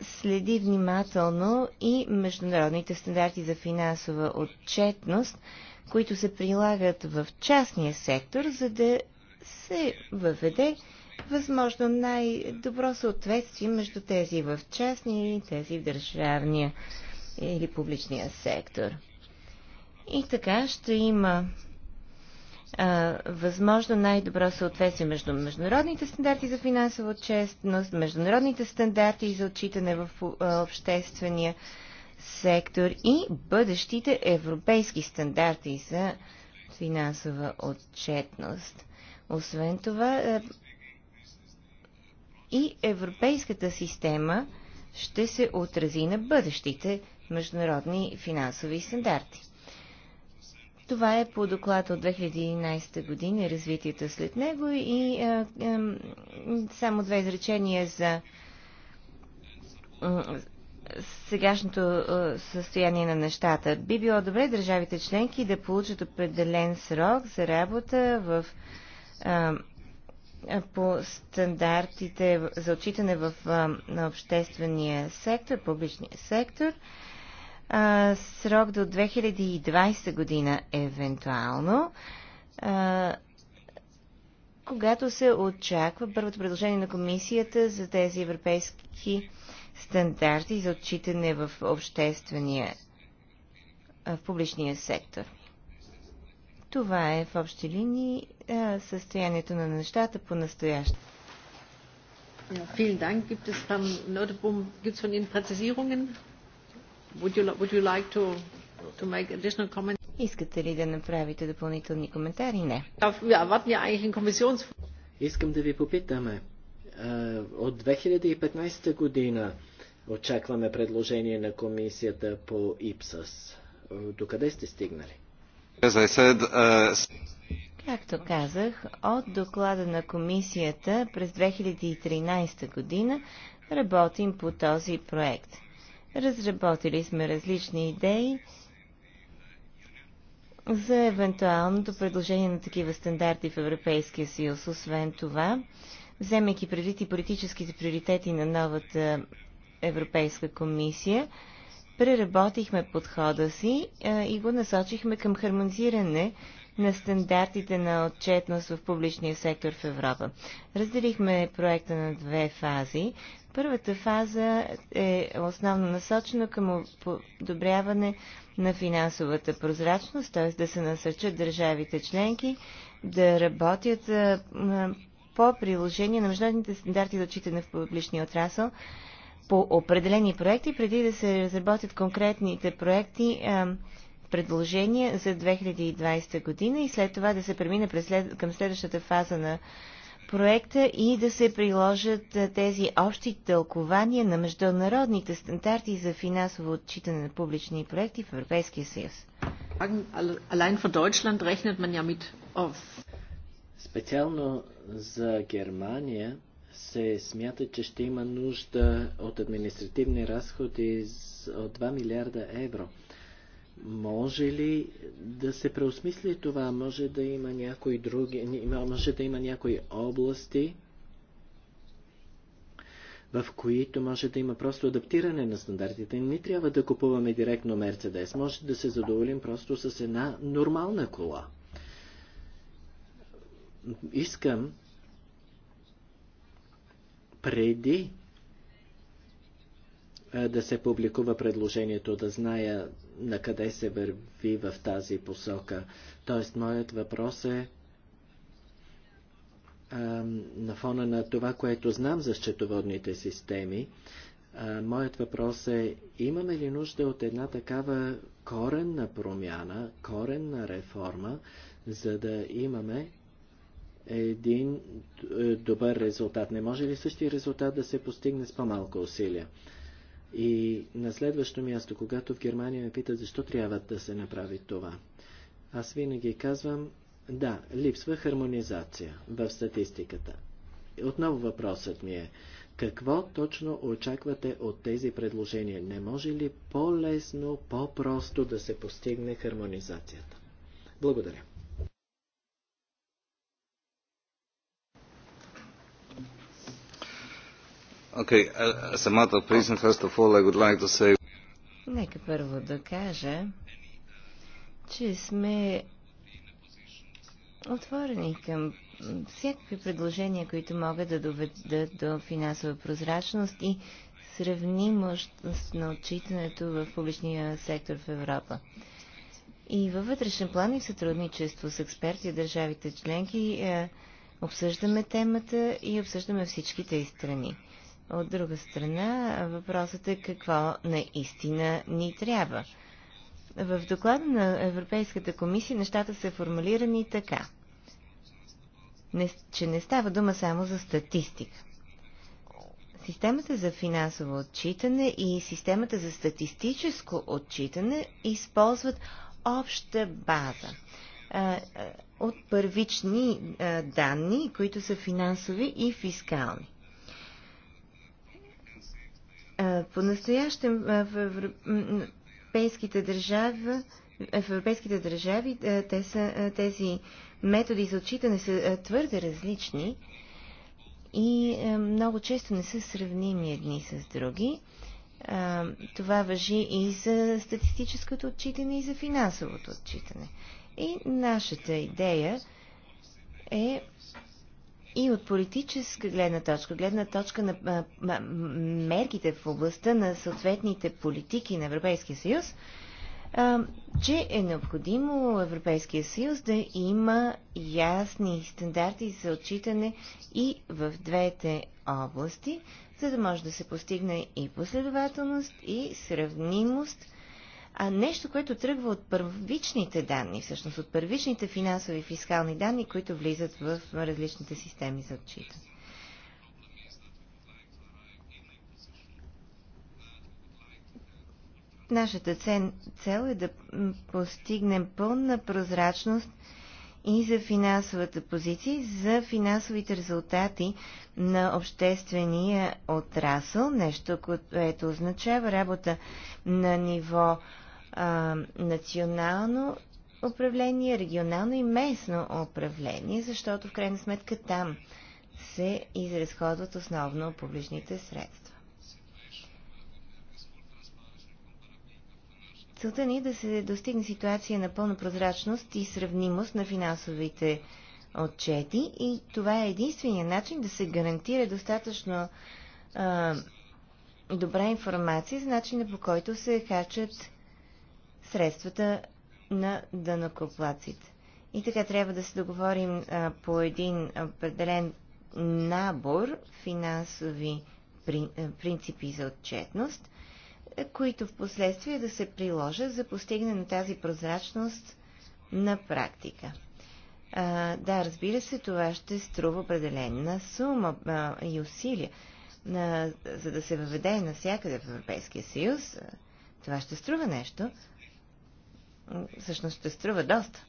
следи внимателно и международните стандарти за финансова отчетност, които се прилагат в частния сектор, за да се въведе възможно най-добро съответствие между тези в частния и тези в държавния или публичния сектор. И така ще има а, възможно най-добро съответствие между международните стандарти за финансова честност, международните стандарти за отчитане в а, обществения сектор и бъдещите европейски стандарти за финансова отчетност. Освен това, и европейската система ще се отрази на бъдещите международни финансови стандарти. Това е по доклад от 2011 година, развитието след него и е, е, само две изречения за сегашното състояние на нещата. Би било добре държавите членки да получат определен срок за работа в, е, по стандартите за отчитане в е, на обществения сектор, публичния сектор. Е, а, срок до 2020 година евентуално, а, когато се очаква първото предложение на комисията за тези европейски стандарти за отчитане в обществения, в публичния сектор. Това е в общи линии състоянието на нещата по настояще. Ja, vielen Dank. Gibt es, gibt es von Ihnen Präzisierungen? Would you, would you like to, to make additional Искате ли да направите допълнителни коментари? Не. Искам да ви попитаме. От 2015 година очакваме предложение на комисията по ИПСАС. Докъде сте стигнали? Uh, Както казах, от доклада на комисията през 2013 година работим по този проект. Разработили сме различни идеи за евентуалното предложение на такива стандарти в Европейския съюз. Освен това, вземайки предвид и политическите приоритети на новата Европейска комисия, преработихме подхода си и го насочихме към хармонизиране на стандартите на отчетност в публичния сектор в Европа. Разделихме проекта на две фази. Първата фаза е основно насочена към подобряване на финансовата прозрачност, т.е. да се насърчат държавите членки да работят по приложение на международните стандарти за отчитане в публичния отрасъл по определени проекти, преди да се разработят конкретните проекти, предложения за 2020 година и след това да се премине към следващата фаза на проекта и да се приложат тези общи тълкования на международните стандарти за финансово отчитане на публични проекти в Европейския съюз. Специално за Германия се смята, че ще има нужда от административни разходи от 2 милиарда евро. Може ли да се преосмисли това? Може да има някои други, може да има някои области, в които може да има просто адаптиране на стандартите. Не трябва да купуваме директно Мерцедес. Може да се задоволим просто с една нормална кола. Искам преди да се публикува предложението, да зная на къде се върви в тази посока. Тоест, моят въпрос е на фона на това, което знам за счетоводните системи, моят въпрос е, имаме ли нужда от една такава коренна промяна, коренна реформа, за да имаме един е, добър резултат? Не може ли същия резултат да се постигне с по-малко усилия? И на следващо място, когато в Германия ме питат защо трябва да се направи това, аз винаги казвам, да, липсва хармонизация в статистиката. Отново въпросът ми е, какво точно очаквате от тези предложения? Не може ли по-лесно, по-просто да се постигне хармонизацията? Благодаря. Okay, as a matter of first of all, I would like to say... Нека първо да кажа, че сме отворени към всякакви предложения, които могат да доведат до финансова прозрачност и сравнимост на отчитането в публичния сектор в Европа. И във вътрешен план и в сътрудничество с експерти от държавите членки е, обсъждаме темата и обсъждаме всичките страни. От друга страна, въпросът е какво наистина ни трябва. В доклада на Европейската комисия нещата са формулирани така, не, че не става дума само за статистика. Системата за финансово отчитане и системата за статистическо отчитане използват обща база а, от първични а, данни, които са финансови и фискални. По-настоящем в европейските държави, в европейските държави те са, тези методи за отчитане са твърде различни и много често не са сравними едни с други. Това въжи и за статистическото отчитане, и за финансовото отчитане. И нашата идея е и от политическа гледна точка, гледна точка на мерките в областта на съответните политики на Европейския съюз, че е необходимо Европейския съюз да има ясни стандарти за отчитане и в двете области, за да може да се постигне и последователност, и сравнимост – а нещо, което тръгва от първичните данни, всъщност от първичните финансови и фискални данни, които влизат в различните системи за отчитане. Нашата цел е да постигнем пълна прозрачност и за финансовата позиция, и за финансовите резултати на обществения отрасъл, нещо, което означава работа на ниво а, национално управление, регионално и местно управление, защото в крайна сметка там се изразходват основно публичните средства. Целта ни е да се достигне ситуация на пълна прозрачност и сравнимост на финансовите отчети и това е единствения начин да се гарантира достатъчно а, добра информация за начина по който се хачат средствата на данокоплаците. И така трябва да се договорим а, по един определен набор финансови при, а, принципи за отчетност, а, които в последствие да се приложат за постигане на тази прозрачност на практика. А, да, разбира се, това ще струва определена сума а, и усилия. на, за да се въведе навсякъде в Европейския съюз, това ще струва нещо, всъщност ще струва доста.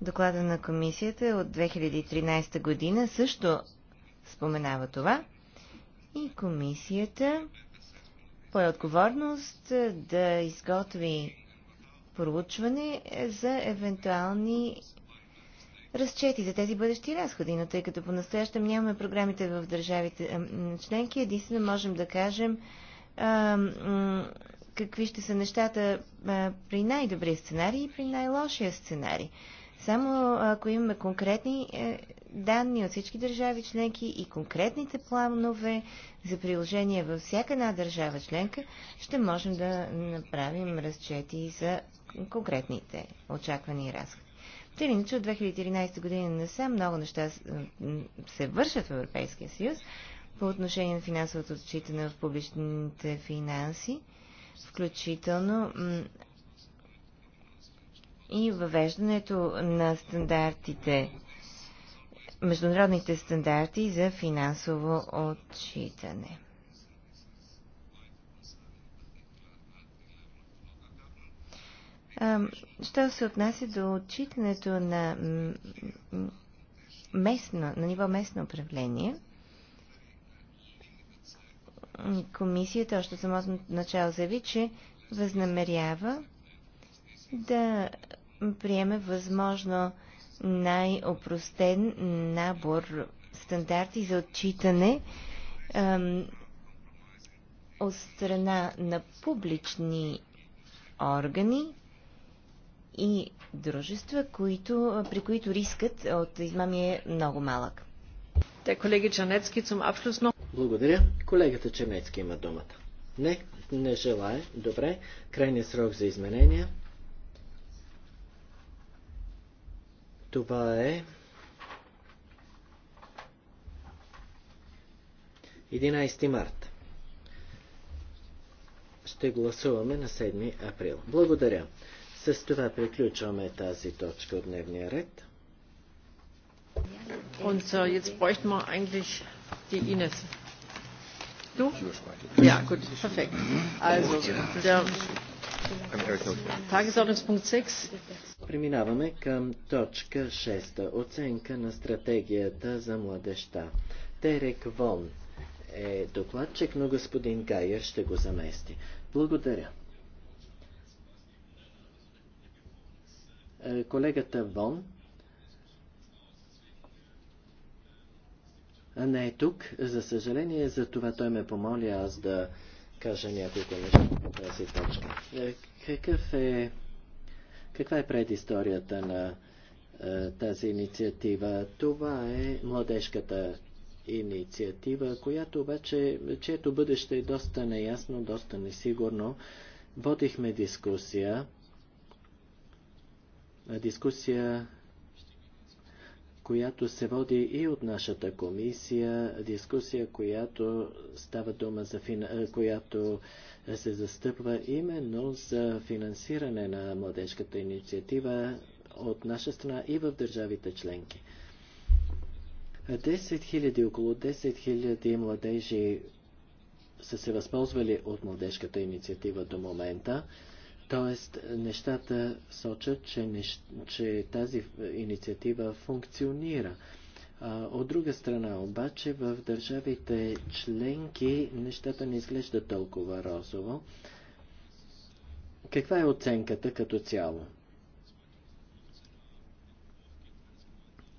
Доклада на комисията е от 2013 година също споменава това. И комисията пое отговорност е, да изготви проучване е, за евентуални разчети за тези бъдещи разходи, но тъй като по-настоящем нямаме програмите в държавите членки, единствено можем да кажем какви ще са нещата а, при най-добрия сценарий и при най-лошия сценарий. Само ако имаме конкретни е, данни от всички държави членки и конкретните планове за приложение във всяка една държава членка, ще можем да направим разчети за конкретните очаквани разходи. Тъй иначе от 2013 година не са много неща се вършат в Европейския съюз по отношение на финансовото отчитане в публичните финанси – включително и въвеждането на стандартите, международните стандарти за финансово отчитане. Що се отнася до отчитането на, местно, на ниво местно управление – комисията още самото начало заяви, че възнамерява да приеме възможно най-опростен набор стандарти за отчитане ем, от страна на публични органи и дружества, които, при които рискът от измами е много малък. Благодаря. Колегата Чернецки има думата. Не, не желая. Добре. Крайният срок за изменения. Това е 11 март. Ще гласуваме на 7 април. Благодаря. С това приключваме тази точка от дневния ред. Und äh, jetzt bräuchten wir eigentlich die Ines. Du? Ja, gut, perfekt. Also, der Tagesordnungspunkt 6. Преминаваме към точка 6. Оценка на стратегията за младеща. Терек Вон е докладчик, но господин Гайер ще го замести. Благодаря. Е, колегата Вон не е тук. За съжаление, за това той ме помоли аз да кажа няколко неща по тази точка. Е, какъв е, каква е предисторията на е, тази инициатива? Това е младежката инициатива, която обаче, чието бъдеще е доста неясно, доста несигурно. Водихме дискусия. Дискусия която се води и от нашата комисия, дискусия, която става дума за фин... която се застъпва именно за финансиране на младежката инициатива от наша страна и в държавите членки. 10 000, около 10 000 младежи са се възползвали от младежката инициатива до момента. Тоест, нещата сочат, че, нещ... че тази инициатива функционира. От друга страна, обаче, в държавите членки нещата не изглеждат толкова розово. Каква е оценката като цяло?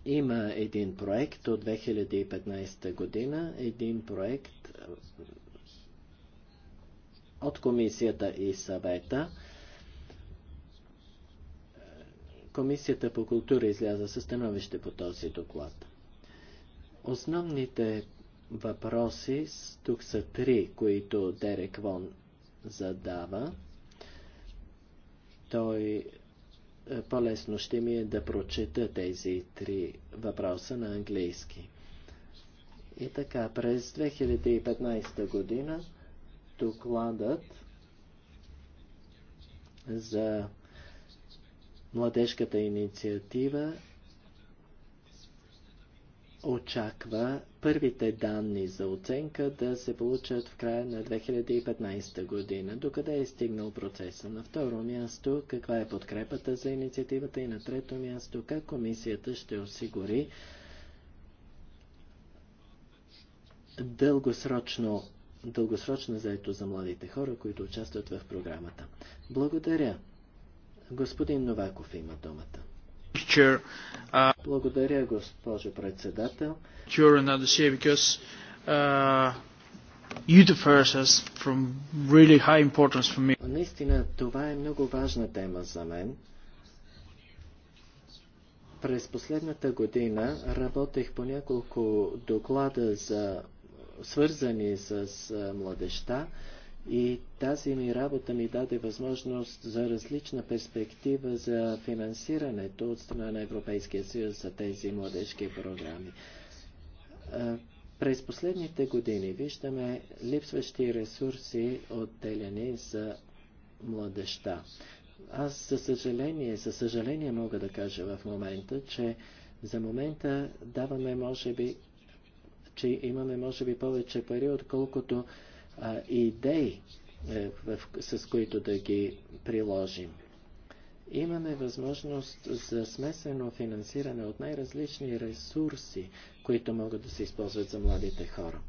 Има един проект от 2015 година, един проект от комисията и съвета – Комисията по култура изляза със становище по този доклад. Основните въпроси тук са три, които Дерек Вон задава. Той е, по-лесно ще ми е да прочета тези три въпроса на английски. И така, през 2015 година докладът за Младежката инициатива очаква първите данни за оценка да се получат в края на 2015 година. Докъде е стигнал процеса? На второ място, каква е подкрепата за инициативата? И на трето място, как комисията ще осигури дългосрочно, дългосрочна заето за младите хора, които участват в програмата? Благодаря. Господин Новаков има думата. Uh, Благодаря, госпожо председател. Uh, Наистина, това е много важна тема за мен. През последната година работех по няколко доклада за свързани с младеща. И тази ми работа ми даде възможност за различна перспектива за финансирането от страна на Европейския съюз за тези младежки програми. През последните години виждаме липсващи ресурси отделени за младеща. Аз за съжаление, за съжаление мога да кажа в момента, че за момента даваме, може би, че имаме, може би, повече пари, отколкото а, идеи, е, в, с които да ги приложим. Имаме възможност за смесено финансиране от най-различни ресурси, които могат да се използват за младите хора.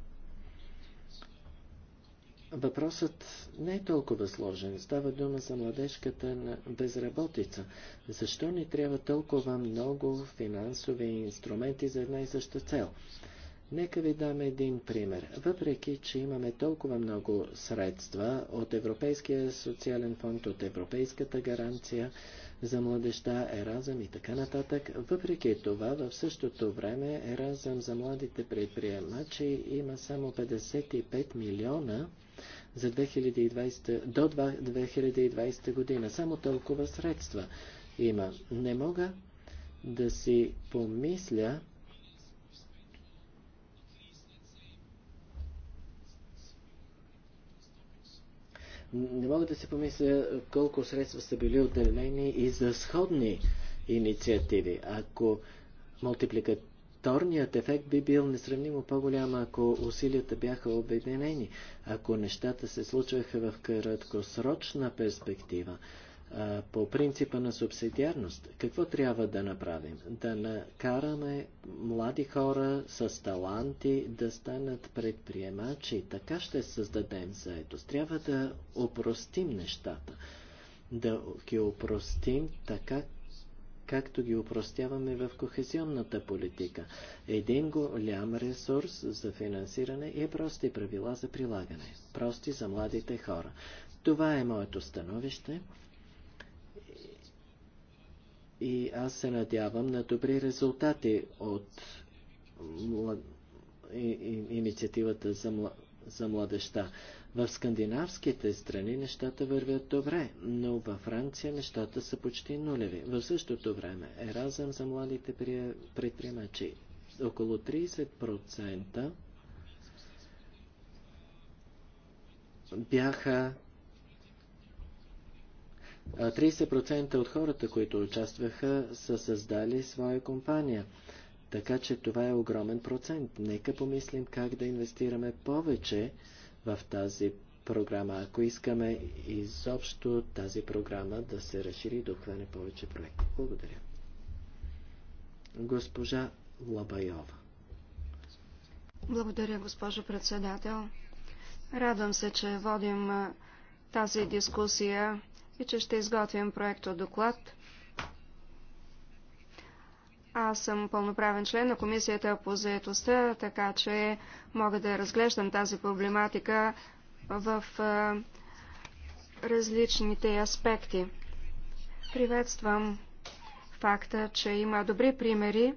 Въпросът не е толкова сложен. Става дума за младежката на безработица. Защо ни трябва толкова много финансови инструменти за една и съща цел? Нека ви дам един пример. Въпреки, че имаме толкова много средства от Европейския социален фонд, от Европейската гаранция за младеща, Еразъм и така нататък, въпреки това в същото време Еразъм за младите предприемачи има само 55 милиона за 2020, до 2020 година. Само толкова средства има. Не мога да си помисля, Не мога да се помисля колко средства са били отделени и за сходни инициативи. Ако мултипликаторният ефект би бил несравнимо по-голям, ако усилията бяха обединени, ако нещата се случваха в краткосрочна перспектива, по принципа на субсидиарност. Какво трябва да направим? Да накараме млади хора с таланти да станат предприемачи. Така ще създадем заедост. Трябва да опростим нещата. Да ги опростим така, както ги упростяваме в кохезионната политика. Един голям ресурс за финансиране е прости правила за прилагане. Прости за младите хора. Това е моето становище и аз се надявам на добри резултати от млад... и, и, инициативата за, млад... за младеща. В скандинавските страни нещата вървят добре, но във Франция нещата са почти нулеви. В същото време еразъм за младите предприемачи. Около 30% бяха 30% от хората, които участваха, са създали своя компания. Така че това е огромен процент. Нека помислим как да инвестираме повече в тази програма, ако искаме изобщо тази програма да се разшири и да обхване повече проекти. Благодаря. Госпожа Лабайова. Благодаря, госпожо председател. Радвам се, че водим тази дискусия и че ще изготвим проекто доклад. Аз съм пълноправен член на Комисията по заедостта, така че мога да разглеждам тази проблематика в различните аспекти. Приветствам факта, че има добри примери,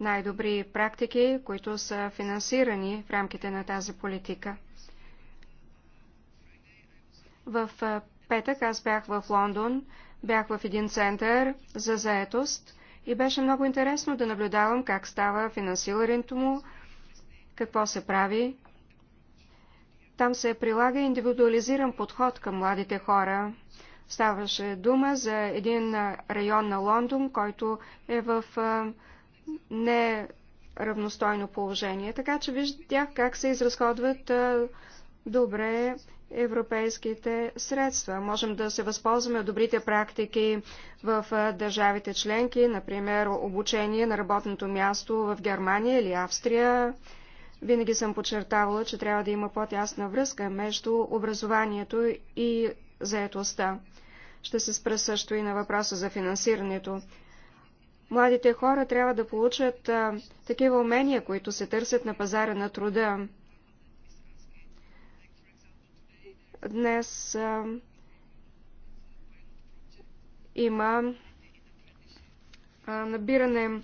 най-добри практики, които са финансирани в рамките на тази политика. В петък аз бях в Лондон, бях в един център за заетост и беше много интересно да наблюдавам как става финансирането му, какво се прави. Там се прилага индивидуализиран подход към младите хора. Ставаше дума за един район на Лондон, който е в неравностойно положение. Така че виждах как се изразходват добре европейските средства. Можем да се възползваме от добрите практики в държавите членки, например обучение на работното място в Германия или Австрия. Винаги съм подчертавала, че трябва да има по-тясна връзка между образованието и заетостта. Ще се спра също и на въпроса за финансирането. Младите хора трябва да получат а, такива умения, които се търсят на пазара на труда. Днес а, има а, набиране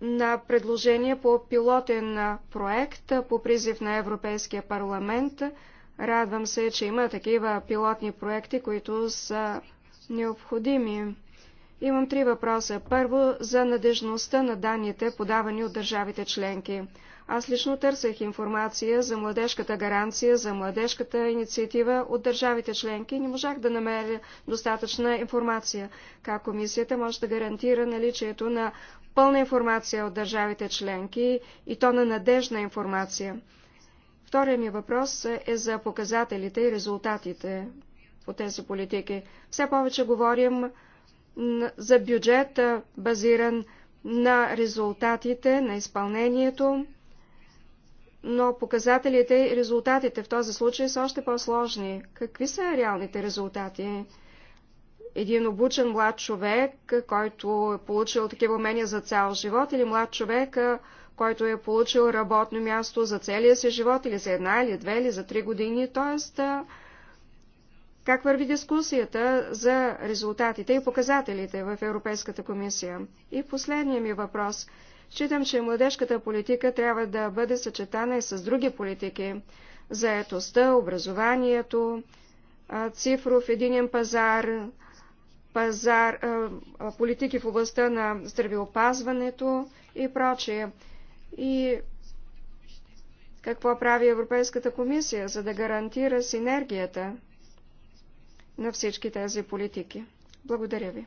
на предложения по пилотен проект по призив на Европейския парламент. Радвам се, че има такива пилотни проекти, които са необходими. Имам три въпроса. Първо, за надежността на данните, подавани от държавите членки. Аз лично търсех информация за младежката гаранция, за младежката инициатива от държавите членки и не можах да намеря достатъчна информация. Как комисията може да гарантира наличието на пълна информация от държавите членки и то на надежна информация? Втория ми въпрос е за показателите и резултатите по тези политики. Все повече говорим за бюджет, базиран на резултатите, на изпълнението но показателите и резултатите в този случай са още по-сложни. Какви са реалните резултати? Един обучен млад човек, който е получил такива умения за цял живот, или млад човек, който е получил работно място за целия си живот, или за една, или две, или за три години. Тоест, как върви дискусията за резултатите и показателите в Европейската комисия? И последният ми въпрос – Считам, че младежката политика трябва да бъде съчетана и с други политики – заетостта, образованието, цифров единен пазар, пазар, политики в областта на здравеопазването и прочее. И какво прави Европейската комисия, за да гарантира синергията на всички тези политики? Благодаря ви.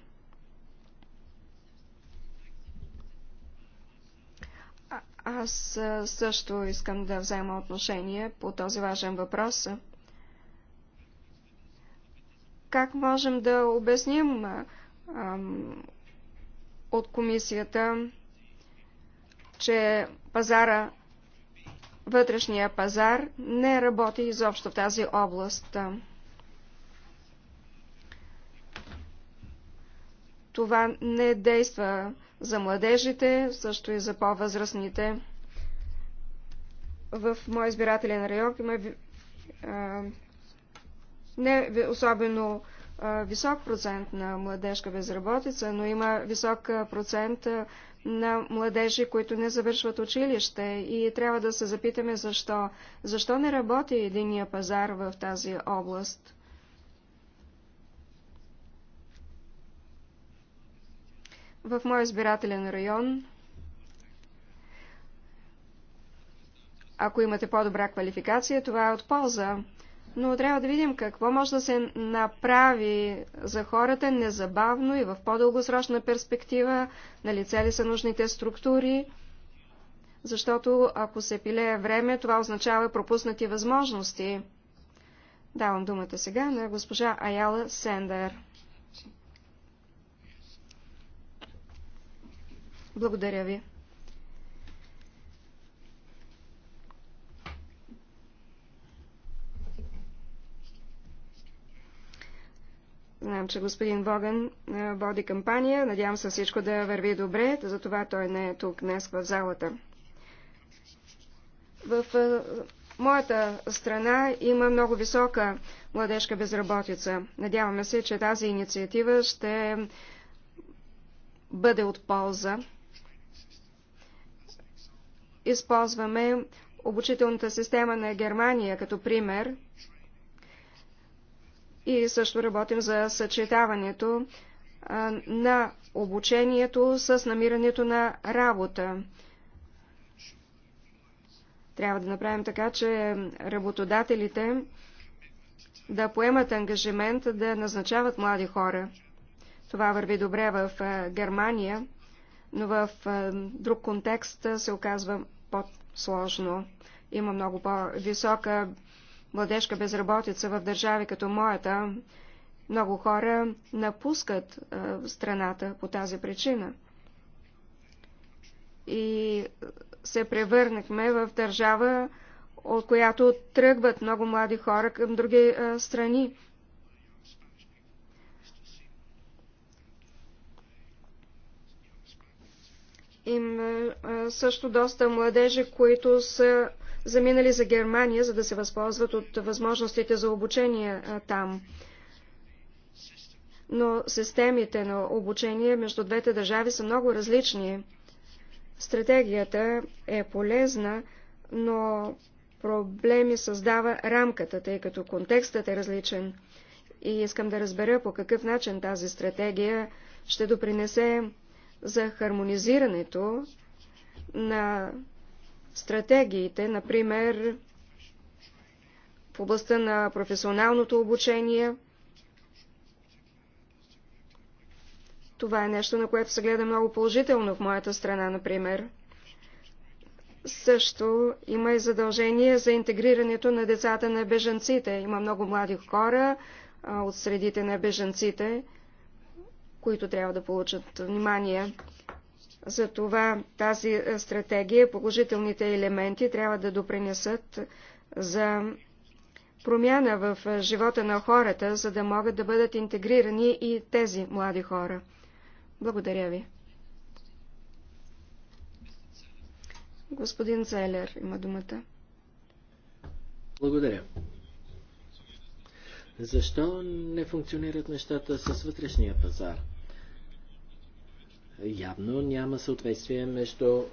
Аз също искам да взема отношение по този важен въпрос. Как можем да обясним ам, от комисията, че пазара, вътрешния пазар не работи изобщо в тази област? Това не действа за младежите, също и за по-възрастните. В мой избирателен район има а, не особено а, висок процент на младежка безработица, но има висок процент на младежи, които не завършват училище и трябва да се запитаме защо. Защо не работи единия пазар в тази област? В моя избирателен район, ако имате по-добра квалификация, това е от полза. Но трябва да видим какво може да се направи за хората незабавно и в по-дългосрочна перспектива, на лице ли са нужните структури, защото ако се пилее време, това означава пропуснати възможности. Давам думата сега на госпожа Аяла Сендер. Благодаря ви. Знам, че господин Воган води кампания. Надявам се всичко да върви добре, затова той не е тук днес в залата. В моята страна има много висока младежка безработица. Надяваме се, че тази инициатива ще бъде от полза използваме обучителната система на Германия като пример и също работим за съчетаването на обучението с намирането на работа. Трябва да направим така, че работодателите да поемат ангажимент да назначават млади хора. Това върви добре в Германия но в друг контекст се оказва по-сложно. Има много по-висока младежка безработица в държави като моята. Много хора напускат страната по тази причина. И се превърнахме в държава, от която тръгват много млади хора към други страни. Има е, също доста младежи, които са заминали за Германия, за да се възползват от възможностите за обучение е, там. Но системите на обучение между двете държави са много различни. Стратегията е полезна, но проблеми създава рамката, тъй като контекстът е различен. И искам да разбера по какъв начин тази стратегия ще допринесе за хармонизирането на стратегиите, например в областта на професионалното обучение. Това е нещо, на което се гледа много положително в моята страна, например. Също има и задължение за интегрирането на децата на беженците. Има много млади хора от средите на беженците, които трябва да получат внимание. Затова тази е, стратегия, положителните елементи трябва да допринесат за промяна в е, живота на хората, за да могат да бъдат интегрирани и тези млади хора. Благодаря ви. Господин Целер има думата. Благодаря. Защо не функционират нещата с вътрешния пазар? явно няма съответствие между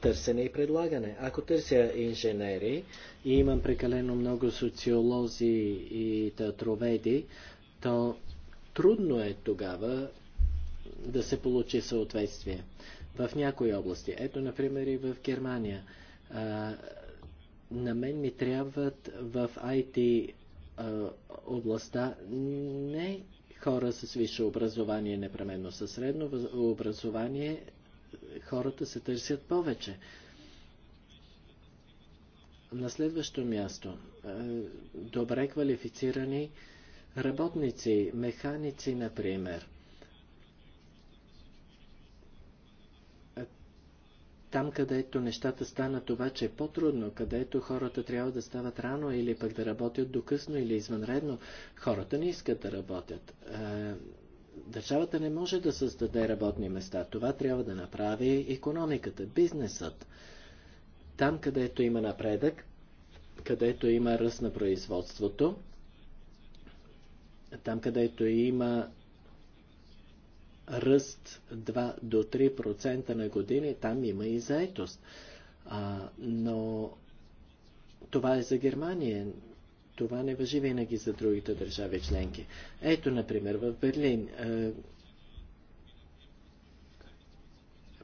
търсене и предлагане. Ако търся инженери и имам прекалено много социолози и театроведи, то трудно е тогава да се получи съответствие в някои области. Ето, например, и в Германия. А, на мен ми трябват в IT а, областта не хора с висше образование, непременно със средно образование, хората се търсят повече. На следващо място, е, добре квалифицирани работници, механици, например – там, където нещата станат обаче е по-трудно, където хората трябва да стават рано или пък да работят докъсно или извънредно, хората не искат да работят. Е, държавата не може да създаде работни места. Това трябва да направи економиката, бизнесът. Там, където има напредък, където има ръст на производството, там, където има ръст 2 до 3% на години, там има и заетост. А, но това е за Германия. Това не въжи винаги за другите държави членки. Ето, например, в Берлин.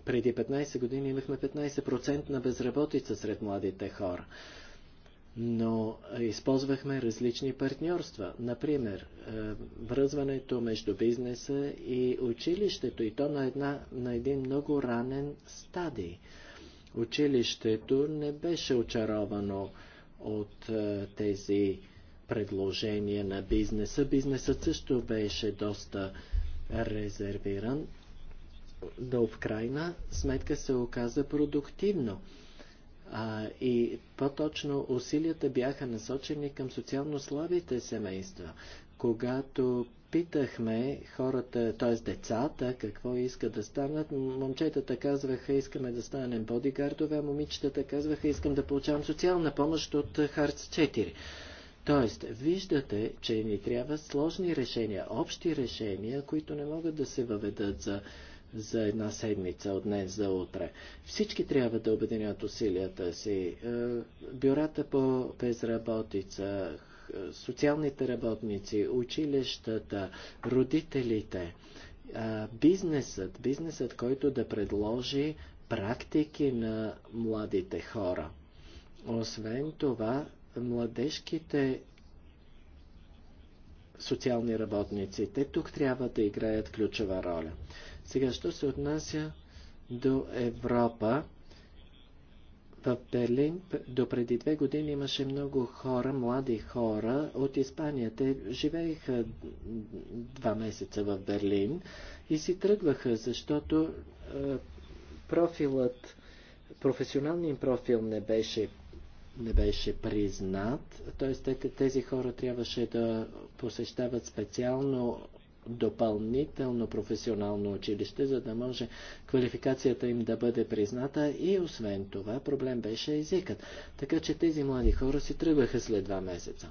преди 15 години имахме 15% на безработица сред младите хора но използвахме различни партньорства. Например, връзването между бизнеса и училището и то на, една, на един много ранен стадий. Училището не беше очаровано от тези предложения на бизнеса. Бизнесът също беше доста резервиран, но в крайна сметка се оказа продуктивно. А, и по-точно усилията бяха насочени към социално слабите семейства. Когато питахме хората, т.е. децата, какво искат да станат, момчетата казваха, искаме да станем бодигардове, а момичетата казваха, искам да получавам социална помощ от Харц 4. Тоест, виждате, че ни трябва сложни решения, общи решения, които не могат да се въведат за за една седмица от днес за утре. Всички трябва да обединят усилията си. Е, бюрата по безработица, е, социалните работници, училищата, родителите, е, бизнесът, бизнесът, който да предложи практики на младите хора. Освен това, младежките социални работници, те тук трябва да играят ключова роля. Сега, що се отнася до Европа, в Берлин до преди две години имаше много хора, млади хора от Испания. Те живееха два месеца в Берлин и си тръгваха, защото е, профилът, професионалният профил не беше, не беше признат. Т.е. тези хора трябваше да посещават специално допълнително професионално училище, за да може квалификацията им да бъде призната и освен това проблем беше езикът. Така че тези млади хора си тръгваха след два месеца.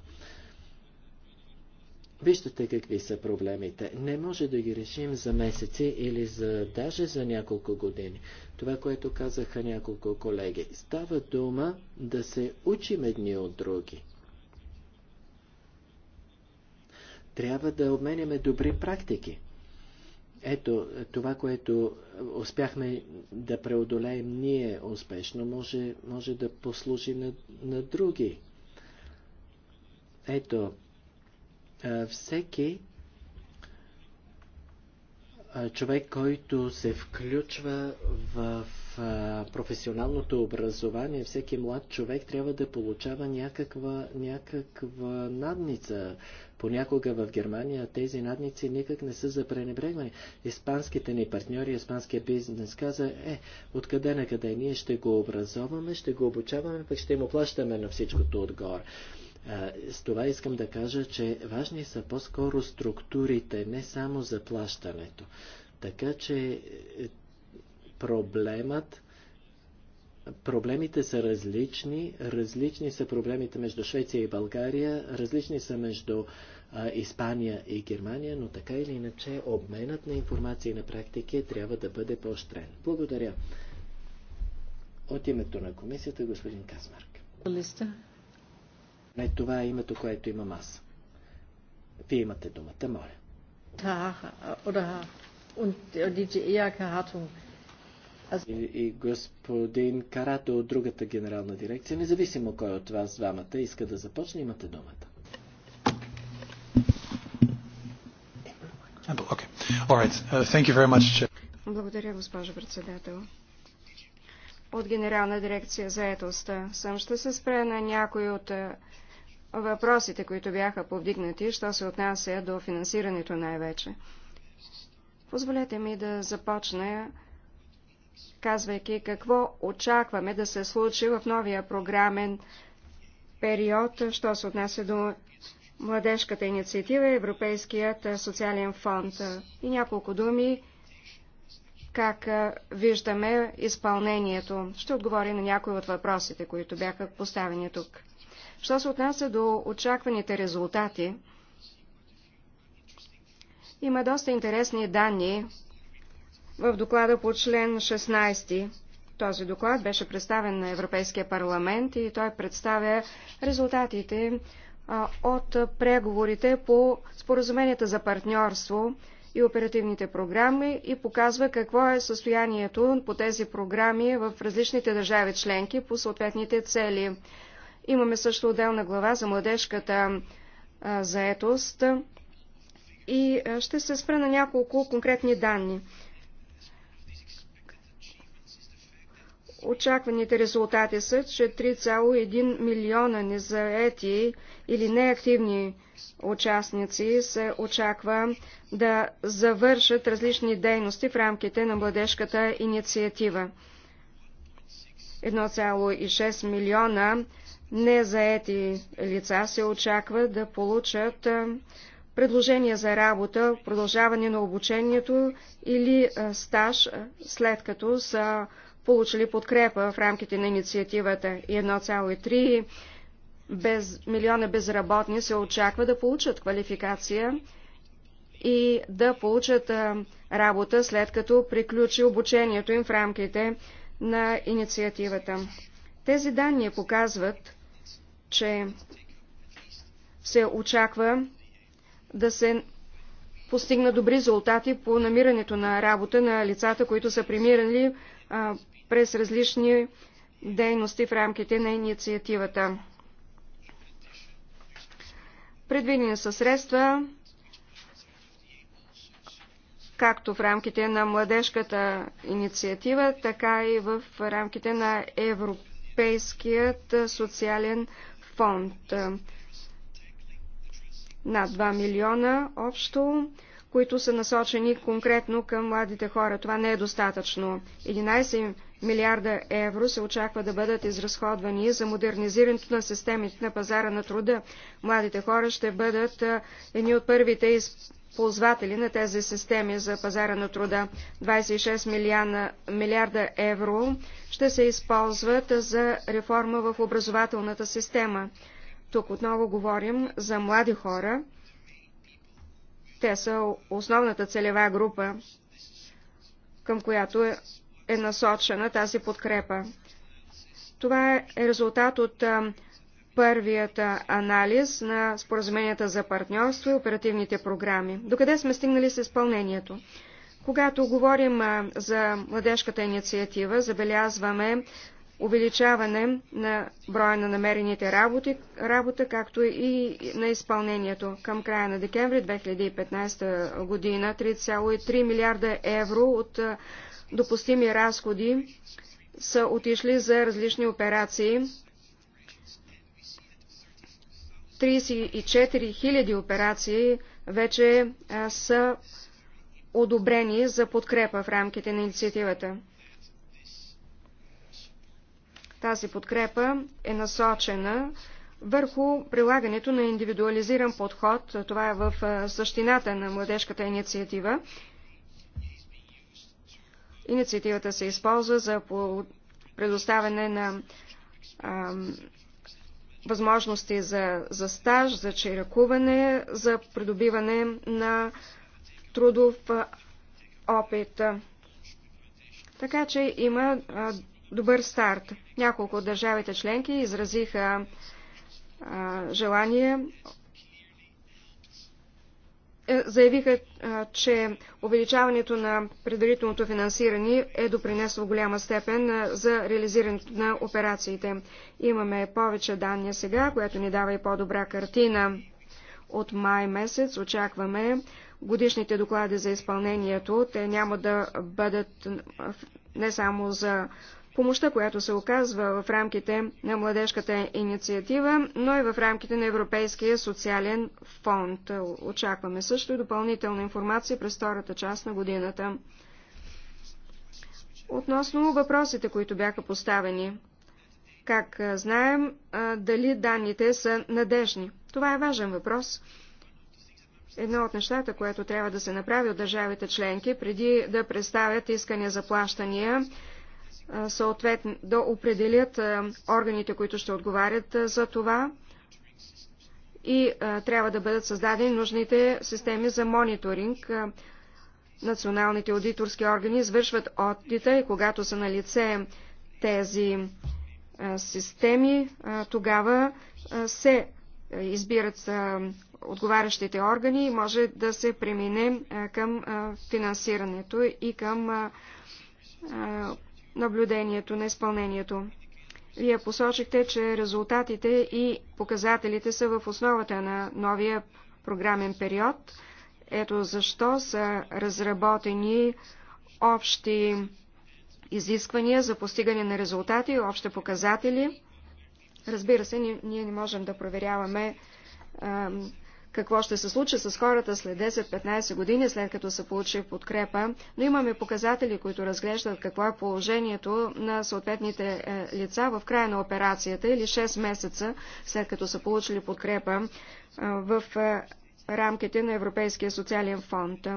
Виждате какви са проблемите. Не може да ги решим за месеци или за, даже за няколко години. Това, което казаха няколко колеги. Става дума да се учим едни от други. Трябва да обменяме добри практики. Ето, това, което успяхме да преодолеем ние успешно, може, може да послужи на, на други. Ето, всеки човек, който се включва в професионалното образование всеки млад човек трябва да получава някаква, някаква надница. Понякога в Германия тези надници никак не са за пренебрегване. Испанските ни партньори, испанския бизнес каза, е, откъде на къде ние ще го образоваме, ще го обучаваме, пък ще му плащаме на всичкото отгоре. С това искам да кажа, че важни са по-скоро структурите, не само заплащането. Така че е, проблемът Проблемите са различни. Различни са проблемите между Швеция и България, различни са между а, Испания и Германия, но така или иначе обменът на информация и на практики трябва да бъде по-щрен. Благодаря. От името на комисията, господин Касмарк. Не, това е името, което имам аз. Вие имате думата, моля. Да, oder, und, und die и, и господин Карато от другата генерална дирекция, независимо кой от вас двамата иска да започне, имате думата. Okay. Right. Uh, thank you very much. Благодаря, госпожо председател. От Генерална дирекция за съм ще се спре на някои от е, въпросите, които бяха повдигнати, що се отнася до финансирането най-вече. Позволете ми да започна казвайки какво очакваме да се случи в новия програмен период, що се отнася до младежката инициатива и Европейският социален фонд. И няколко думи как виждаме изпълнението. Ще отговори на някои от въпросите, които бяха поставени тук. Що се отнася до очакваните резултати, има доста интересни данни в доклада по член 16. Този доклад беше представен на Европейския парламент и той представя резултатите от преговорите по споразуменията за партньорство и оперативните програми и показва какво е състоянието по тези програми в различните държави членки по съответните цели. Имаме също отделна глава за младежката заетост и ще се спра на няколко конкретни данни. Очакваните резултати са, че 3,1 милиона незаети или неактивни участници се очаква да завършат различни дейности в рамките на младежката инициатива. 1,6 милиона незаети лица се очаква да получат предложения за работа, продължаване на обучението или стаж, след като са получили подкрепа в рамките на инициативата и 1,3 без, милиона безработни се очаква да получат квалификация и да получат работа след като приключи обучението им в рамките на инициативата. Тези данни показват, че се очаква да се постигна добри резултати по намирането на работа на лицата, които са премирали през различни дейности в рамките на инициативата. Предвидени са средства, както в рамките на младежката инициатива, така и в рамките на Европейският социален фонд. Над 2 милиона общо, които са насочени конкретно към младите хора. Това не е достатъчно. 11 милиарда евро се очаква да бъдат изразходвани за модернизирането на системите на пазара на труда. Младите хора ще бъдат едни от първите из ползватели на тези системи за пазара на труда. 26 милиана, милиарда евро ще се използват за реформа в образователната система. Тук отново говорим за млади хора. Те са основната целева група, към която е е насочена тази подкрепа. Това е резултат от първият анализ на споразуменията за партньорство и оперативните програми. Докъде сме стигнали с изпълнението? Когато говорим за младежката инициатива, забелязваме увеличаване на броя на намерените работи, работа, както и на изпълнението. Към края на декември 2015 година 3,3 милиарда евро от допустими разходи са отишли за различни операции. 34 000 операции вече са одобрени за подкрепа в рамките на инициативата. Тази подкрепа е насочена върху прилагането на индивидуализиран подход. Това е в същината на младежката инициатива. Инициативата се използва за предоставяне на ам, възможности за, за стаж, за чиракуване, за придобиване на трудов опит. Така че има а, добър старт. Няколко от държавите членки изразиха а, желание е, заявиха, че увеличаването на предварителното финансиране е допринесло в голяма степен за реализирането на операциите. Имаме повече данни сега, което ни дава и по-добра картина. От май месец очакваме годишните доклади за изпълнението. Те няма да бъдат не само за помощта, която се оказва в рамките на младежката инициатива, но и в рамките на Европейския социален фонд. Очакваме също и допълнителна информация през втората част на годината. Относно въпросите, които бяха поставени. Как знаем дали данните са надежни? Това е важен въпрос. Едно от нещата, което трябва да се направи от държавите членки, преди да представят искания за плащания, съответно да определят органите, които ще отговарят за това и трябва да бъдат създадени нужните системи за мониторинг. Националните аудиторски органи извършват одита и когато са на лице тези системи, тогава се избират отговарящите органи и може да се премине към финансирането и към наблюдението на изпълнението. Вие посочихте, че резултатите и показателите са в основата на новия програмен период. Ето защо са разработени общи изисквания за постигане на резултати общи показатели. Разбира се, ние не можем да проверяваме какво ще се случи с хората след 10-15 години, след като са получили подкрепа, но имаме показатели, които разглеждат какво е положението на съответните е, лица в края на операцията или 6 месеца, след като са получили подкрепа е, в е, рамките на Европейския социален фонд.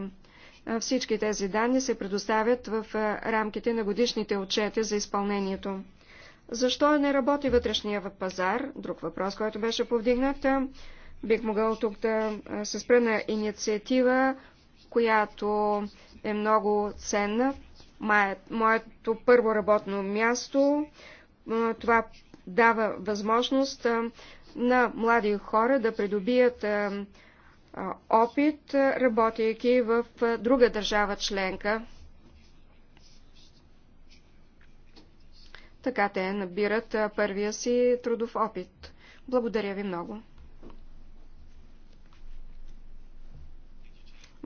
Всички тези данни се предоставят в рамките на годишните отчети за изпълнението. Защо не работи вътрешния пазар? Друг въпрос, който беше повдигнат. Бих могъл тук да се спра на инициатива, която е много ценна. Моето първо работно място, това дава възможност на млади хора да придобият опит, работейки в друга държава членка. Така те набират първия си трудов опит. Благодаря ви много.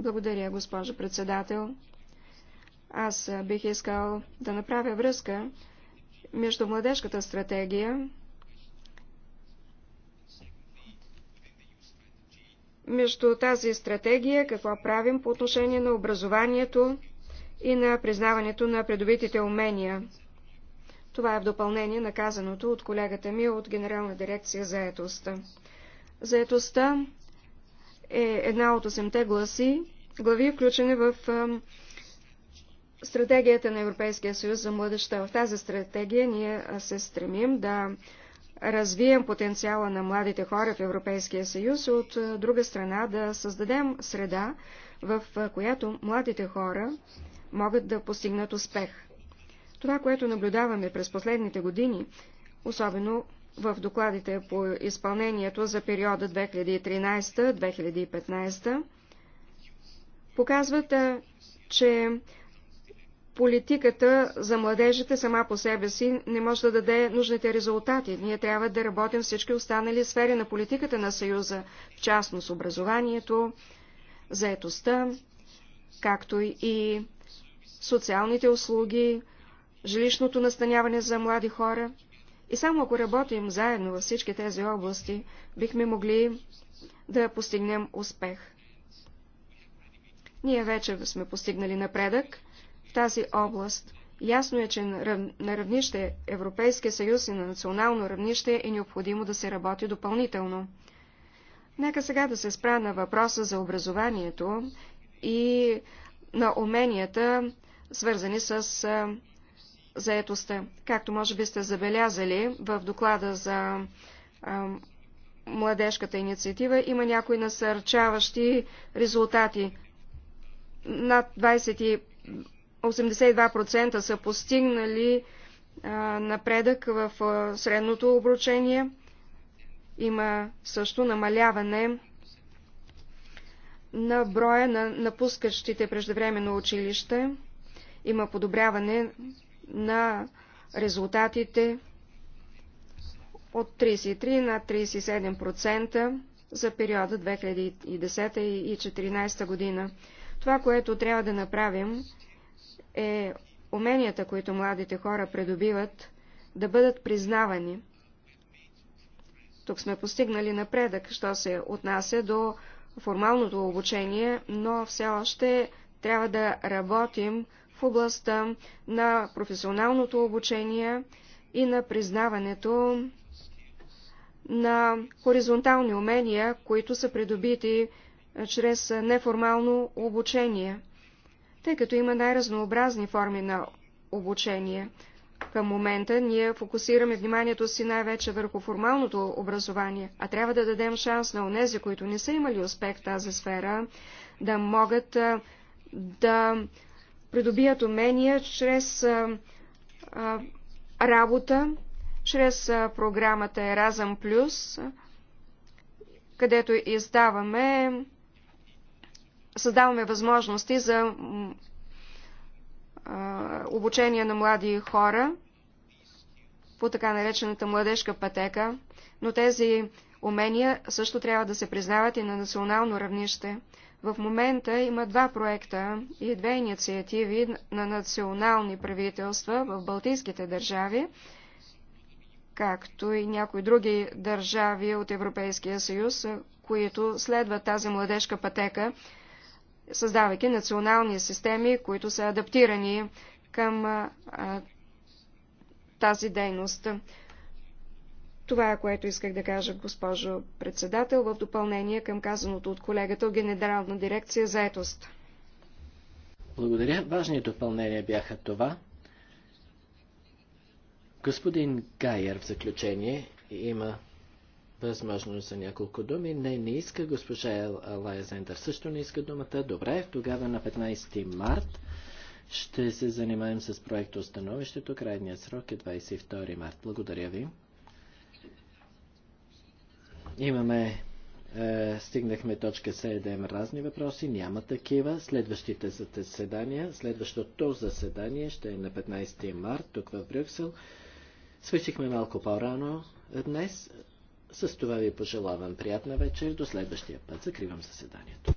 Благодаря, госпожо председател. Аз бих искал да направя връзка между младежката стратегия, между тази стратегия, какво правим по отношение на образованието и на признаването на предобитите умения. Това е в допълнение на казаното от колегата ми от Генерална дирекция за Заетостта е една от 8-те гласи, глави, включени в стратегията на Европейския съюз за младеща. В тази стратегия ние се стремим да развием потенциала на младите хора в Европейския съюз, от друга страна да създадем среда, в която младите хора могат да постигнат успех. Това, което наблюдаваме през последните години, особено в докладите по изпълнението за периода 2013-2015 показват, че политиката за младежите сама по себе си не може да даде нужните резултати. Ние трябва да работим всички останали сфери на политиката на Съюза, в частност образованието, заетостта, както и социалните услуги, жилищното настаняване за млади хора – и само ако работим заедно във всички тези области, бихме могли да постигнем успех. Ние вече сме постигнали напредък в тази област. Ясно е, че на равнище Европейския съюз и на национално равнище е необходимо да се работи допълнително. Нека сега да се спра на въпроса за образованието и на уменията, свързани с заетостта. Както може би сте забелязали в доклада за а, младежката инициатива, има някои насърчаващи резултати. Над 20, 82% са постигнали а, напредък в а, средното обручение. Има също намаляване на броя на напускащите преждевременно училище. Има подобряване на резултатите от 33 на 37% за периода 2010 и 2014 година. Това, което трябва да направим, е уменията, които младите хора придобиват, да бъдат признавани. Тук сме постигнали напредък, що се отнася до формалното обучение, но все още трябва да работим в областта на професионалното обучение и на признаването на хоризонтални умения, които са придобити чрез неформално обучение, тъй като има най-разнообразни форми на обучение. Към момента ние фокусираме вниманието си най-вече върху формалното образование, а трябва да дадем шанс на онези, които не са имали успех в тази сфера, да могат да придобият умения чрез а, а, работа, чрез а, програмата Еразъм Плюс, където издаваме, създаваме възможности за а, обучение на млади хора по така наречената младежка пътека, но тези умения също трябва да се признават и на национално равнище – в момента има два проекта и две инициативи на национални правителства в Балтийските държави, както и някои други държави от Европейския съюз, които следват тази младежка пътека, създавайки национални системи, които са адаптирани към а, тази дейност. Това е което исках да кажа, госпожо председател, в допълнение към казаното от колегата от Генерална дирекция заетост. Благодаря. Важни допълнения бяха това. Господин Гайер в заключение има възможност за няколко думи. Не, не иска. Госпожа Лая Зендър също не иска думата. Добре, тогава на 15 март ще се занимаем с проекта Остановището. Крайният срок е 22 март. Благодаря ви. Имаме, е, стигнахме точка 7 разни въпроси, няма такива. Следващите заседания, следващото заседание ще е на 15 март тук в Брюксел. Свършихме малко по-рано днес. С това ви пожелавам приятна вечер. До следващия път. Закривам заседанието.